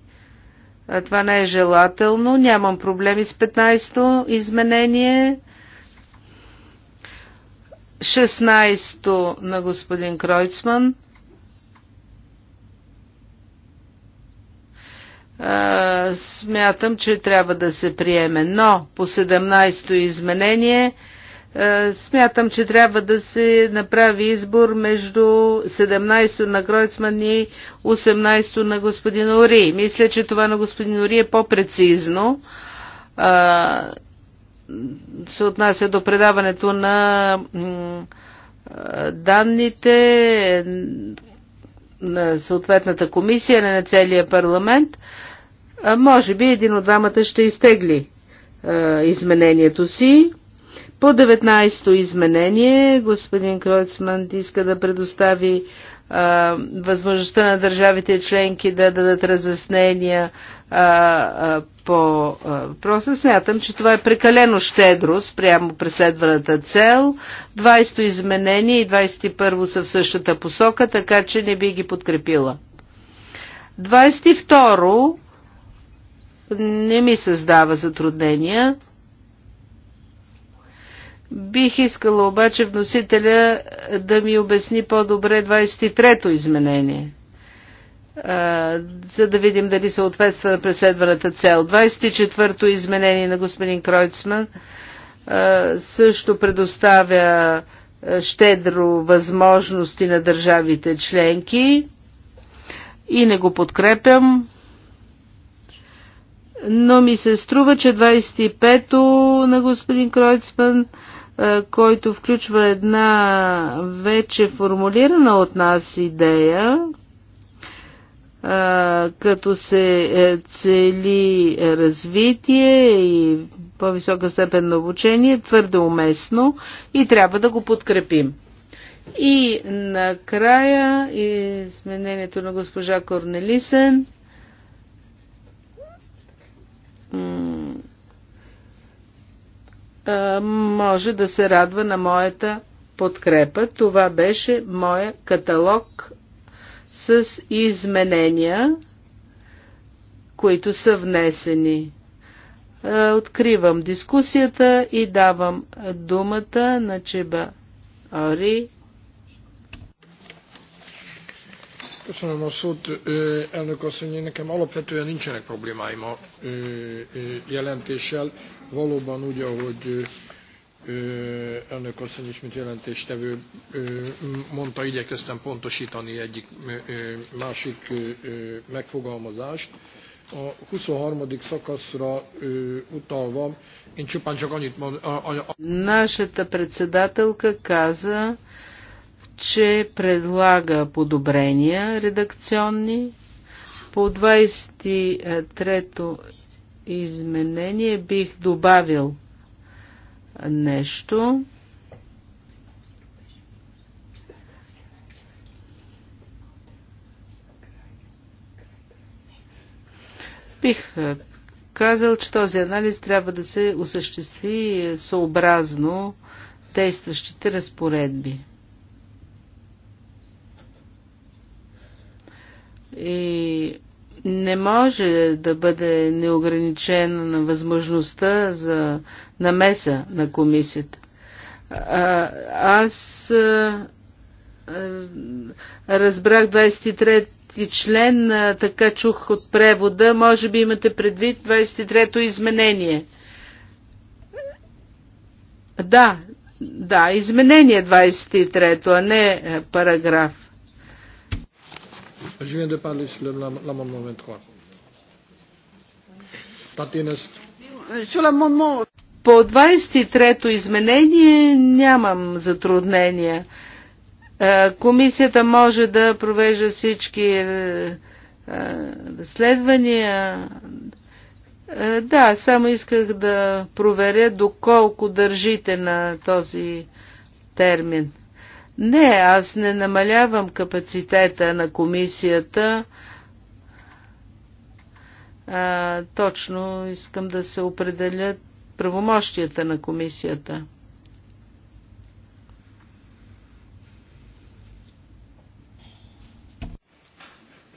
Това не е желателно. Нямам проблеми с 15-то изменение. 16-то на господин Кройцман. а, смятам, че трябва да се приеме. Но по 17-то изменение смятам, че трябва да се направи избор между 17-то на Кройцман и 18-то на господин Ори. Мисля, че това на господин Ори е по-прецизно. се отнася до предаването на данните на съответната комисия, не на целия парламент. Може би един от двамата ще изтегли изменението си. По 19-то изменение господин Кройцман иска да предостави а, възможността на държавите членки да дадат разяснения а, а, по просто Смятам, че това е прекалено щедро спрямо преследваната цел. 20-то изменение и 21-во са в същата посока, така че не би ги подкрепила. 22-ро не ми създава затруднения. Бих искала обаче вносителя е, да ми обясни по-добре 23-то изменение, е, за да видим дали съответства на преследваната цел. 24-то изменение на господин Кройцман е, също предоставя щедро възможности на държавите членки и не го подкрепям но ми се струва, че 25-то на господин Кройцман, е, който включва една вече формулирана от нас идея, е, като се е, цели развитие и по-висока степен на обучение, твърде уместно и трябва да го подкрепим. И накрая изменението на госпожа Корнелисен – може да се радва на моята подкрепа. Това беше моя каталог с изменения, които са внесени. Откривам дискусията и давам думата на Чеба Ори Köszönöm a szót, elnök asszony. Nekem alapvetően nincsenek problémáim a jelentéssel. Valóban úgy, ahogy elnök asszony is, mint jelentéstevő mondta, igyekeztem pontosítani egyik másik megfogalmazást. A 23. szakaszra utalva, én csupán csak annyit mondom. Нашата председателка каза, че предлага подобрения редакционни. По 23-то изменение бих добавил нещо. Бих казал, че този анализ трябва да се осъществи е, съобразно действащите разпоредби. И не може да бъде неограничена на възможността за намеса на комисията. А, аз а, разбрах 23-ти член, а, така чух от превода, може би имате предвид 23-то изменение. Да, да, изменение 23-то, а не параграф. Je viens de parler sur l'amendement 23. Sur l'amendement по 23-то изменение нямам затруднения. Е, комисията може да провежда всички е, е, разследвания. Да, само исках да проверя доколко държите на този термин. Не, аз не намалявам капацитета на комисията. А, точно искам да се определят правомощията на комисията.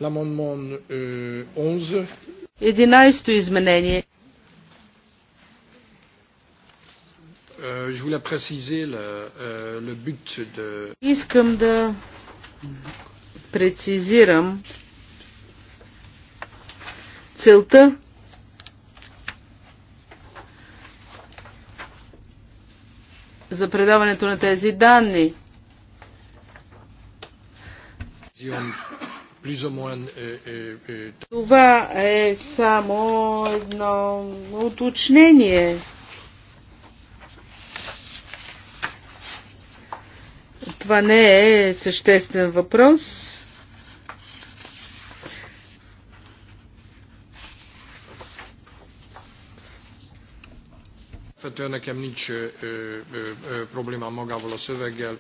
L'amendement 11. Euh, 11 изменение. Euh, euh, Искам да прецизирам целта за предаването на тези данни. Euh, Това е само едно уточнение. Това не е съществен въпрос. alapvetően nekem nincs ö, ö, ö, problémám magával a szöveggel,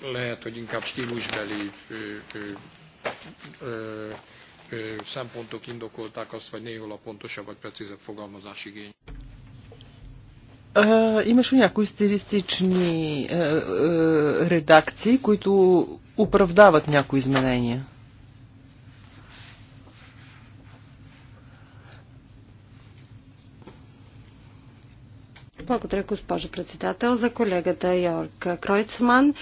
lehet, hogy inkább stílusbeli ö, ö, ö, ö, szempontok indokolták azt, vagy néhol a pontosabb vagy precízebb fogalmazás igény. А, имаше някои стилистични а, е, а, е, редакции, които оправдават някои изменения. Благодаря, госпожо председател, за колегата Йорк Кройцман.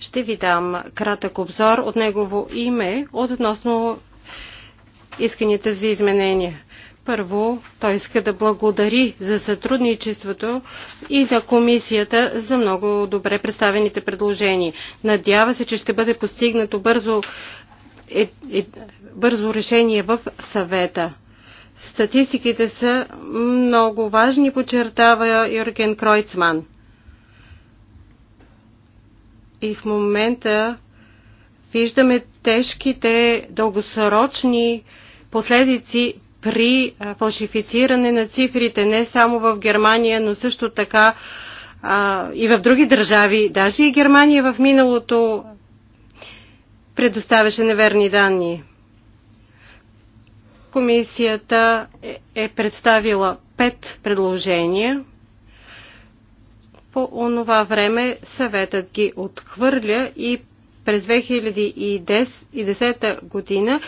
Ще ви дам кратък обзор от негово име относно исканите за изменения. Първо, той иска да благодари за сътрудничеството и на комисията за много добре представените предложения. Надява се, че ще бъде постигнато бързо, е, е, бързо решение в съвета. Статистиките са много важни, подчертава Юрген Кройцман. И в момента виждаме тежките дългосрочни последици при фалшифициране на цифрите не само в Германия, но също така и в други държави. Даже и Германия в миналото предоставяше неверни данни. Комисията е, е представила пет предложения. По онова време съветът ги отхвърля и през 2010 година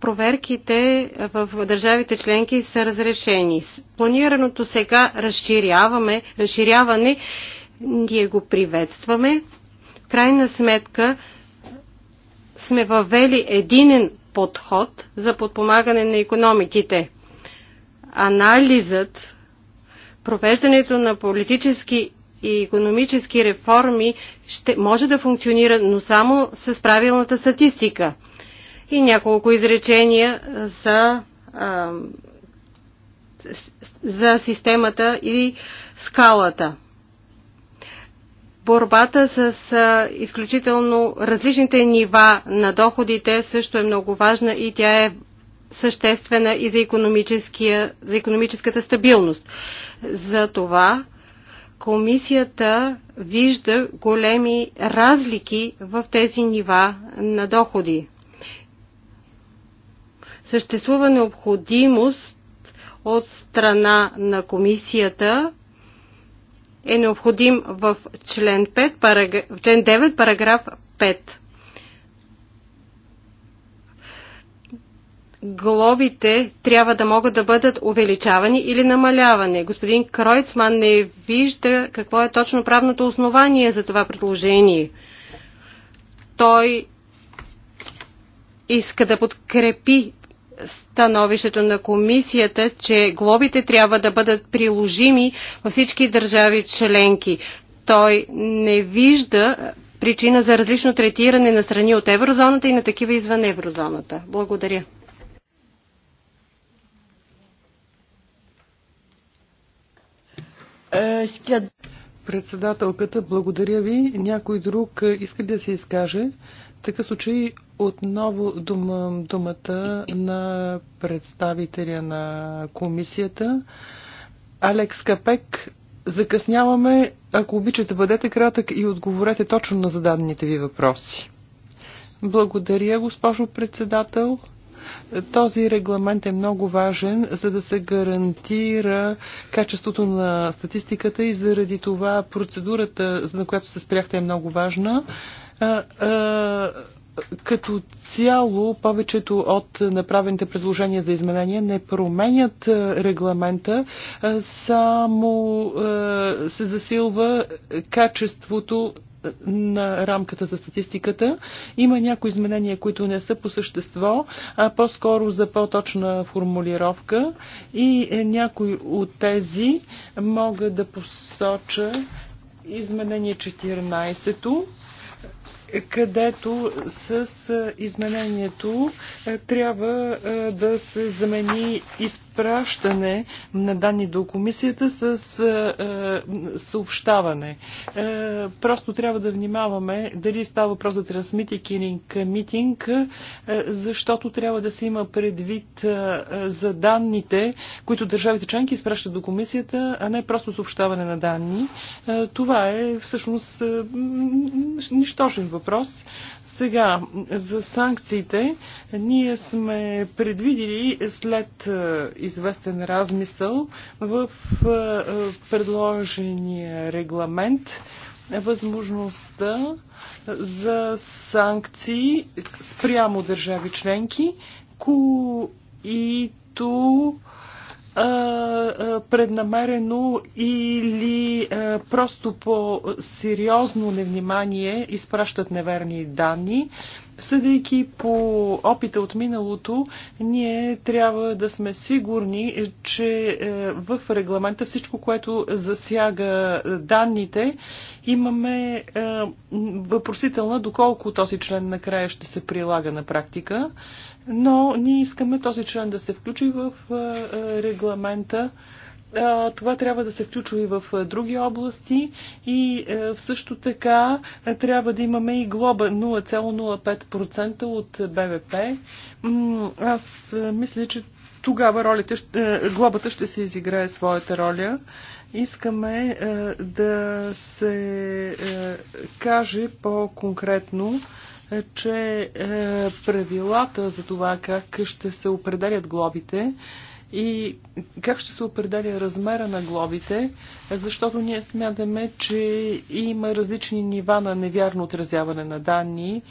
проверките в държавите членки са разрешени. Планираното сега разширяваме, разширяване, ние го приветстваме. В крайна сметка сме въвели единен подход за подпомагане на економиките. Анализът, провеждането на политически и економически реформи ще може да функционира, но само с правилната статистика. И няколко изречения за, а, за системата и скалата. Борбата с а, изключително различните нива на доходите също е много важна и тя е съществена и за, за економическата стабилност. За това комисията вижда големи разлики в тези нива на доходи. Съществува необходимост от страна на комисията е необходим в член, 5, в член 9, параграф 5. глобите трябва да могат да бъдат увеличавани или намалявани. Господин Кройцман не вижда какво е точно правното основание за това предложение. Той иска да подкрепи становището на комисията, че глобите трябва да бъдат приложими във всички държави членки. Той не вижда причина за различно третиране на страни от еврозоната и на такива извън еврозоната. Благодаря. Е, Председателката, благодаря ви. Някой друг е, иска да се изкаже. В такъв случай отново думам думата на представителя на комисията. Алекс Капек, закъсняваме. Ако обичате, бъдете кратък и отговорете точно на зададените ви въпроси. Благодаря, госпожо председател. Този регламент е много важен, за да се гарантира качеството на статистиката и заради това процедурата, на която се спряхте, е много важна като цяло повечето от направените предложения за изменения не променят регламента, само се засилва качеството на рамката за статистиката. Има някои изменения, които не са по същество, а по-скоро за по-точна формулировка. И е, някои от тези мога да посоча изменение 14-то където с изменението трябва да се замени изпращане на данни до комисията с съобщаване. Просто трябва да внимаваме дали става въпрос за трансмитинг митинг, защото трябва да се има предвид за данните, които държавите членки изпращат до комисията, а не просто съобщаване на данни. Това е всъщност нищожен въпрос въпрос. Сега, за санкциите, ние сме предвидили след е, известен размисъл в е, предложения регламент възможността за санкции спрямо държави членки, които преднамерено или просто по сериозно невнимание изпращат неверни данни Съдейки по опита от миналото, ние трябва да сме сигурни, че е, в регламента всичко, което засяга е, данните, имаме е, въпросителна доколко този член накрая ще се прилага на практика, но ние искаме този член да се включи в регламента това трябва да се включва и в други области и също така трябва да имаме и глоба 0,05% от БВП. Аз мисля, че тогава ролите, глобата ще се изиграе своята роля. Искаме да се каже по-конкретно, че правилата за това как ще се определят глобите и как ще се определя размера на глобите, защото ние смятаме, че има различни нива на невярно отразяване на данни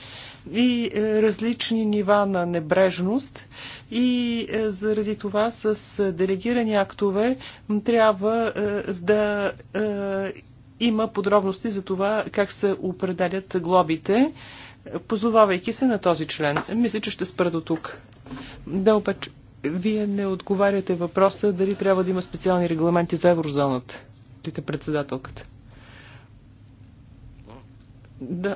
и е, различни нива на небрежност и е, заради това с е, делегирани актове трябва да има подробности за това как се определят глобите, позовавайки се на този член. Мисля, че ще спра до тук. Да, обаче, вие не отговаряте въпроса дали трябва да има специални регламенти за еврозоната. Пита председателката. Да.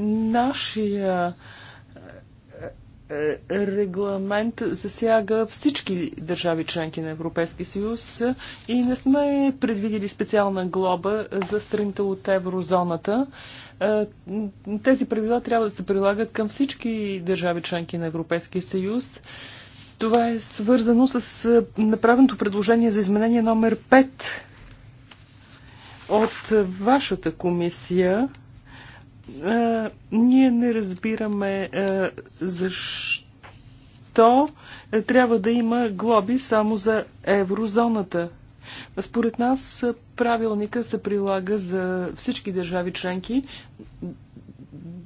Нашия е, е, регламент засяга всички държави членки на Европейския съюз и не сме предвидили специална глоба за страните от еврозоната. Е, тези правила трябва да се прилагат към всички държави членки на Европейския съюз. Това е свързано с е, направеното предложение за изменение номер 5 от вашата комисия. Е, ние не разбираме защо трябва да има глоби само за еврозоната. Според нас правилника се прилага за всички държави членки.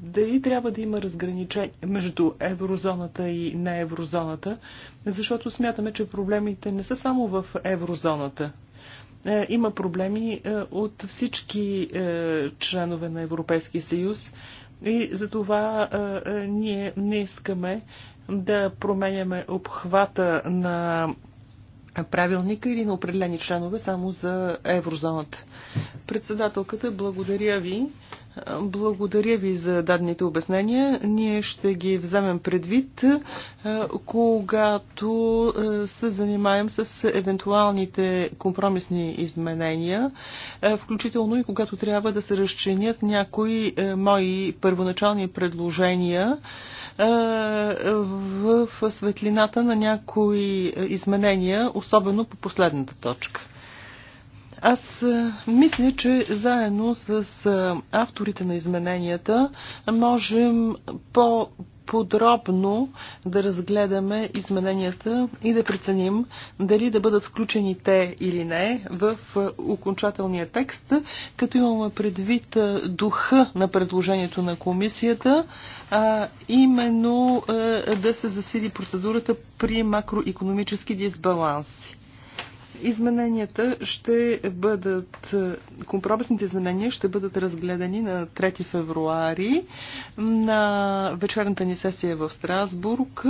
Дали трябва да има разграничение между еврозоната и не еврозоната, защото смятаме, че проблемите не са само в еврозоната е, има проблеми е, от всички е, членове на Европейския съюз и за това ние не искаме да променяме обхвата на правилника или на определени членове само за еврозоната. Председателката, благодаря ви. Благодаря ви за дадените обяснения. Ние ще ги вземем предвид, когато се занимаем с евентуалните компромисни изменения, включително и когато трябва да се разчинят някои мои първоначални предложения в светлината на някои изменения, особено по последната точка. Аз мисля, че заедно с авторите на измененията можем по подробно да разгледаме измененията и да преценим дали да бъдат включени те или не в окончателния текст, като имаме предвид духа на предложението на комисията, а именно да се засили процедурата при макроекономически дисбаланси. Измененията ще бъдат, компромисните изменения ще бъдат разгледани на 3 февруари на вечерната ни сесия в Страсбург.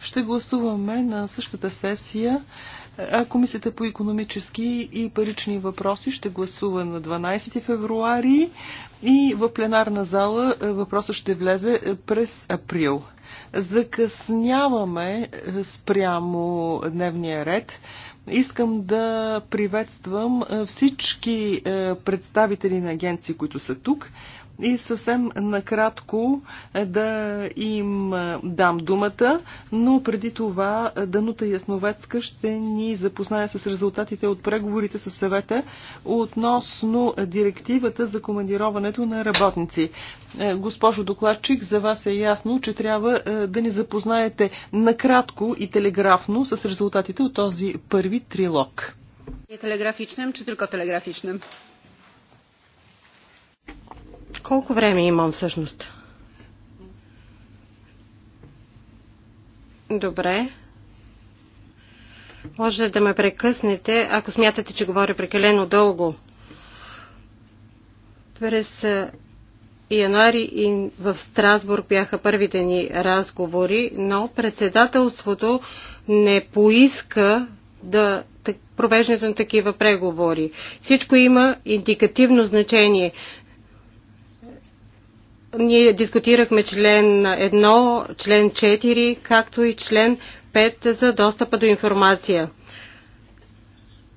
Ще гласуваме на същата сесия Комисията по економически и парични въпроси ще гласува на 12 февруари и в пленарна зала въпросът ще влезе през април. Закъсняваме спрямо дневния ред. Искам да приветствам всички представители на агенции, които са тук и съвсем накратко е, да им е, дам думата, но преди това е, Данута Ясновецка ще ни запознае с резултатите от преговорите с съвета относно директивата за командироването на работници. Госпожо докладчик, за вас е ясно, че трябва да ни запознаете накратко и телеграфно с резултатите от този първи трилог. Телеграфичним, че только телеграфичним? Колко време имам всъщност? Добре. Може да ме прекъснете, ако смятате, че говоря прекалено дълго. През януари и в Страсбург бяха първите ни разговори, но председателството не поиска да провеждането на такива преговори. Всичко има индикативно значение. Ние дискутирахме член 1, член 4, както и член 5 за достъпа до информация.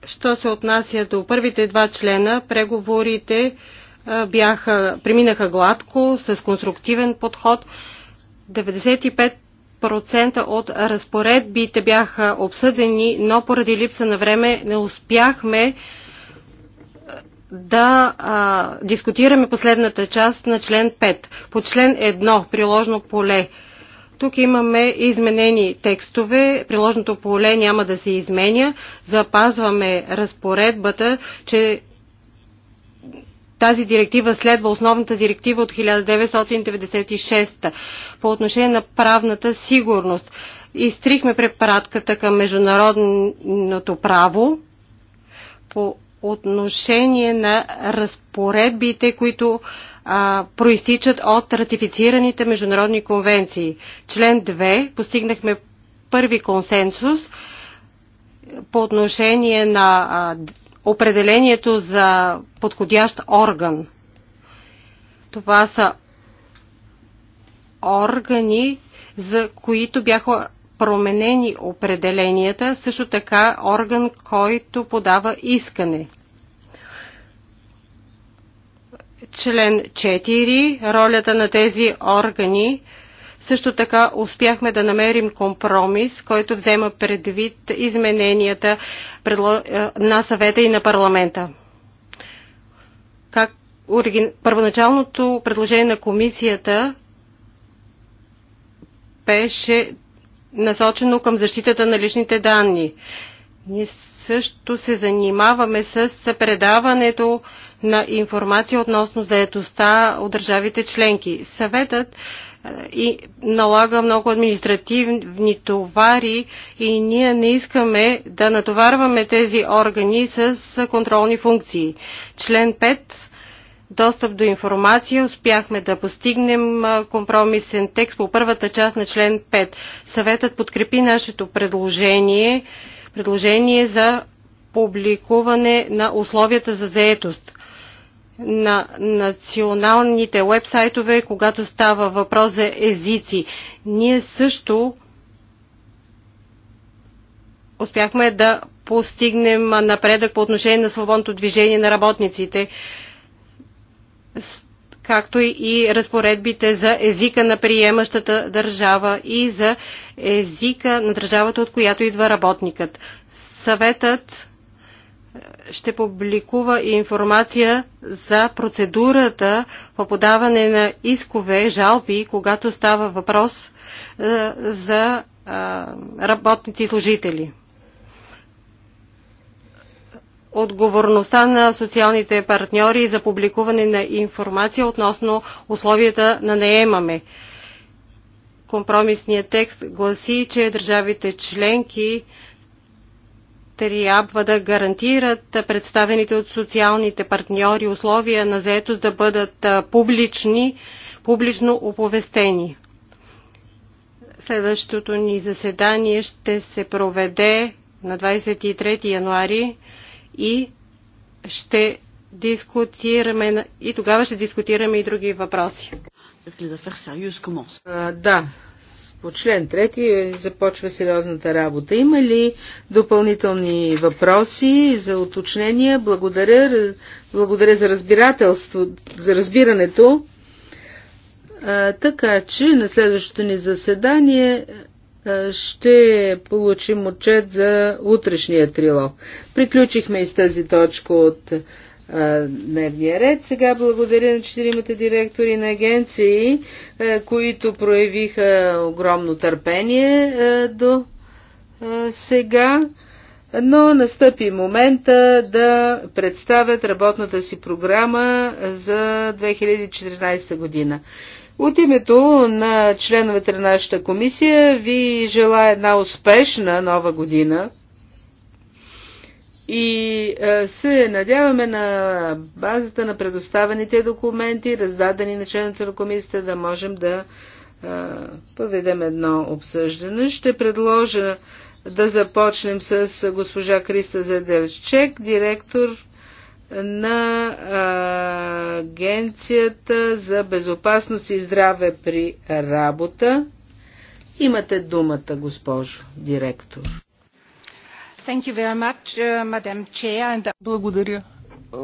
Що се отнася до първите два члена, преговорите бяха, преминаха гладко, с конструктивен подход. 95% от разпоредбите бяха обсъдени, но поради липса на време не успяхме да а, дискутираме последната част на член 5. По член 1, приложно поле. Тук имаме изменени текстове, приложното поле няма да се изменя. Запазваме разпоредбата, че тази директива следва основната директива от 1996 по отношение на правната сигурност. Изтрихме препаратката към международното право по отношение на разпоредбите, които а, проистичат от ратифицираните международни конвенции. Член 2 постигнахме първи консенсус по отношение на а, определението за подходящ орган. Това са органи, за които бяха променени определенията, също така орган, който подава искане. Член 4. Ролята на тези органи. Също така успяхме да намерим компромис, който взема предвид измененията е, на съвета и на парламента. Как първоначалното предложение на комисията беше насочено към защитата на личните данни. Ние също се занимаваме с предаването на информация относно заедостта от държавите членки. Съветът е, и налага много административни товари и ние не искаме да натоварваме тези органи с контролни функции. Член 5 достъп до информация успяхме да постигнем компромисен текст по първата част на член 5. Съветът подкрепи нашето предложение, предложение за публикуване на условията за заетост на националните вебсайтове, когато става въпрос за езици. Ние също успяхме да постигнем напредък по отношение на свободното движение на работниците както и разпоредбите за езика на приемащата държава и за езика на държавата, от която идва работникът. Съветът е, ще публикува информация за процедурата по подаване на искове, жалби, когато става въпрос е, за е, и служители отговорността на социалните партньори за публикуване на информация относно условията на наемаме. Компромисният текст гласи, че държавите членки трябва да гарантират представените от социалните партньори условия на заетост да бъдат публични, публично оповестени. Следващото ни заседание ще се проведе на 23 януари и ще дискутираме и тогава ще дискутираме и други въпроси. Да, по член 3 започва сериозната работа. Има ли допълнителни въпроси за уточнения? Благодаря, благодаря за разбирателство, за разбирането. А, така че на следващото ни заседание ще получим отчет за утрешния трилог. Приключихме и с тази точка от дневния ред. Сега благодаря на четиримата директори на агенции, които проявиха огромно търпение до сега, но настъпи момента да представят работната си програма за 2014 година. От името на членовете на нашата комисия ви желая една успешна нова година и е, се надяваме на базата на предоставените документи, раздадени на членовете на комисията, да можем да е, проведем едно обсъждане. Ще предложа да започнем с госпожа Криста Заделчек, директор на Агенцията за безопасност и здраве при работа. Имате думата, госпожо директор. Uh, Благодаря,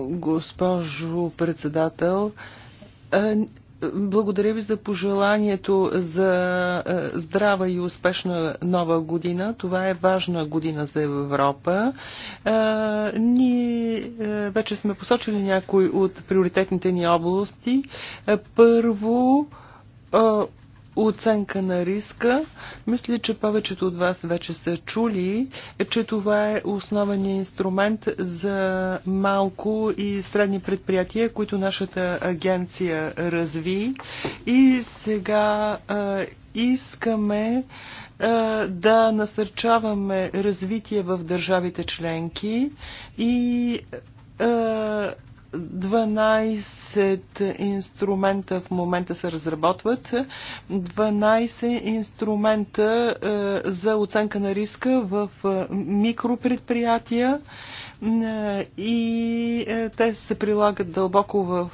госпожо председател. Благодаря ви за пожеланието за е, здрава и успешна нова година. Това е важна година за Европа. Е, ние е, вече сме посочили някои от приоритетните ни области. Първо, оценка на риска. Мисля, че повечето от вас вече са чули, е, че това е основен инструмент за малко и средни предприятия, които нашата агенция разви. И сега а, искаме да насърчаваме развитие в държавите членки и 12 инструмента в момента се разработват. 12 инструмента е, за оценка на риска в е, микропредприятия е, и те се прилагат дълбоко в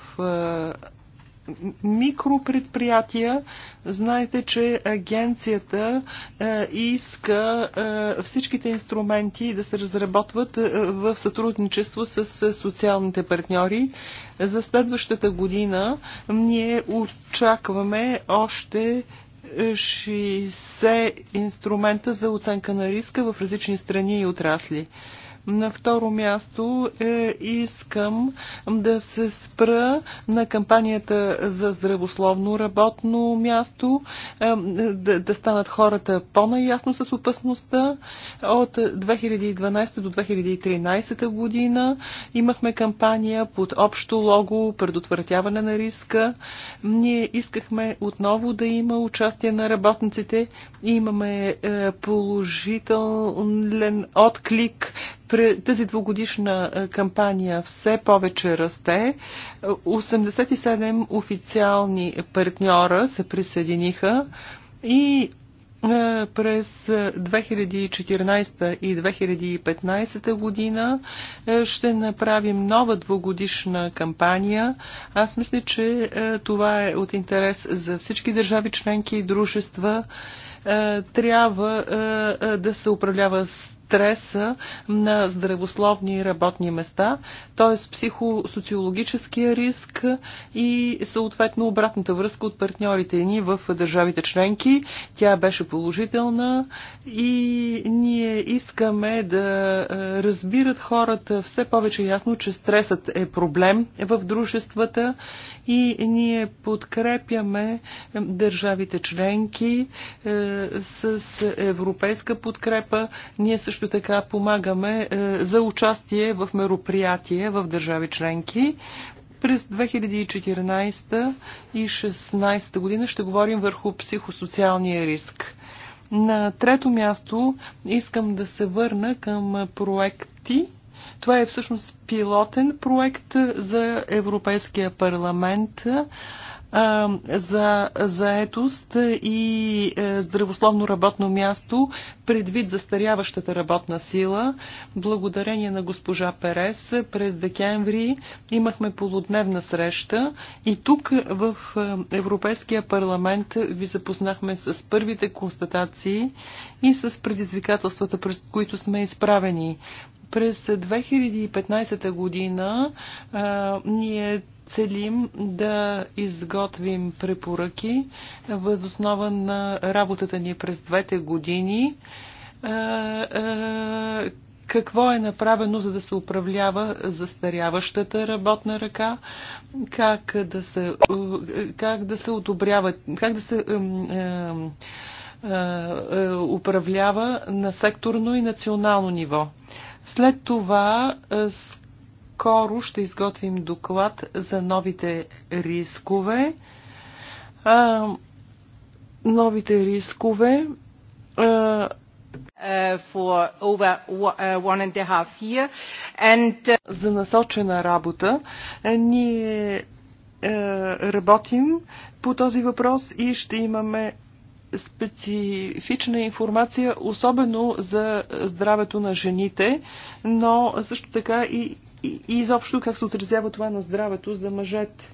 микропредприятия. Знаете, че агенцията е, иска е, всичките инструменти да се разработват е, в сътрудничество с социалните партньори. За следващата година ние очакваме още 60 инструмента за оценка на риска в различни страни и отрасли. На второ място е, искам да се спра на кампанията за здравословно работно място, е, да, да станат хората по-наясно с опасността. От 2012 до 2013 година имахме кампания под общо лого предотвратяване на риска. Ние искахме отново да има участие на работниците. Имаме е, положителен отклик тази двугодишна е, кампания все повече расте. 87 официални партньора се присъединиха и е, през 2014 и 2015 година е, ще направим нова двугодишна кампания. Аз мисля, че това е от интерес за всички държави членки и дружества. Трябва да се управлява с стреса на здравословни работни места, т.е. психосоциологическия риск и съответно обратната връзка от партньорите ни в държавите членки. Тя беше положителна и ние искаме да разбират хората все повече ясно, че стресът е проблем в дружествата и ние подкрепяме държавите членки е, с европейска подкрепа. Ние също така помагаме е, за участие в мероприятие в държави членки. През 2014 и 2016 година ще говорим върху психосоциалния риск. На трето място искам да се върна към проекти, това е всъщност пилотен проект за Европейския парламент за заетост и е, здравословно работно място предвид застаряващата работна сила. Благодарение на госпожа Перес през декември имахме полудневна среща и тук в е, Европейския парламент ви запознахме с първите констатации и с предизвикателствата, през които сме изправени. През 2015 година а, ние целим да изготвим препоръки възоснова на работата ни през двете години. А, а, какво е направено, за да се управлява застаряващата работна ръка, как да се, как да се одобрява, как да се управлява на секторно и национално ниво. След това е, скоро ще изготвим доклад за новите рискове. А, е, новите рискове. Е, за насочена работа. Ние работим по този въпрос и ще имаме специфична информация, особено за здравето на жените, но също така и, и, и изобщо как се отразява това на здравето за мъжете.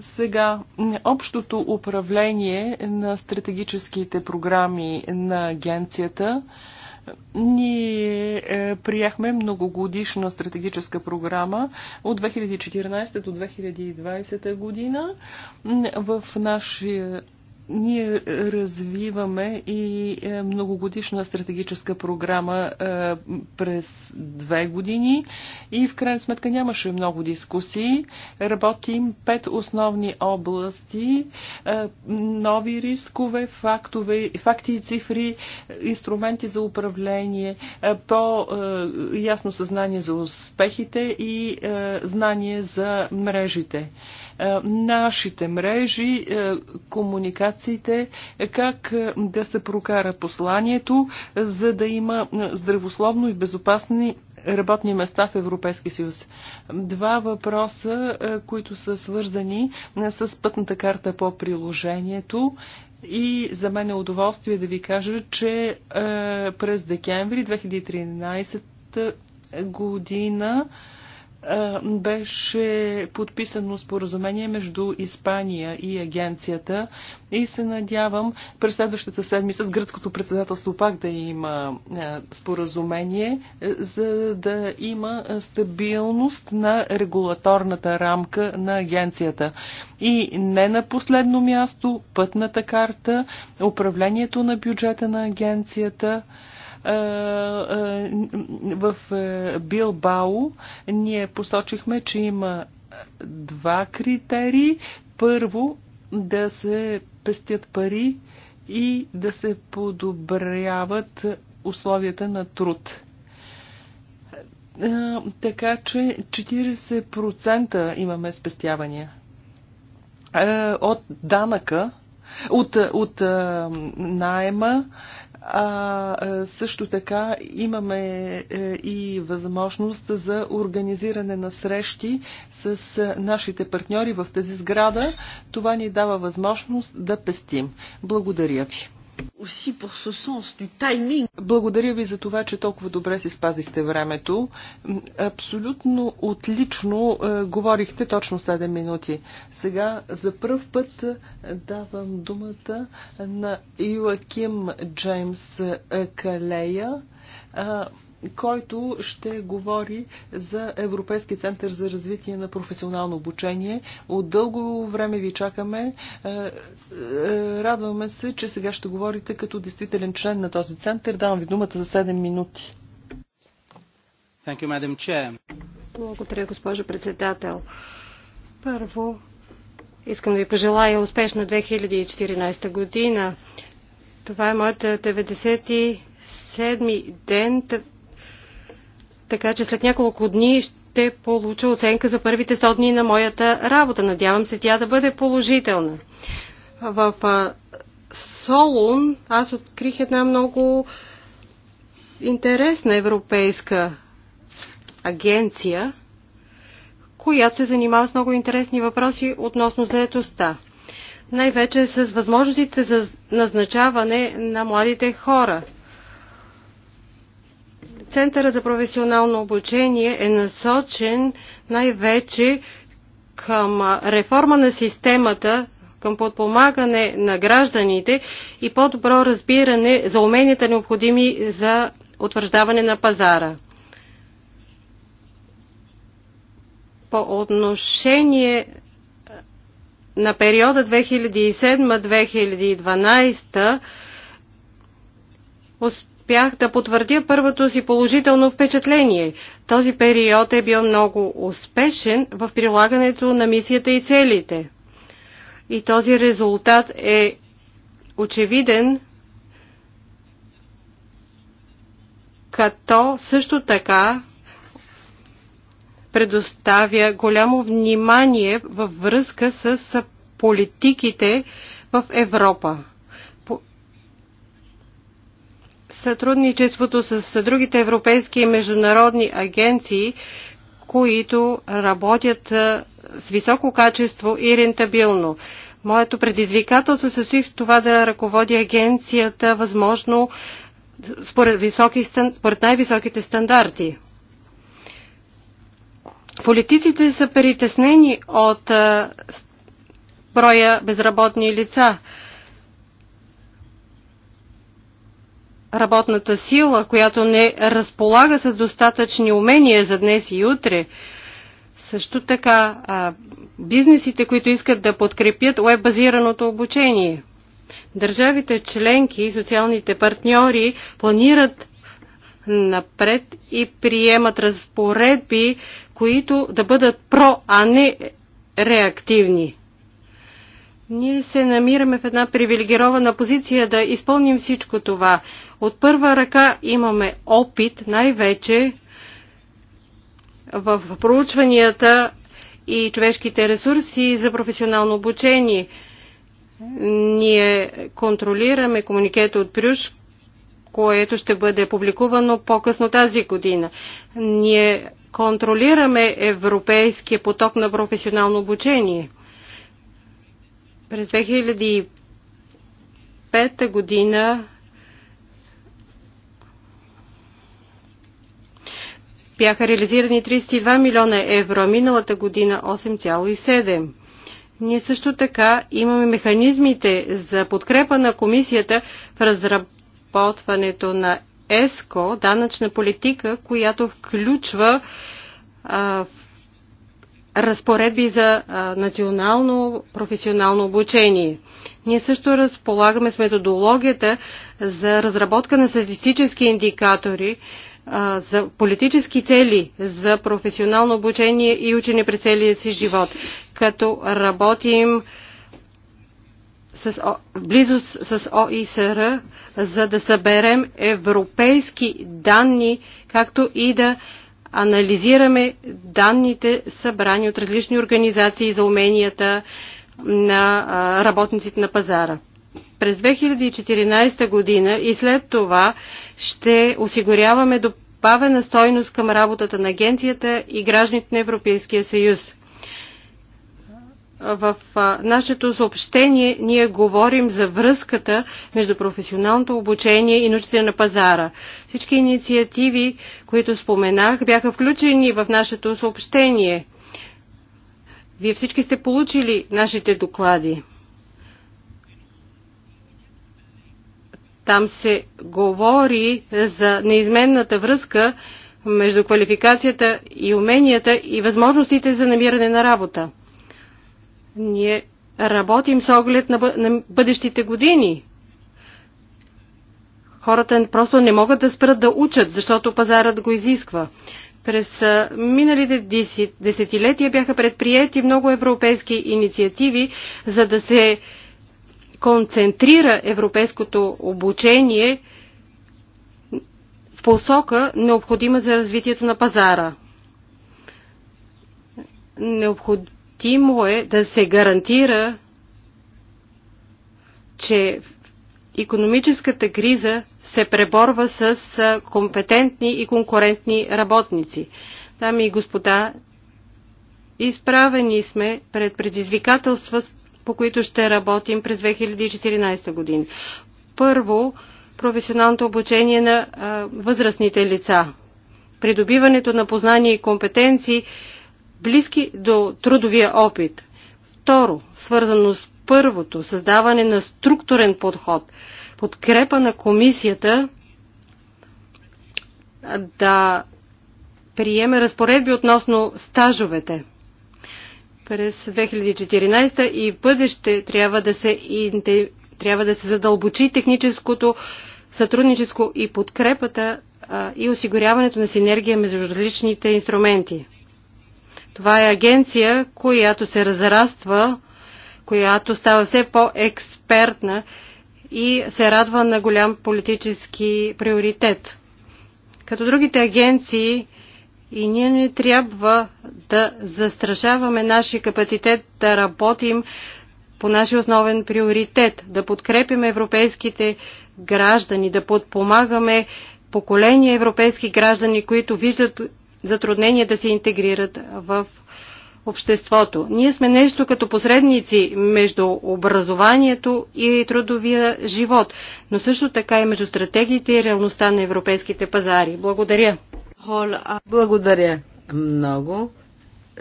Сега, общото управление на стратегическите програми на агенцията. Ние е, приехме многогодишна стратегическа програма от 2014 до 2020 година. В нашия ние развиваме и е, многогодишна стратегическа програма е, през две години и в крайна сметка нямаше много дискусии. Работим пет основни области, е, нови рискове, фактове, факти и цифри, инструменти за управление, по-ясно съзнание за успехите и знание за мрежите. Е, нашите мрежи, е, комуникациите, е, как да се прокара посланието, за да има здравословно и безопасни работни места в Европейския съюз. Два въпроса, които са свързани с пътната карта по приложението. И за мен е удоволствие да ви кажа, че през декември 2013 година е, беше подписано споразумение между Испания и агенцията и се надявам през следващата седмица с гръцкото председателство пак да има е, споразумение, е, за да има стабилност на регулаторната рамка на агенцията. И не на последно място пътната карта, управлението на бюджета на агенцията, е, е, в е, Билбао ние посочихме, че има два критерии. Първо, да се пестят пари и да се подобряват условията на труд така че 40% имаме спестявания от данъка, от, от найема а, също така имаме е, и възможност за организиране на срещи с е, нашите партньори в тази сграда. Това ни дава възможност да пестим. Благодаря ви. Благодаря ви за това, че толкова добре си спазихте времето. Абсолютно отлично е, говорихте точно 7 минути. Сега за първ път е, давам думата на Илаким Джеймс Калея който ще говори за Европейски център за развитие на професионално обучение. От дълго време ви чакаме. Радваме се, че сега ще говорите като действителен член на този център. Давам ви думата за 7 минути. Благодаря, госпожо председател. Първо, искам да ви пожелая успешна 2014 година. Това е моята 90 седми ден, така че след няколко дни ще получа оценка за първите 100 дни на моята работа. Надявам се тя да бъде положителна. В Солун аз открих една много интересна европейска агенция, която се занимава с много интересни въпроси относно заедостта. Най-вече с възможностите за назначаване на младите хора – Центъра за професионално обучение е насочен най-вече към реформа на системата, към подпомагане на гражданите и по-добро разбиране за уменията необходими за утвърждаване на пазара. По отношение на периода 2007-2012 успешно успях да потвърдя първото си положително впечатление. Този период е бил много успешен в прилагането на мисията и целите. И този резултат е очевиден, като също така предоставя голямо внимание във връзка с политиките в Европа сътрудничеството с другите европейски и международни агенции, които работят с високо качество и рентабилно. Моето предизвикателство се състои в това да ръководи агенцията възможно според, високи, според най-високите стандарти. Политиците са притеснени от броя безработни лица. работната сила, която не разполага с достатъчни умения за днес и утре. Също така а, бизнесите, които искат да подкрепят уеб базираното обучение. Държавите членки и социалните партньори планират напред и приемат разпоредби, които да бъдат про, а не реактивни. Ние се намираме в една привилегирована позиция да изпълним всичко това. От първа ръка имаме опит, най-вече в проучванията и човешките ресурси за професионално обучение. Ние контролираме комуникета от Прюш, което ще бъде публикувано по-късно тази година. Ние контролираме европейския поток на професионално обучение. През 2005 година бяха реализирани 32 милиона евро, а миналата година 8,7. Ние също така имаме механизмите за подкрепа на комисията в разработването на ЕСКО, данъчна политика, която включва а, разпоредби за национално професионално обучение. Ние също разполагаме с методологията за разработка на статистически индикатори а, за политически цели, за професионално обучение и учене през целия си живот, като работим с, О, близо с, с ОИСР, за да съберем европейски данни, както и да анализираме данните събрани от различни организации за уменията на работниците на пазара. През 2014 година и след това ще осигуряваме добавена стойност към работата на агенцията и гражданите на Европейския съюз в нашето съобщение ние говорим за връзката между професионалното обучение и нуждите на пазара. Всички инициативи, които споменах, бяха включени в нашето съобщение. Вие всички сте получили нашите доклади. Там се говори за неизменната връзка между квалификацията и уменията и възможностите за намиране на работа. Ние работим с оглед на, бъ... на бъдещите години. Хората просто не могат да спрат да учат, защото пазарът го изисква. През миналите десетилетия бяха предприяти много европейски инициативи, за да се концентрира европейското обучение в посока необходима за развитието на пазара. Необход... Необходимо е да се гарантира, че економическата криза се преборва с компетентни и конкурентни работници. Дами и господа, изправени сме пред предизвикателства, по които ще работим през 2014 година. Първо, професионалното обучение на а, възрастните лица. Придобиването на познания и компетенции близки до трудовия опит. Второ, свързано с първото, създаване на структурен подход, подкрепа на комисията да приеме разпоредби относно стажовете. През 2014 и бъдеще трябва да се, трябва да се задълбочи техническото сътрудничество и подкрепата а, и осигуряването на синергия между различните инструменти. Това е агенция, която се разраства, която става все по-експертна и се радва на голям политически приоритет. Като другите агенции, и ние не трябва да застрашаваме нашия капацитет да работим по нашия основен приоритет, да подкрепим европейските граждани, да подпомагаме поколения европейски граждани, които виждат затруднения да се интегрират в обществото. Ние сме нещо като посредници между образованието и трудовия живот, но също така и между стратегиите и реалността на европейските пазари. Благодаря. Благодаря много.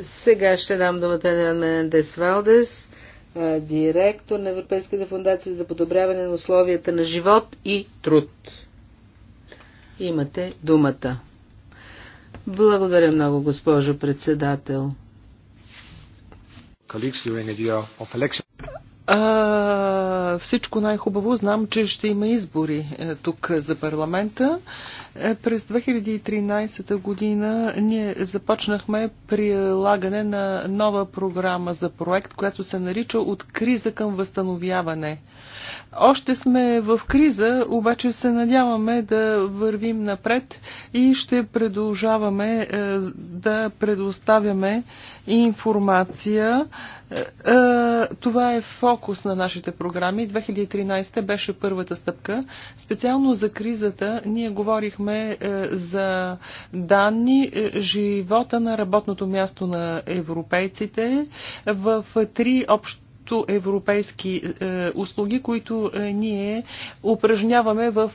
Сега ще дам думата на Менендес Валдес, директор на Европейската фундация за подобряване на условията на живот и труд. Имате думата. Благодаря много, госпожо председател. А, всичко най-хубаво. Знам, че ще има избори е, тук за парламента. Е, през 2013 година ние започнахме прилагане на нова програма за проект, която се нарича От криза към възстановяване. Още сме в криза, обаче се надяваме да вървим напред и ще продължаваме е, да предоставяме информация. Е, е, това е фокус на нашите програми. 2013 беше първата стъпка. Специално за кризата ние говорихме за данни, живота на работното място на европейците в три общи чисто европейски е, услуги, които е, ние упражняваме в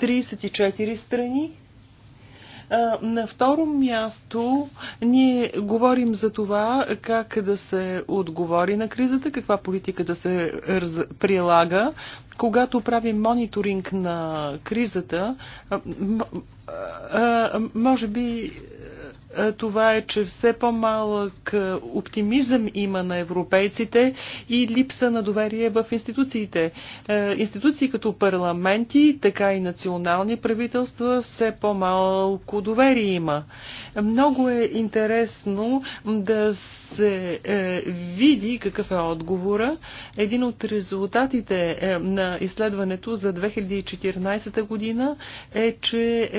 34 е, страни. Е, на второ място ние говорим за това как да се отговори на кризата, каква политика да се прилага. Когато правим мониторинг на кризата, е, може би е, това е, че все по-малък е, оптимизъм има на европейците и липса на доверие в институциите. Е, институции като парламенти, така и национални правителства, все по-малко доверие има. Много е интересно да се види какъв е отговора. Един от резултатите на изследването за 2014 година е, че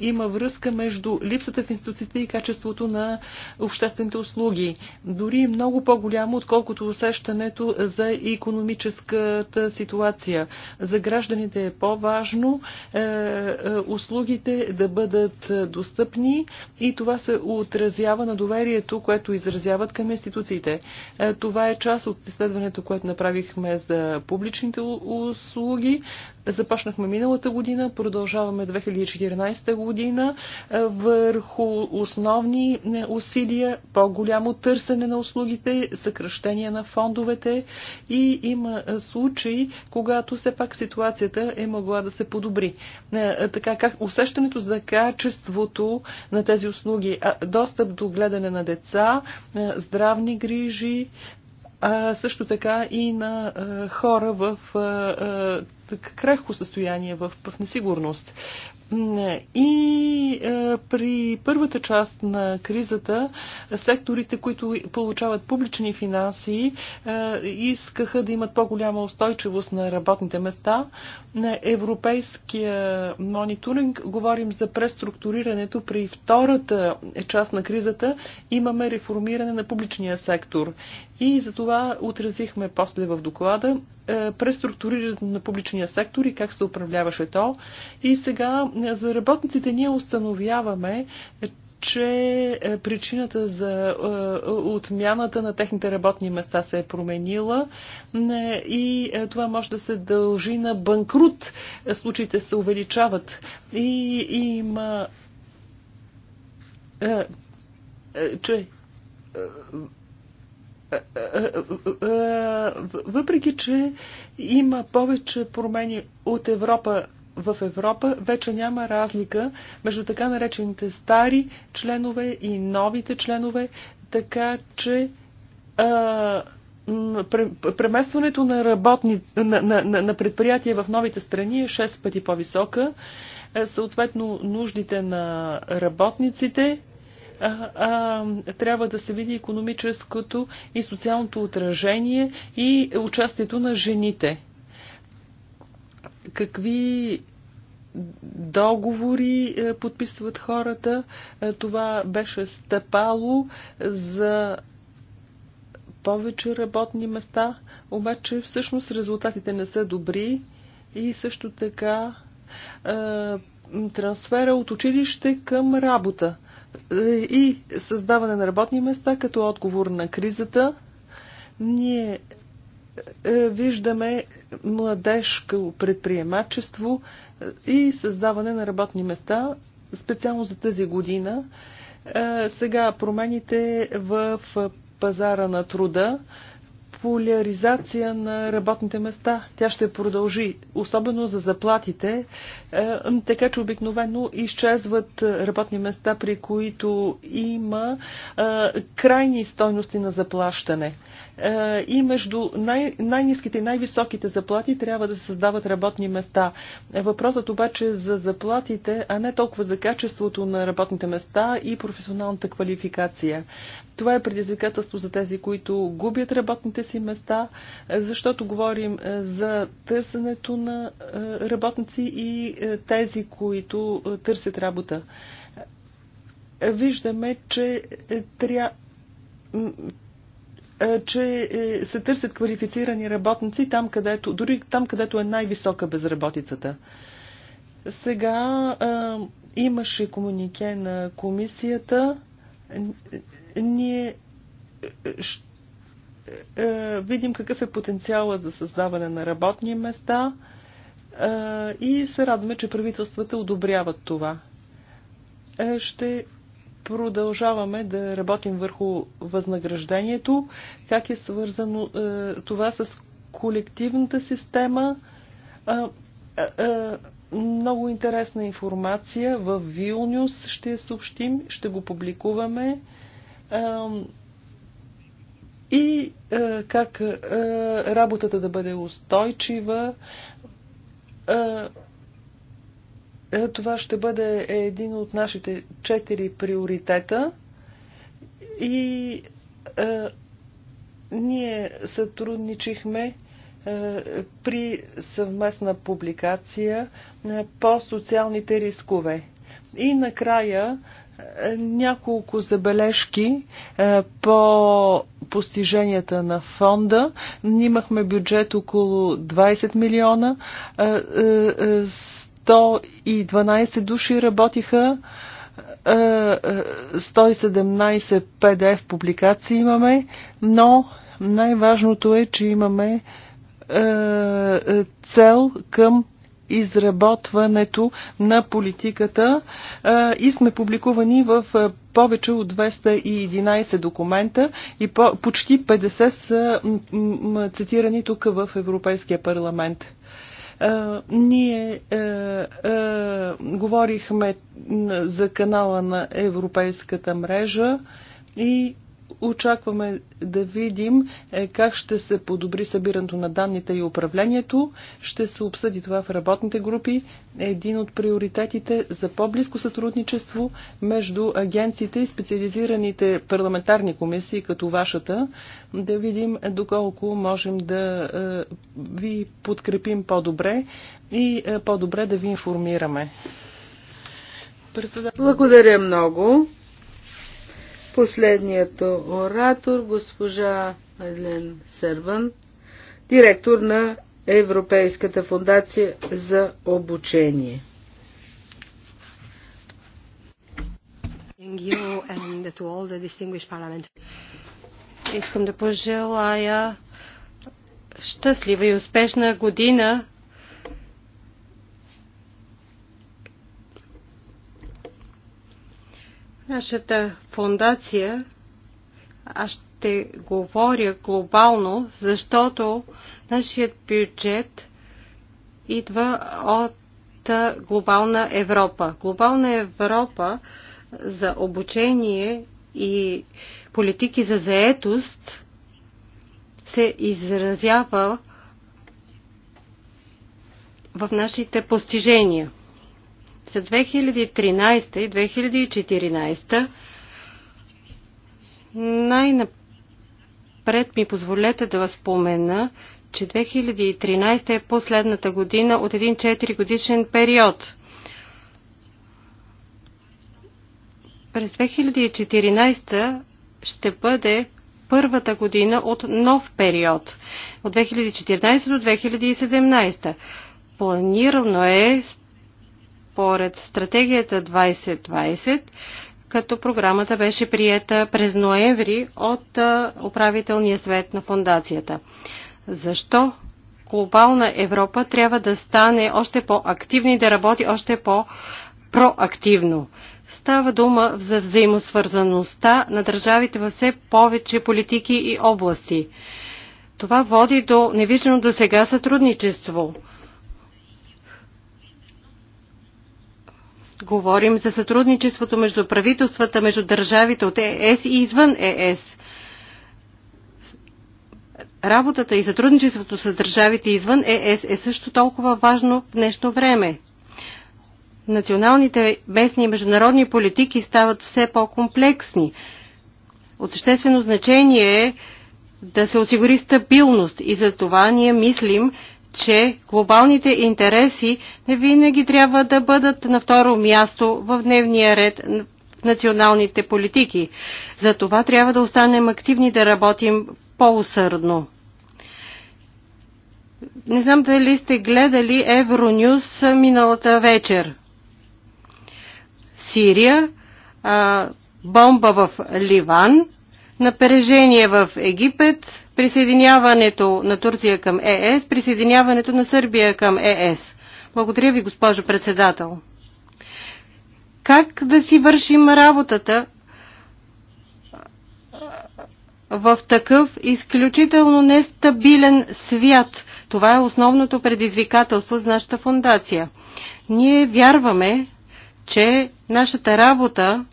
има връзка между липсата в институциите институциите и качеството на обществените услуги. Дори много по-голямо, отколкото усещането за економическата ситуация. За гражданите е по-важно е, е, услугите да бъдат достъпни и това се отразява на доверието, което изразяват към институциите. Е, това е част от изследването, което направихме за публичните услуги. Започнахме миналата година, продължаваме 2014 година върху основни е, усилия, по-голямо търсене на услугите, съкръщение на фондовете и има случаи, когато все пак ситуацията е могла да се подобри. Е, така как усещането за качеството на тези услуги, достъп до гледане на деца, е, здравни грижи, а също така и на хора в крехко състояние, в, в несигурност. И е, при първата част на кризата секторите, които получават публични финанси, е, искаха да имат по-голяма устойчивост на работните места. На европейския мониторинг говорим за преструктурирането при втората част на кризата. Имаме реформиране на публичния сектор. И за това отразихме после в доклада е, преструктурирането на публичния сектор и как се управляваше то. И сега е, за работниците ние установяваме, е, че причината за отмяната на техните работни места се е променила и това може да се дължи на банкрут. Случаите се увеличават и има че въпреки, че има повече промени от Европа в Европа, вече няма разлика между така наречените стари членове и новите членове, така че преместването на, работни, на, на, на предприятия в новите страни е 6 пъти по-висока. Е, съответно, нуждите на работниците а, а, трябва да се види економическото и социалното отражение и участието на жените. Какви договори е, подписват хората. Е, това беше стъпало за повече работни места, обаче всъщност резултатите не са добри и също така е, трансфера от училище към работа и създаване на работни места като отговор на кризата. Ние е, виждаме младежко предприемачество е, и създаване на работни места специално за тази година. Е, сега промените в пазара на труда поляризация на работните места. Тя ще продължи, особено за заплатите, е, така че обикновено изчезват работни места, при които има е, крайни стойности на заплащане. Е, и между най- най-низките и най-високите заплати трябва да се създават работни места. Е, въпросът обаче е за заплатите, а не толкова за качеството на работните места и професионалната квалификация. Това е предизвикателство за тези, които губят работните си места, защото говорим за търсенето на работници и тези, които търсят работа. Виждаме, че трябва е, че е, се търсят квалифицирани работници там, където, дори там, където е най-висока безработицата. Сега а, е, имаше комунике на комисията. Ние а, видим какъв е потенциалът за създаване на работни места а, и се радваме, че правителствата одобряват това. Ще продължаваме да работим върху възнаграждението, как е свързано е, това с колективната система. Е, е, много интересна информация в Вилнюс ще я съобщим, ще го публикуваме. Е, и е, как е, работата да бъде устойчива. Е, е, това ще бъде един от нашите четири приоритета и е, ние сътрудничихме е, при съвместна публикация е, по социалните рискове. И накрая няколко забележки по постиженията на фонда. Имахме бюджет около 20 милиона. 112 души работиха. 117 е, PDF е, публикации имаме, но най-важното е, че имаме е, цел към изработването на политиката и сме публикувани в повече от 211 документа и почти 50 са цитирани тук в Европейския парламент. Е, ние е, е, говорихме за канала на Европейската мрежа и Очакваме да видим е, как ще се подобри събирането на данните и управлението. Ще се обсъди това в работните групи. Един от приоритетите за по-близко сътрудничество между агенциите и специализираните парламентарни комисии, като вашата, да видим доколко можем да е, ви подкрепим по-добре и е, по-добре да ви информираме. Председател... Благодаря много. Последният оратор, госпожа Елен Сървън, директор на Европейската фундация за обучение. Искам да пожелая щастлива и успешна година Нашата фундация, аз ще говоря глобално, защото нашият бюджет идва от глобална Европа. Глобална Европа за обучение и политики за заетост се изразява в нашите постижения. За 2013 и 2014 най-напред ми позволете да спомена, че 2013 е последната година от един 4 годишен период. През 2014 ще бъде първата година от нов период, от 2014 до 2017. Планирано е според стратегията 2020, като програмата беше приета през ноември от управителния свет на фундацията. Защо глобална Европа трябва да стане още по-активна и да работи още по-проактивно? Става дума за взаимосвързаността на държавите във все повече политики и области. Това води до невиждано до сега сътрудничество – Говорим за сътрудничеството между правителствата, между държавите от ЕС е и извън ЕС. Е Работата и сътрудничеството с държавите извън ЕС е, е също толкова важно в днешно време. Националните, местни и международни политики стават все по-комплексни. От съществено значение е да се осигури стабилност и за това ние мислим, че глобалните интереси не винаги трябва да бъдат на второ място в дневния ред в националните политики. За това трябва да останем активни да работим по-усърдно. Не знам дали сте гледали Евронюс миналата вечер. Сирия, бомба в Ливан – напрежение в Египет, присъединяването на Турция към ЕС, присъединяването на Сърбия към ЕС. Благодаря ви, госпожо председател. Как да си вършим работата в такъв изключително нестабилен свят? Това е основното предизвикателство за нашата фундация. Ние вярваме, че нашата работа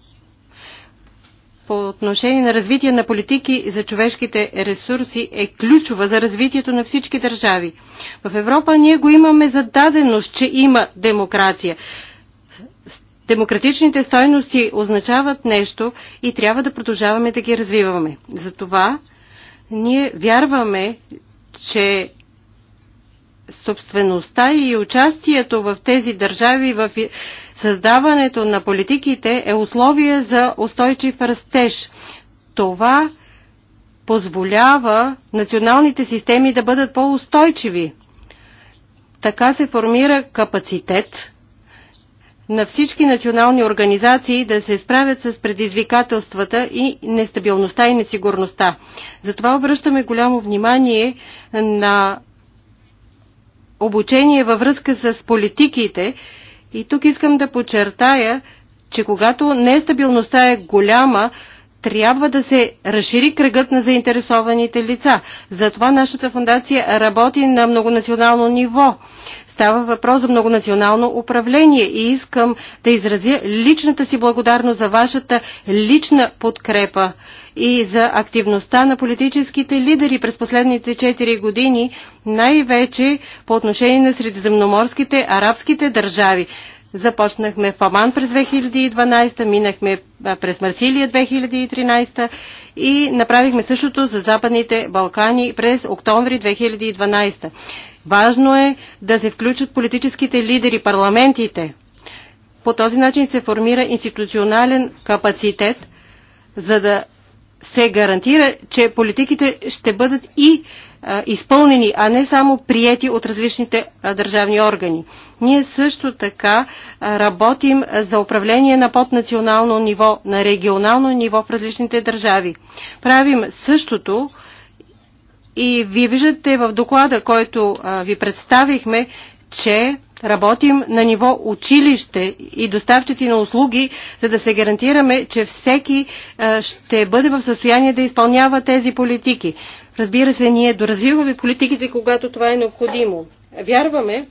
по отношение на развитие на политики за човешките ресурси е ключова за развитието на всички държави. В Европа ние го имаме за даденост, че има демокрация. Демократичните стойности означават нещо и трябва да продължаваме да ги развиваме. Затова ние вярваме, че собствеността и участието в тези държави в Създаването на политиките е условие за устойчив растеж. Това позволява националните системи да бъдат по-устойчиви. Така се формира капацитет на всички национални организации да се справят с предизвикателствата и нестабилността и несигурността. Затова обръщаме голямо внимание на обучение във връзка с политиките, и тук искам да подчертая, че когато нестабилността е голяма, трябва да се разшири кръгът на заинтересованите лица. Затова нашата фундация работи на многонационално ниво. Става въпрос за многонационално управление и искам да изразя личната си благодарност за вашата лична подкрепа и за активността на политическите лидери през последните 4 години, най-вече по отношение на средиземноморските арабските държави. Започнахме в Аман през 2012, минахме през Марсилия 2013 и направихме същото за Западните Балкани през октомври 2012. Важно е да се включат политическите лидери, парламентите. По този начин се формира институционален капацитет, за да се гарантира, че политиките ще бъдат и а, изпълнени, а не само приети от различните а, държавни органи. Ние също така а, работим за управление на поднационално ниво, на регионално ниво в различните държави. Правим същото, а, и вие виждате в доклада, който ви представихме, че работим на ниво училище и доставчици на услуги, за да се гарантираме, че всеки ще бъде в състояние да изпълнява тези политики. Разбира се, ние доразвиваме политиките, когато това е необходимо. Вярваме,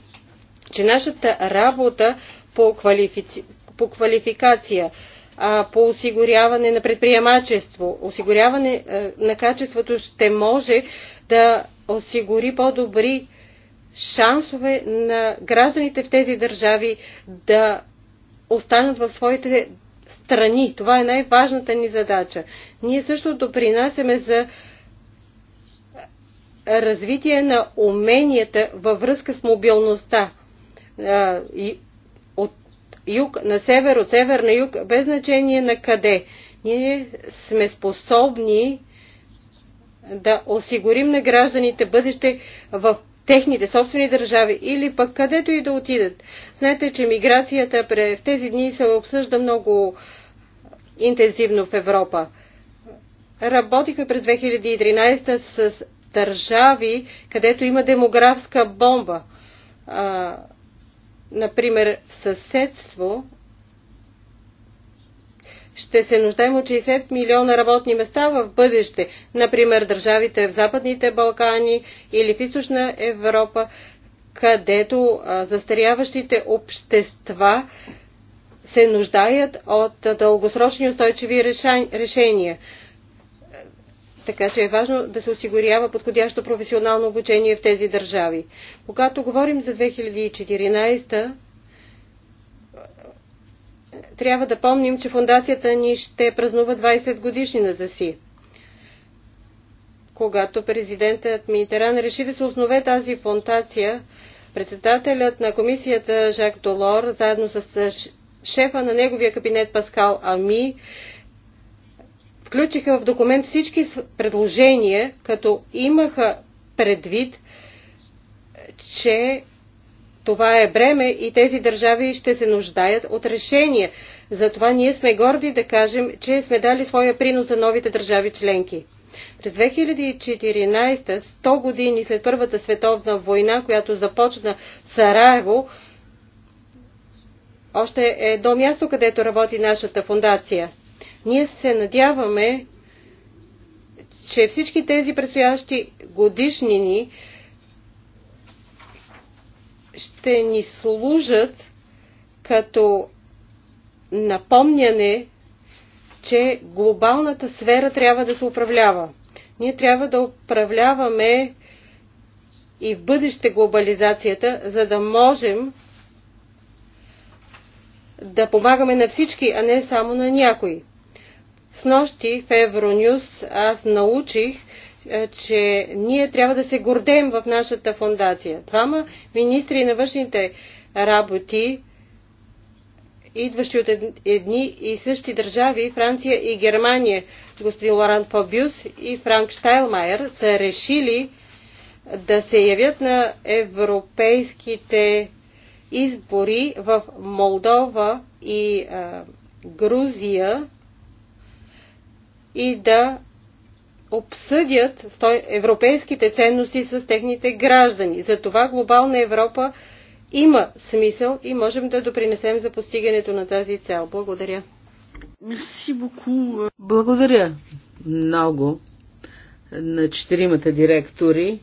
че нашата работа по, квалифици... по квалификация, по осигуряване на предприемачество, осигуряване на качеството ще може да осигури по-добри шансове на гражданите в тези държави да останат в своите страни. Това е най-важната ни задача. Ние също допринасяме за развитие на уменията във връзка с мобилността. от юг на север, от север на юг, без значение на къде. Ние сме способни да осигурим на гражданите бъдеще в техните собствени държави или пък където и да отидат. Знаете, че миграцията в тези дни се обсъжда много интензивно в Европа. Работихме през 2013 с държави, където има демографска бомба. А, например, в съседство ще се нуждаем от 60 милиона работни места в бъдеще. Например, държавите в Западните Балкани или в Източна Европа, където застаряващите общества се нуждаят от дългосрочни устойчиви решения. Така че е важно да се осигурява подходящо професионално обучение в тези държави. Когато говорим за 2014, трябва да помним, че фундацията ни ще празнува 20 годишнината си. Когато президентът Митеран реши да се основе тази фундация, председателят на комисията Жак Долор, заедно с шефа на неговия кабинет Паскал Ами, включиха в документ всички предложения, като имаха предвид, че това е бреме и тези държави ще се нуждаят от решение. Затова ние сме горди да кажем, че сме дали своя принос за новите държави членки. През 2014, 100 години след Първата световна война, която започна в Сараево, още е едно място, където работи нашата фундация. Ние се надяваме, че всички тези предстоящи годишнини ще ни служат като напомняне, че глобалната сфера трябва да се управлява. Ние трябва да управляваме и в бъдеще глобализацията, за да можем да помагаме на всички, а не само на някой. С нощи в Евронюс аз научих, е, че ние трябва да се гордеем в нашата фундация. Двама министри на външните работи, идващи от едни и същи държави, Франция и Германия, господин Лоран Фобюс и Франк Штайлмайер, са решили да се явят на европейските избори в Молдова и а, Грузия и да обсъдят европейските ценности с техните граждани. Затова глобална Европа има смисъл и можем да допринесем за постигането на тази цел. Благодаря. Благодаря много на четиримата директори.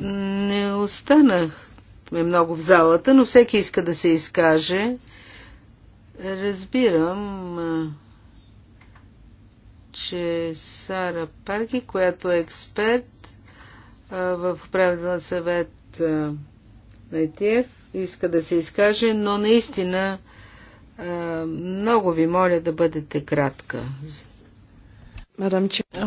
Не останах много в залата, но всеки иска да се изкаже. Разбирам че Сара Парки, която е експерт в управителна съвет на ETF, е иска да се изкаже, но наистина много ви моля да бъдете кратка.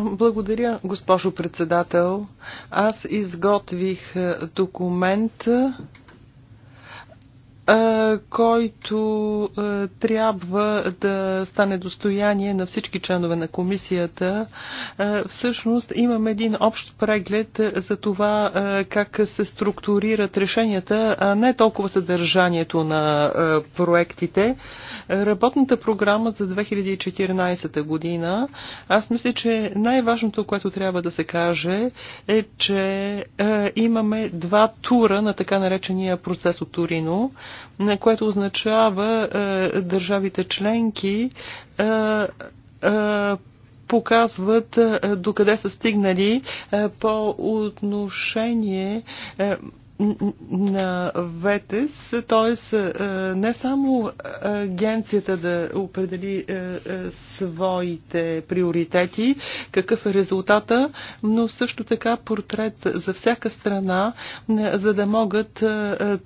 Благодаря, госпожо председател. Аз изготвих документ който трябва да стане достояние на всички членове на комисията. Всъщност имаме един общ преглед за това как се структурират решенията, а не толкова съдържанието на проектите. Работната програма за 2014 година, аз мисля, че най-важното, което трябва да се каже, е, че имаме два тура на така наречения процес от Турино което означава е, държавите членки е, е, показват докъде са стигнали по отношение на ВЕТЕС, т.е. Е, не само агенцията да определи е, е, своите приоритети, какъв е резултата, но също така портрет за всяка страна, за да могат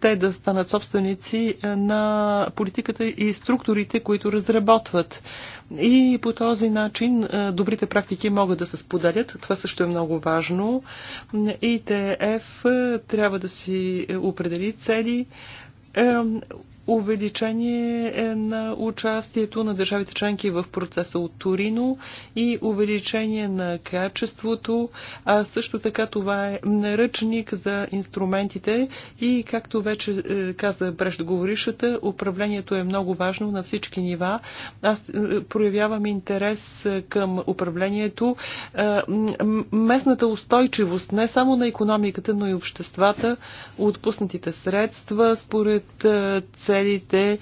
те да станат собственици на политиката и структурите, които разработват. И по този начин е, добрите практики могат да се споделят. Това също е много важно. ИТФ е, трябва да си е, определи цели увеличение е, на участието на държавите членки в процеса от Торино и увеличение на качеството, а също така това е наръчник за инструментите и както вече е, каза преждоговорившата, управлението е много важно на всички нива. Аз е, проявявам интерес към управлението. Местната устойчивост не само на економиката, но и обществата, отпуснатите средства според цели целите,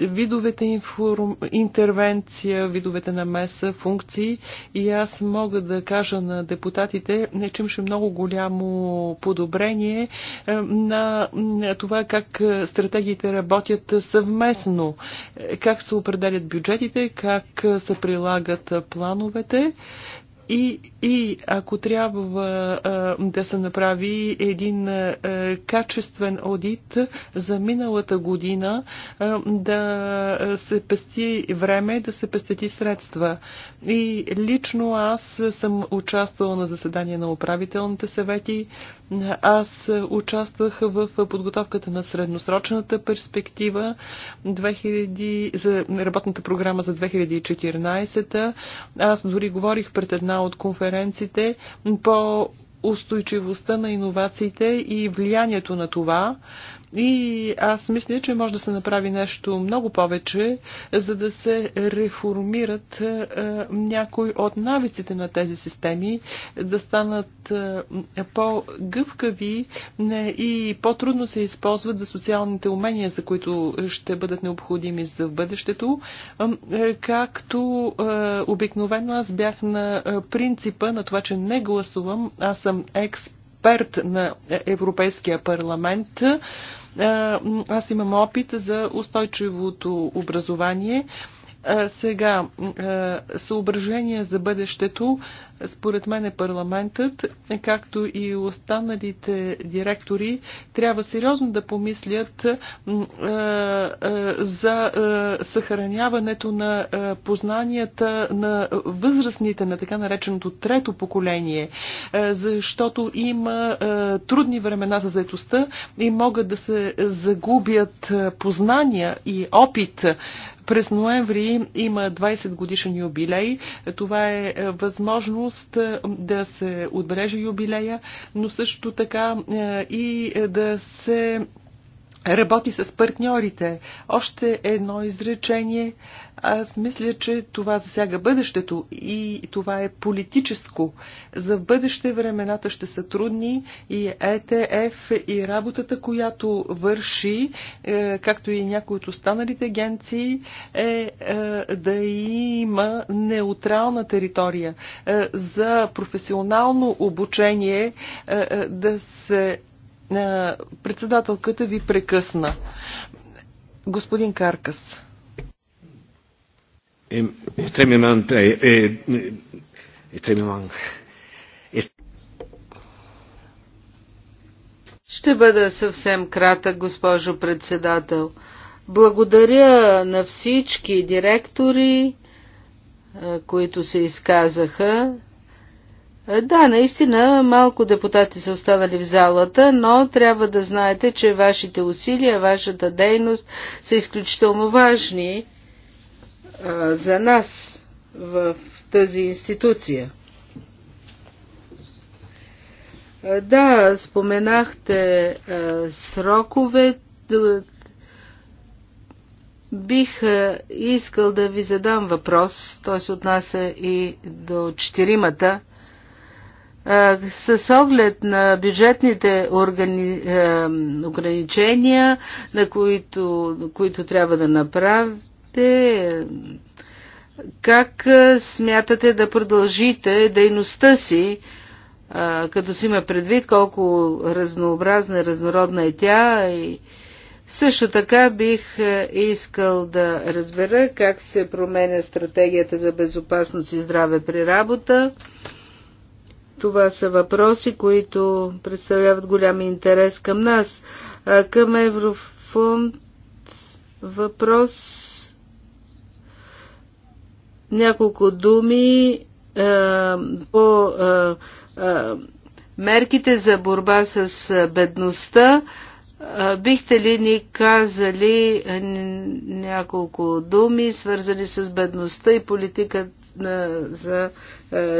видовете информ... интервенция, видовете на меса, функции и аз мога да кажа на депутатите, не че имаше много голямо подобрение на това как стратегиите работят съвместно, как се определят бюджетите, как се прилагат плановете. И, и ако трябва а, да се направи един а, качествен одит за миналата година, а, да се пести време, да се пестети средства. И лично аз съм участвала на заседание на управителните съвети. Аз участвах в подготовката на средносрочната перспектива 2000, за работната програма за 2014. Аз дори говорих пред една една от конференците по устойчивостта на иновациите и влиянието на това. И аз мисля, че може да се направи нещо много повече, за да се реформират е, някои от навиците на тези системи, да станат е, по-гъвкави е, и по-трудно се използват за социалните умения, за които ще бъдат необходими за бъдещето. Както обикновено аз бях на принципа на това, че не гласувам, аз съм експерт на Европейския парламент. Аз имам опит за устойчивото образование. Сега, съображение за бъдещето, според мен е парламентът, както и останалите директори, трябва сериозно да помислят за съхраняването на познанията на възрастните, на така нареченото трето поколение, защото има трудни времена за заетостта и могат да се загубят познания и опит през ноември има 20 годишен юбилей. Това е, е възможност е, да се отбележи юбилея, но също така е, и да се работи с партньорите. Още едно изречение. Аз мисля, че това засяга бъдещето и това е политическо. За бъдеще времената ще са трудни и ЕТФ и работата, която върши, е, както и някои от останалите агенции, е, е да има неутрална територия е, за професионално обучение да се председателката ви прекъсна. Господин Каркас eh, eh Ще бъда съвсем кратък, госпожо председател. Благодаря на всички директори, е, които се изказаха. Е, да, наистина малко депутати са останали в залата, но трябва да знаете, че вашите усилия, вашата дейност са изключително важни за нас в тази институция. Да, споменахте а, срокове. Бих а, искал да ви задам въпрос, той се отнася и до четиримата. с оглед на бюджетните органи... ограничения, на които, които трябва да направим, казахте как смятате да продължите дейността си, като си има предвид колко разнообразна и разнородна е тя и също така бих искал да разбера как се променя стратегията за безопасност и здраве при работа. Това са въпроси, които представляват голям интерес към нас. Към Еврофонд въпрос няколко думи е, по е, е, мерките за борба с бедността. Бихте ли ни казали няколко думи, свързани с бедността и политиката за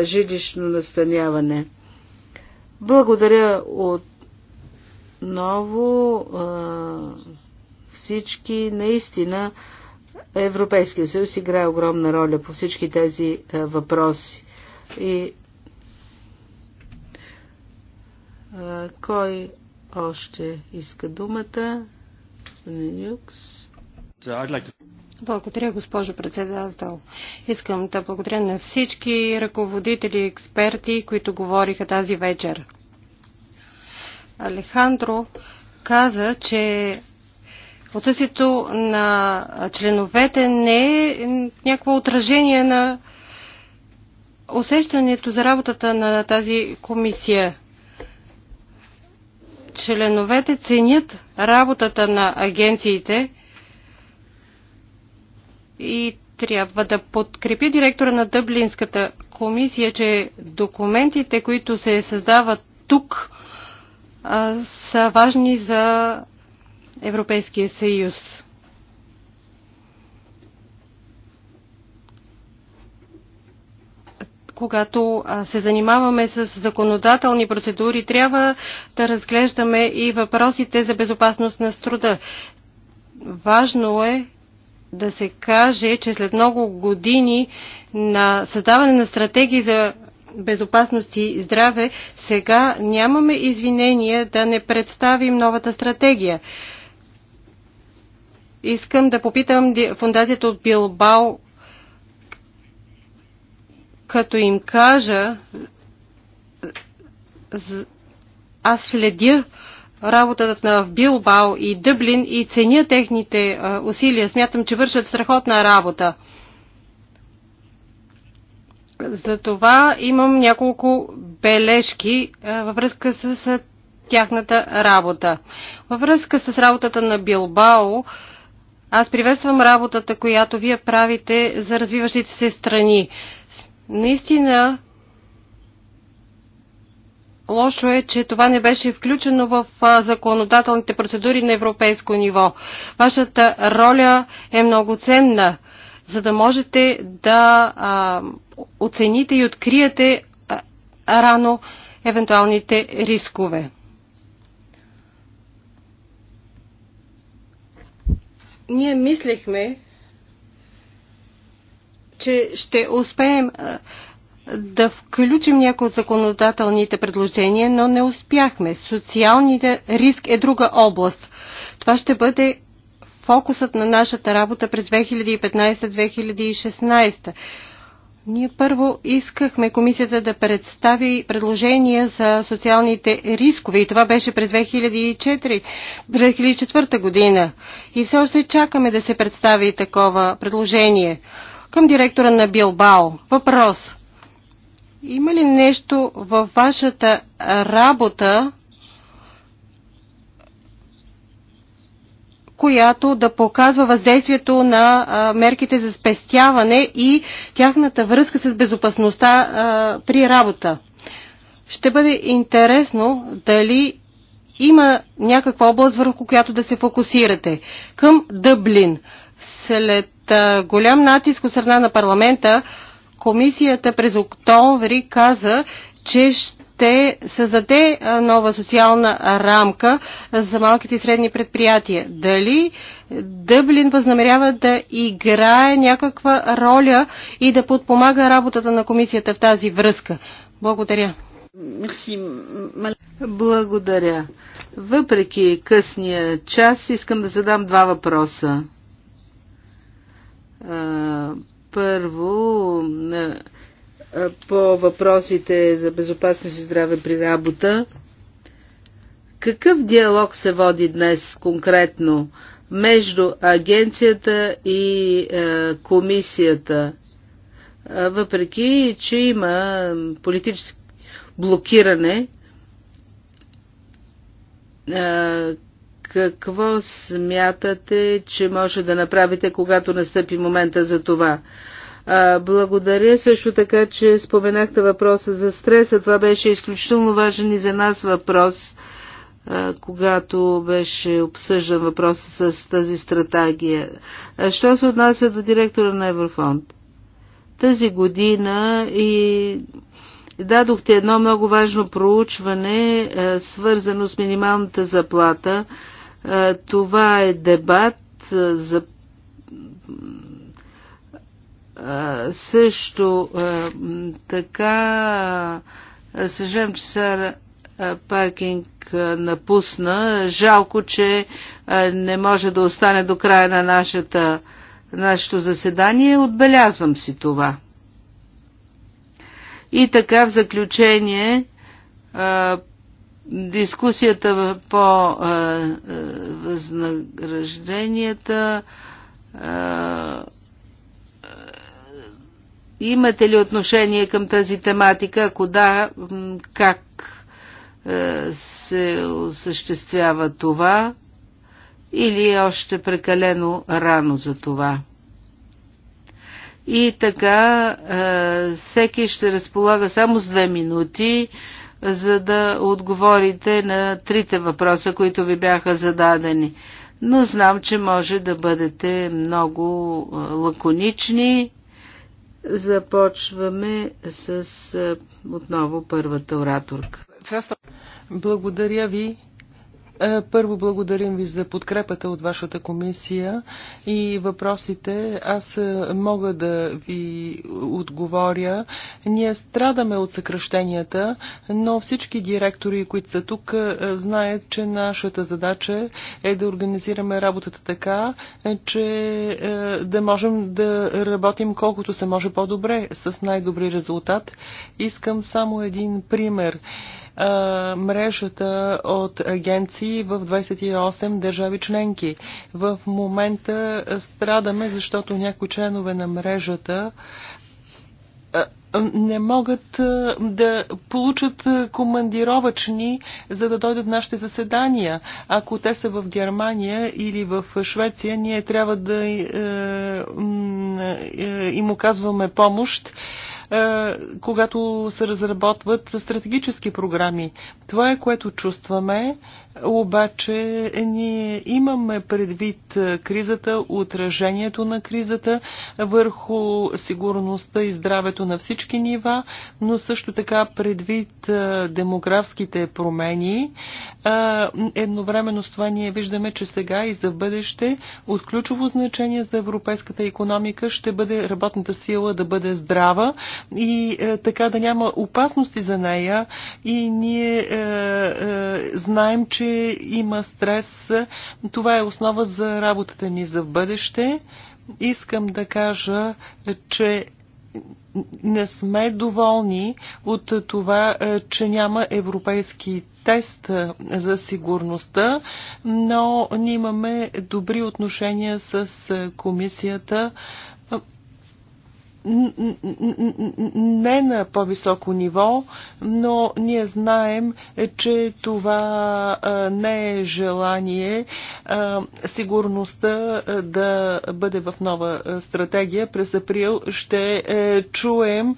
жилищно настаняване? Благодаря отново всички. Наистина Европейския съюз играе огромна роля по всички тези е, въпроси. И е, кой още иска думата? Нюкс. Благодаря, госпожо председател. Искам да благодаря на всички ръководители и експерти, които говориха тази вечер. Алехандро каза, че отсъствието на членовете не е някакво отражение на усещането за работата на тази комисия. Членовете ценят работата на агенциите и трябва да подкрепи директора на Дъблинската комисия, че документите, които се създават тук, са важни за Европейския съюз. когато се занимаваме с законодателни процедури, трябва да разглеждаме и въпросите за безопасност на труда. Важно е да се каже, че след много години на създаване на стратегии за безопасност и здраве, сега нямаме извинения да не представим новата стратегия. Искам да попитам фундацията от Билбао, като им кажа, аз следя работата на Билбао и Дъблин и ценя техните усилия. Смятам, че вършат страхотна работа. Затова имам няколко бележки във връзка с тяхната работа. Във връзка с работата на Билбао, аз приветствам работата, която вие правите за развиващите се страни. Наистина, лошо е, че това не беше включено в законодателните процедури на европейско ниво. Вашата роля е много ценна, за да можете да а, оцените и откриете а, рано евентуалните рискове. ние мислехме, че ще успеем да включим някои от законодателните предложения, но не успяхме. Социалният риск е друга област. Това ще бъде фокусът на нашата работа през 2015-2016. Ние първо искахме комисията да представи предложения за социалните рискове и това беше през 2004, 2004 година. И все още чакаме да се представи такова предложение. Към директора на Билбао. Въпрос. Има ли нещо във вашата работа, която да показва въздействието на мерките за спестяване и тяхната връзка с безопасността при работа. Ще бъде интересно дали има някаква област, върху която да се фокусирате. Към Дъблин. След голям натиск от страна на парламента, комисията през октомври каза, че ще те създаде нова социална рамка за малките и средни предприятия. Дали Дъблин възнамерява да играе някаква роля и да подпомага работата на комисията в тази връзка? Благодаря. Благодаря. Въпреки късния час, искам да задам два въпроса. Първо, по въпросите за безопасност и здраве при работа. Какъв диалог се води днес конкретно между агенцията и е, комисията? Въпреки, че има политически блокиране, е, какво смятате, че може да направите, когато настъпи момента за това? Благодаря също така, че споменахте въпроса за стреса. Това беше изключително важен и за нас въпрос, когато беше обсъждан въпроса с тази стратегия. Що се отнася до директора на Еврофонд? Тази година и дадохте едно много важно проучване, свързано с минималната заплата. Това е дебат за също така съжалявам, че Сара Паркинг напусна. Жалко, че не може да остане до края на нашата, нашето заседание. Отбелязвам си това. И така в заключение дискусията по възнагражденията Имате ли отношение към тази тематика? Ако да, как е, се осъществява това? Или е още прекалено рано за това? И така, е, всеки ще разполага само с две минути, за да отговорите на трите въпроса, които ви бяха зададени. Но знам, че може да бъдете много е, лаконични Започваме с отново първата ораторка. Благодаря ви. Е, първо благодарим ви за подкрепата от вашата комисия и въпросите. Аз е, мога да ви отговоря. Ние страдаме от съкръщенията, но всички директори, които са тук, е, знаят, че нашата задача е да организираме работата така, че да можем да работим колкото се може по-добре, с най-добри резултат. Искам само един пример мрежата от агенции в 28 държави членки. В момента страдаме, защото някои членове на мрежата не могат да получат командировачни, за да дойдат нашите заседания. Ако те са в Германия или в Швеция, ние трябва да е, е, им оказваме помощ е, когато се разработват стратегически програми. Това е което чувстваме. Обаче ние имаме предвид кризата, отражението на кризата върху сигурността и здравето на всички нива, но също така предвид демографските промени. Едновременно с това ние виждаме, че сега и за бъдеще от ключово значение за европейската економика ще бъде работната сила да бъде здрава и така да няма опасности за нея. И ние знаем, че че има стрес. Това е основа за работата ни за бъдеще. Искам да кажа, че не сме доволни от това, е, че няма европейски тест е, за сигурността, но ние имаме добри отношения с е, комисията не на по-високо ниво, но ние знаем, е, че това не е желание сигурността да бъде в нова стратегия. През април ще е, чуем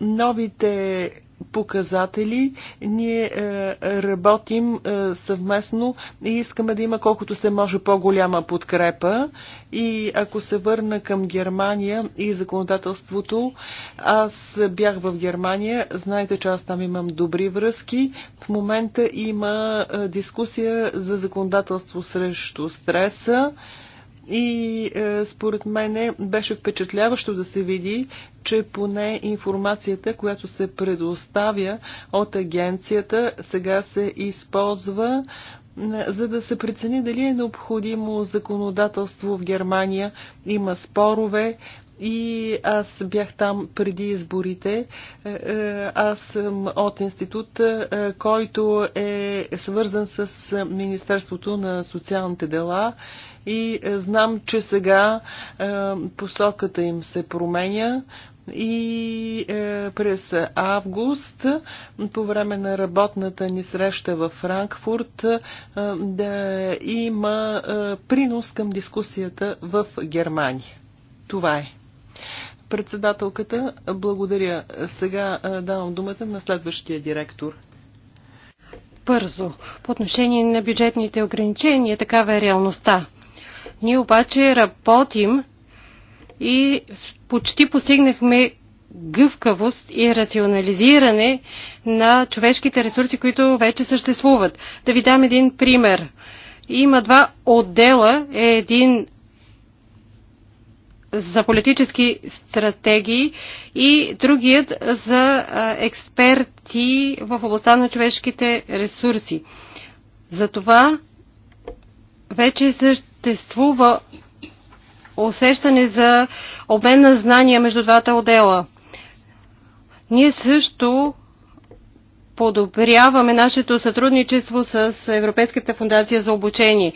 новите показатели. Ние е, работим е, съвместно и искаме да има колкото се може по-голяма подкрепа. И ако се върна към Германия и законодателството, аз бях в Германия, знаете, че аз там имам добри връзки. В момента има е, дискусия за законодателство срещу стреса. И е, според мене беше впечатляващо да се види, че поне информацията, която се предоставя от агенцията, сега се използва за да се прецени дали е необходимо законодателство в Германия. Има спорове, и аз бях там преди изборите. Е, е, аз съм от институт, е, който е свързан с Министерството на социалните дела и е, знам, че сега е, посоката им се променя и е, през август по време на работната ни среща в Франкфурт е, да има е, принос към дискусията в Германия. Това е. Председателката, благодаря. Сега е, давам думата на следващия директор. Бързо. По отношение на бюджетните ограничения, такава е реалността. Ние обаче работим и почти постигнахме гъвкавост и рационализиране на човешките ресурси, които вече съществуват. Да ви дам един пример. Има два отдела. Е един за политически стратегии и другият за експерти в областта на човешките ресурси. Затова вече съществува усещане за обмен на знания между двата отдела. Ние също подобряваме нашето сътрудничество с Европейската фундация за обучение.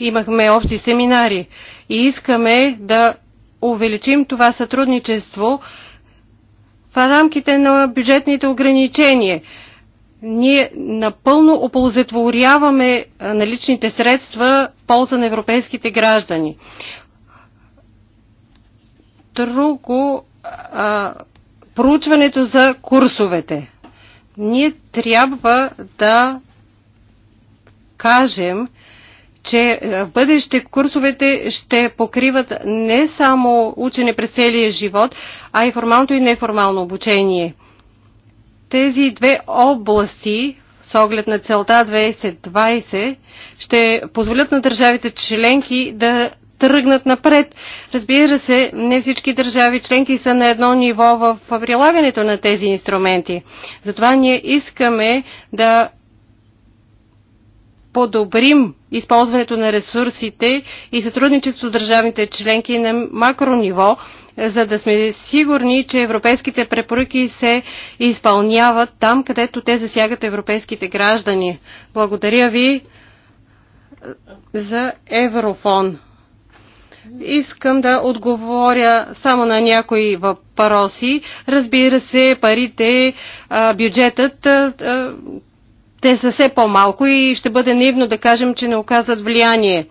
Имахме общи семинари и искаме да увеличим това сътрудничество в рамките на бюджетните ограничения. Ние напълно оползетворяваме наличните средства в полза на европейските граждани. Друго, а, проучването за курсовете. Ние трябва да кажем, че в бъдеще курсовете ще покриват не само учене през целия живот, а и формалното и неформално обучение тези две области с оглед на целта 2020 ще позволят на държавите членки да тръгнат напред. Разбира се, не всички държави членки са на едно ниво в прилагането на тези инструменти. Затова ние искаме да подобрим използването на ресурсите и сътрудничество с държавните членки на макрониво, за да сме сигурни, че европейските препоръки се изпълняват там, където те засягат европейските граждани. Благодаря ви за Еврофон. Искам да отговоря само на някои въпроси. Разбира се, парите, бюджетът, те са все по-малко и ще бъде наивно да кажем, че не оказват влияние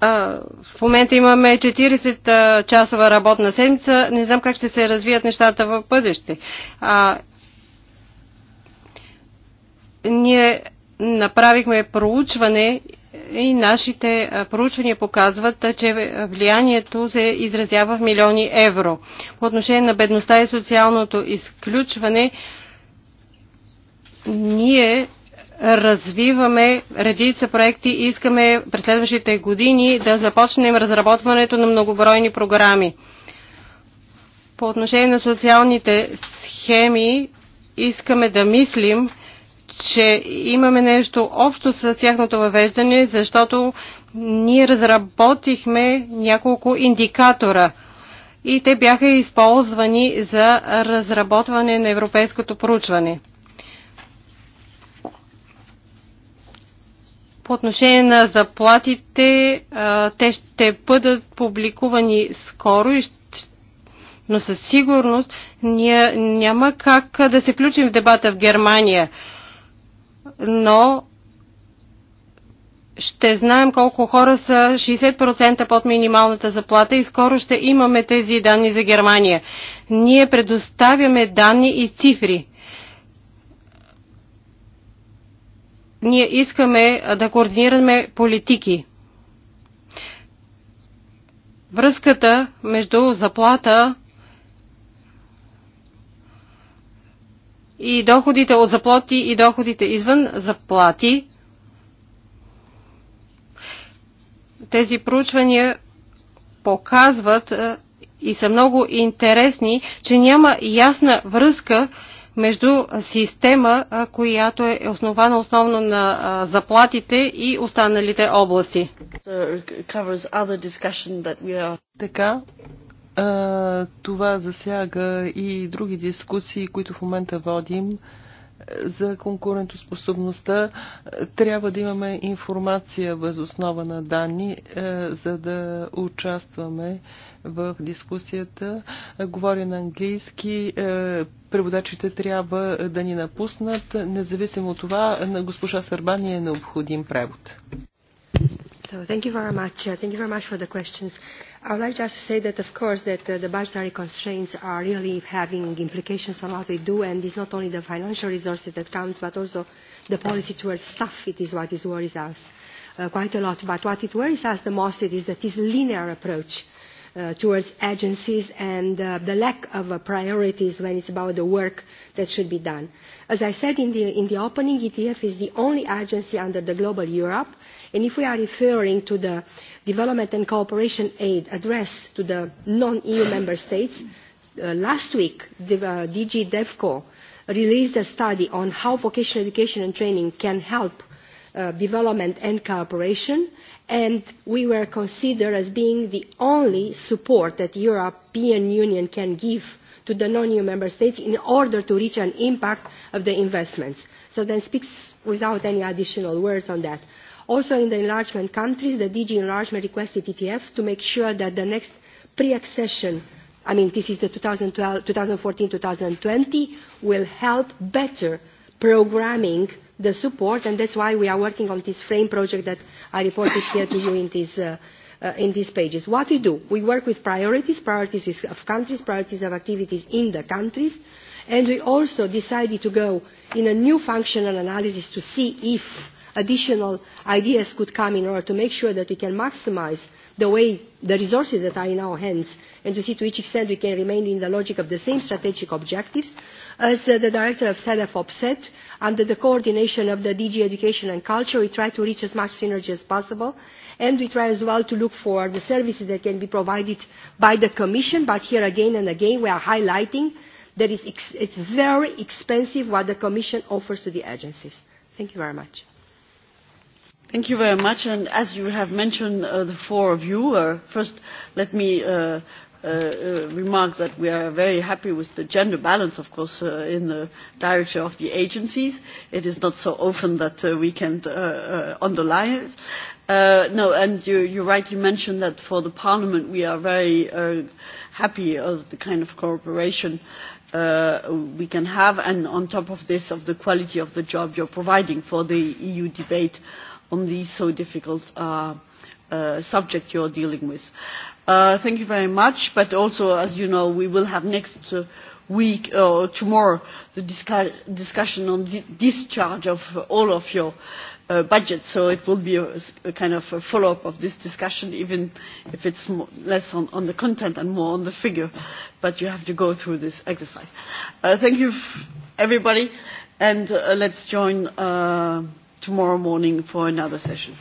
в момента имаме 40 часова работна седмица. Не знам как ще се развият нещата в бъдеще. А, ние направихме проучване и нашите проучвания показват, че влиянието се изразява в милиони евро. По отношение на бедността и социалното изключване, ние развиваме редица проекти и искаме през следващите години да започнем разработването на многобройни програми. По отношение на социалните схеми искаме да мислим, че имаме нещо общо с тяхното въвеждане, защото ние разработихме няколко индикатора и те бяха използвани за разработване на европейското проучване. По отношение на заплатите, те ще бъдат публикувани скоро но със сигурност ние няма как да се включим в дебата в Германия. Но ще знаем колко хора са 60% под минималната заплата и скоро ще имаме тези данни за Германия. Ние предоставяме данни и цифри. ние искаме да координираме политики. Връзката между заплата и доходите от заплати и доходите извън заплати. Тези проучвания показват и са много интересни, че няма ясна връзка между система, която е основана основно на заплатите и останалите области. Така, това засяга и други дискусии, които в момента водим за конкурентоспособността трябва да имаме информация възоснована на данни, за да участваме в дискусията. Говори на английски. Преводачите трябва да ни напуснат. Независимо от това, на госпожа Сърбани е необходим превод. So thank you very much. thank you very much for the questions. I would like just to say that, of course, that uh, the budgetary constraints are really having implications on what we do, and it's not only the financial resources that counts, but also the policy towards staff. It is what is worries us uh, quite a lot. But what it worries us the most it is that this linear approach uh, towards agencies and uh, the lack of uh, priorities when it's about the work that should be done. As I said in the, in the opening, ETF is the only agency under the Global Europe, and if we are referring to the development and cooperation aid address to the non-EU member states, uh, last week the, uh, DG DEVCO released a study on how vocational education and training can help uh, development and cooperation and we were considered as being the only support that the European Union can give to the non-EU member states in order to reach an impact of the investments. So that speaks without any additional words on that. Also in the enlargement countries, the DG enlargement requested ETF to make sure that the next pre-accession, I mean this is the 2012, 2014-2020, will help better programming the support, and that's why we are working on this frame project that I reported here to you in this, uh, uh, in these pages. What we do, we work with priorities, priorities of countries, priorities of activities in the countries, and we also decided to go in a new functional analysis to see if additional ideas could come in order to make sure that we can maximize the way the resources that are in our hands and to see to which extent we can remain in the logic of the same strategic objectives As the director of CEDEFOP said, under the coordination of the DG Education and Culture, we try to reach as much synergy as possible, and we try as well to look for the services that can be provided by the Commission, but here again and again we are highlighting that it's, ex it's very expensive what the Commission offers to the agencies. Thank you very much. Thank you very much. And as you have mentioned, uh, the four of you, uh, first let me uh, uh, remark that we are very happy with the gender balance, of course, uh, in the director of the agencies. It is not so often that uh, we can uh, uh, underline it. Uh, no, and you, you rightly mentioned that for the Parliament we are very uh, happy of the kind of cooperation uh, we can have, and on top of this, of the quality of the job you're providing for the EU debate on these so difficult uh, uh, subject you're dealing with. Uh, thank you very much. But also, as you know, we will have next uh, week or uh, tomorrow the discuss discussion on the discharge of all of your uh, budget. So it will be a, a kind of a follow-up of this discussion, even if it's more, less on, on the content and more on the figure. But you have to go through this exercise. Uh, thank you, everybody, and uh, let's join uh, tomorrow morning for another session.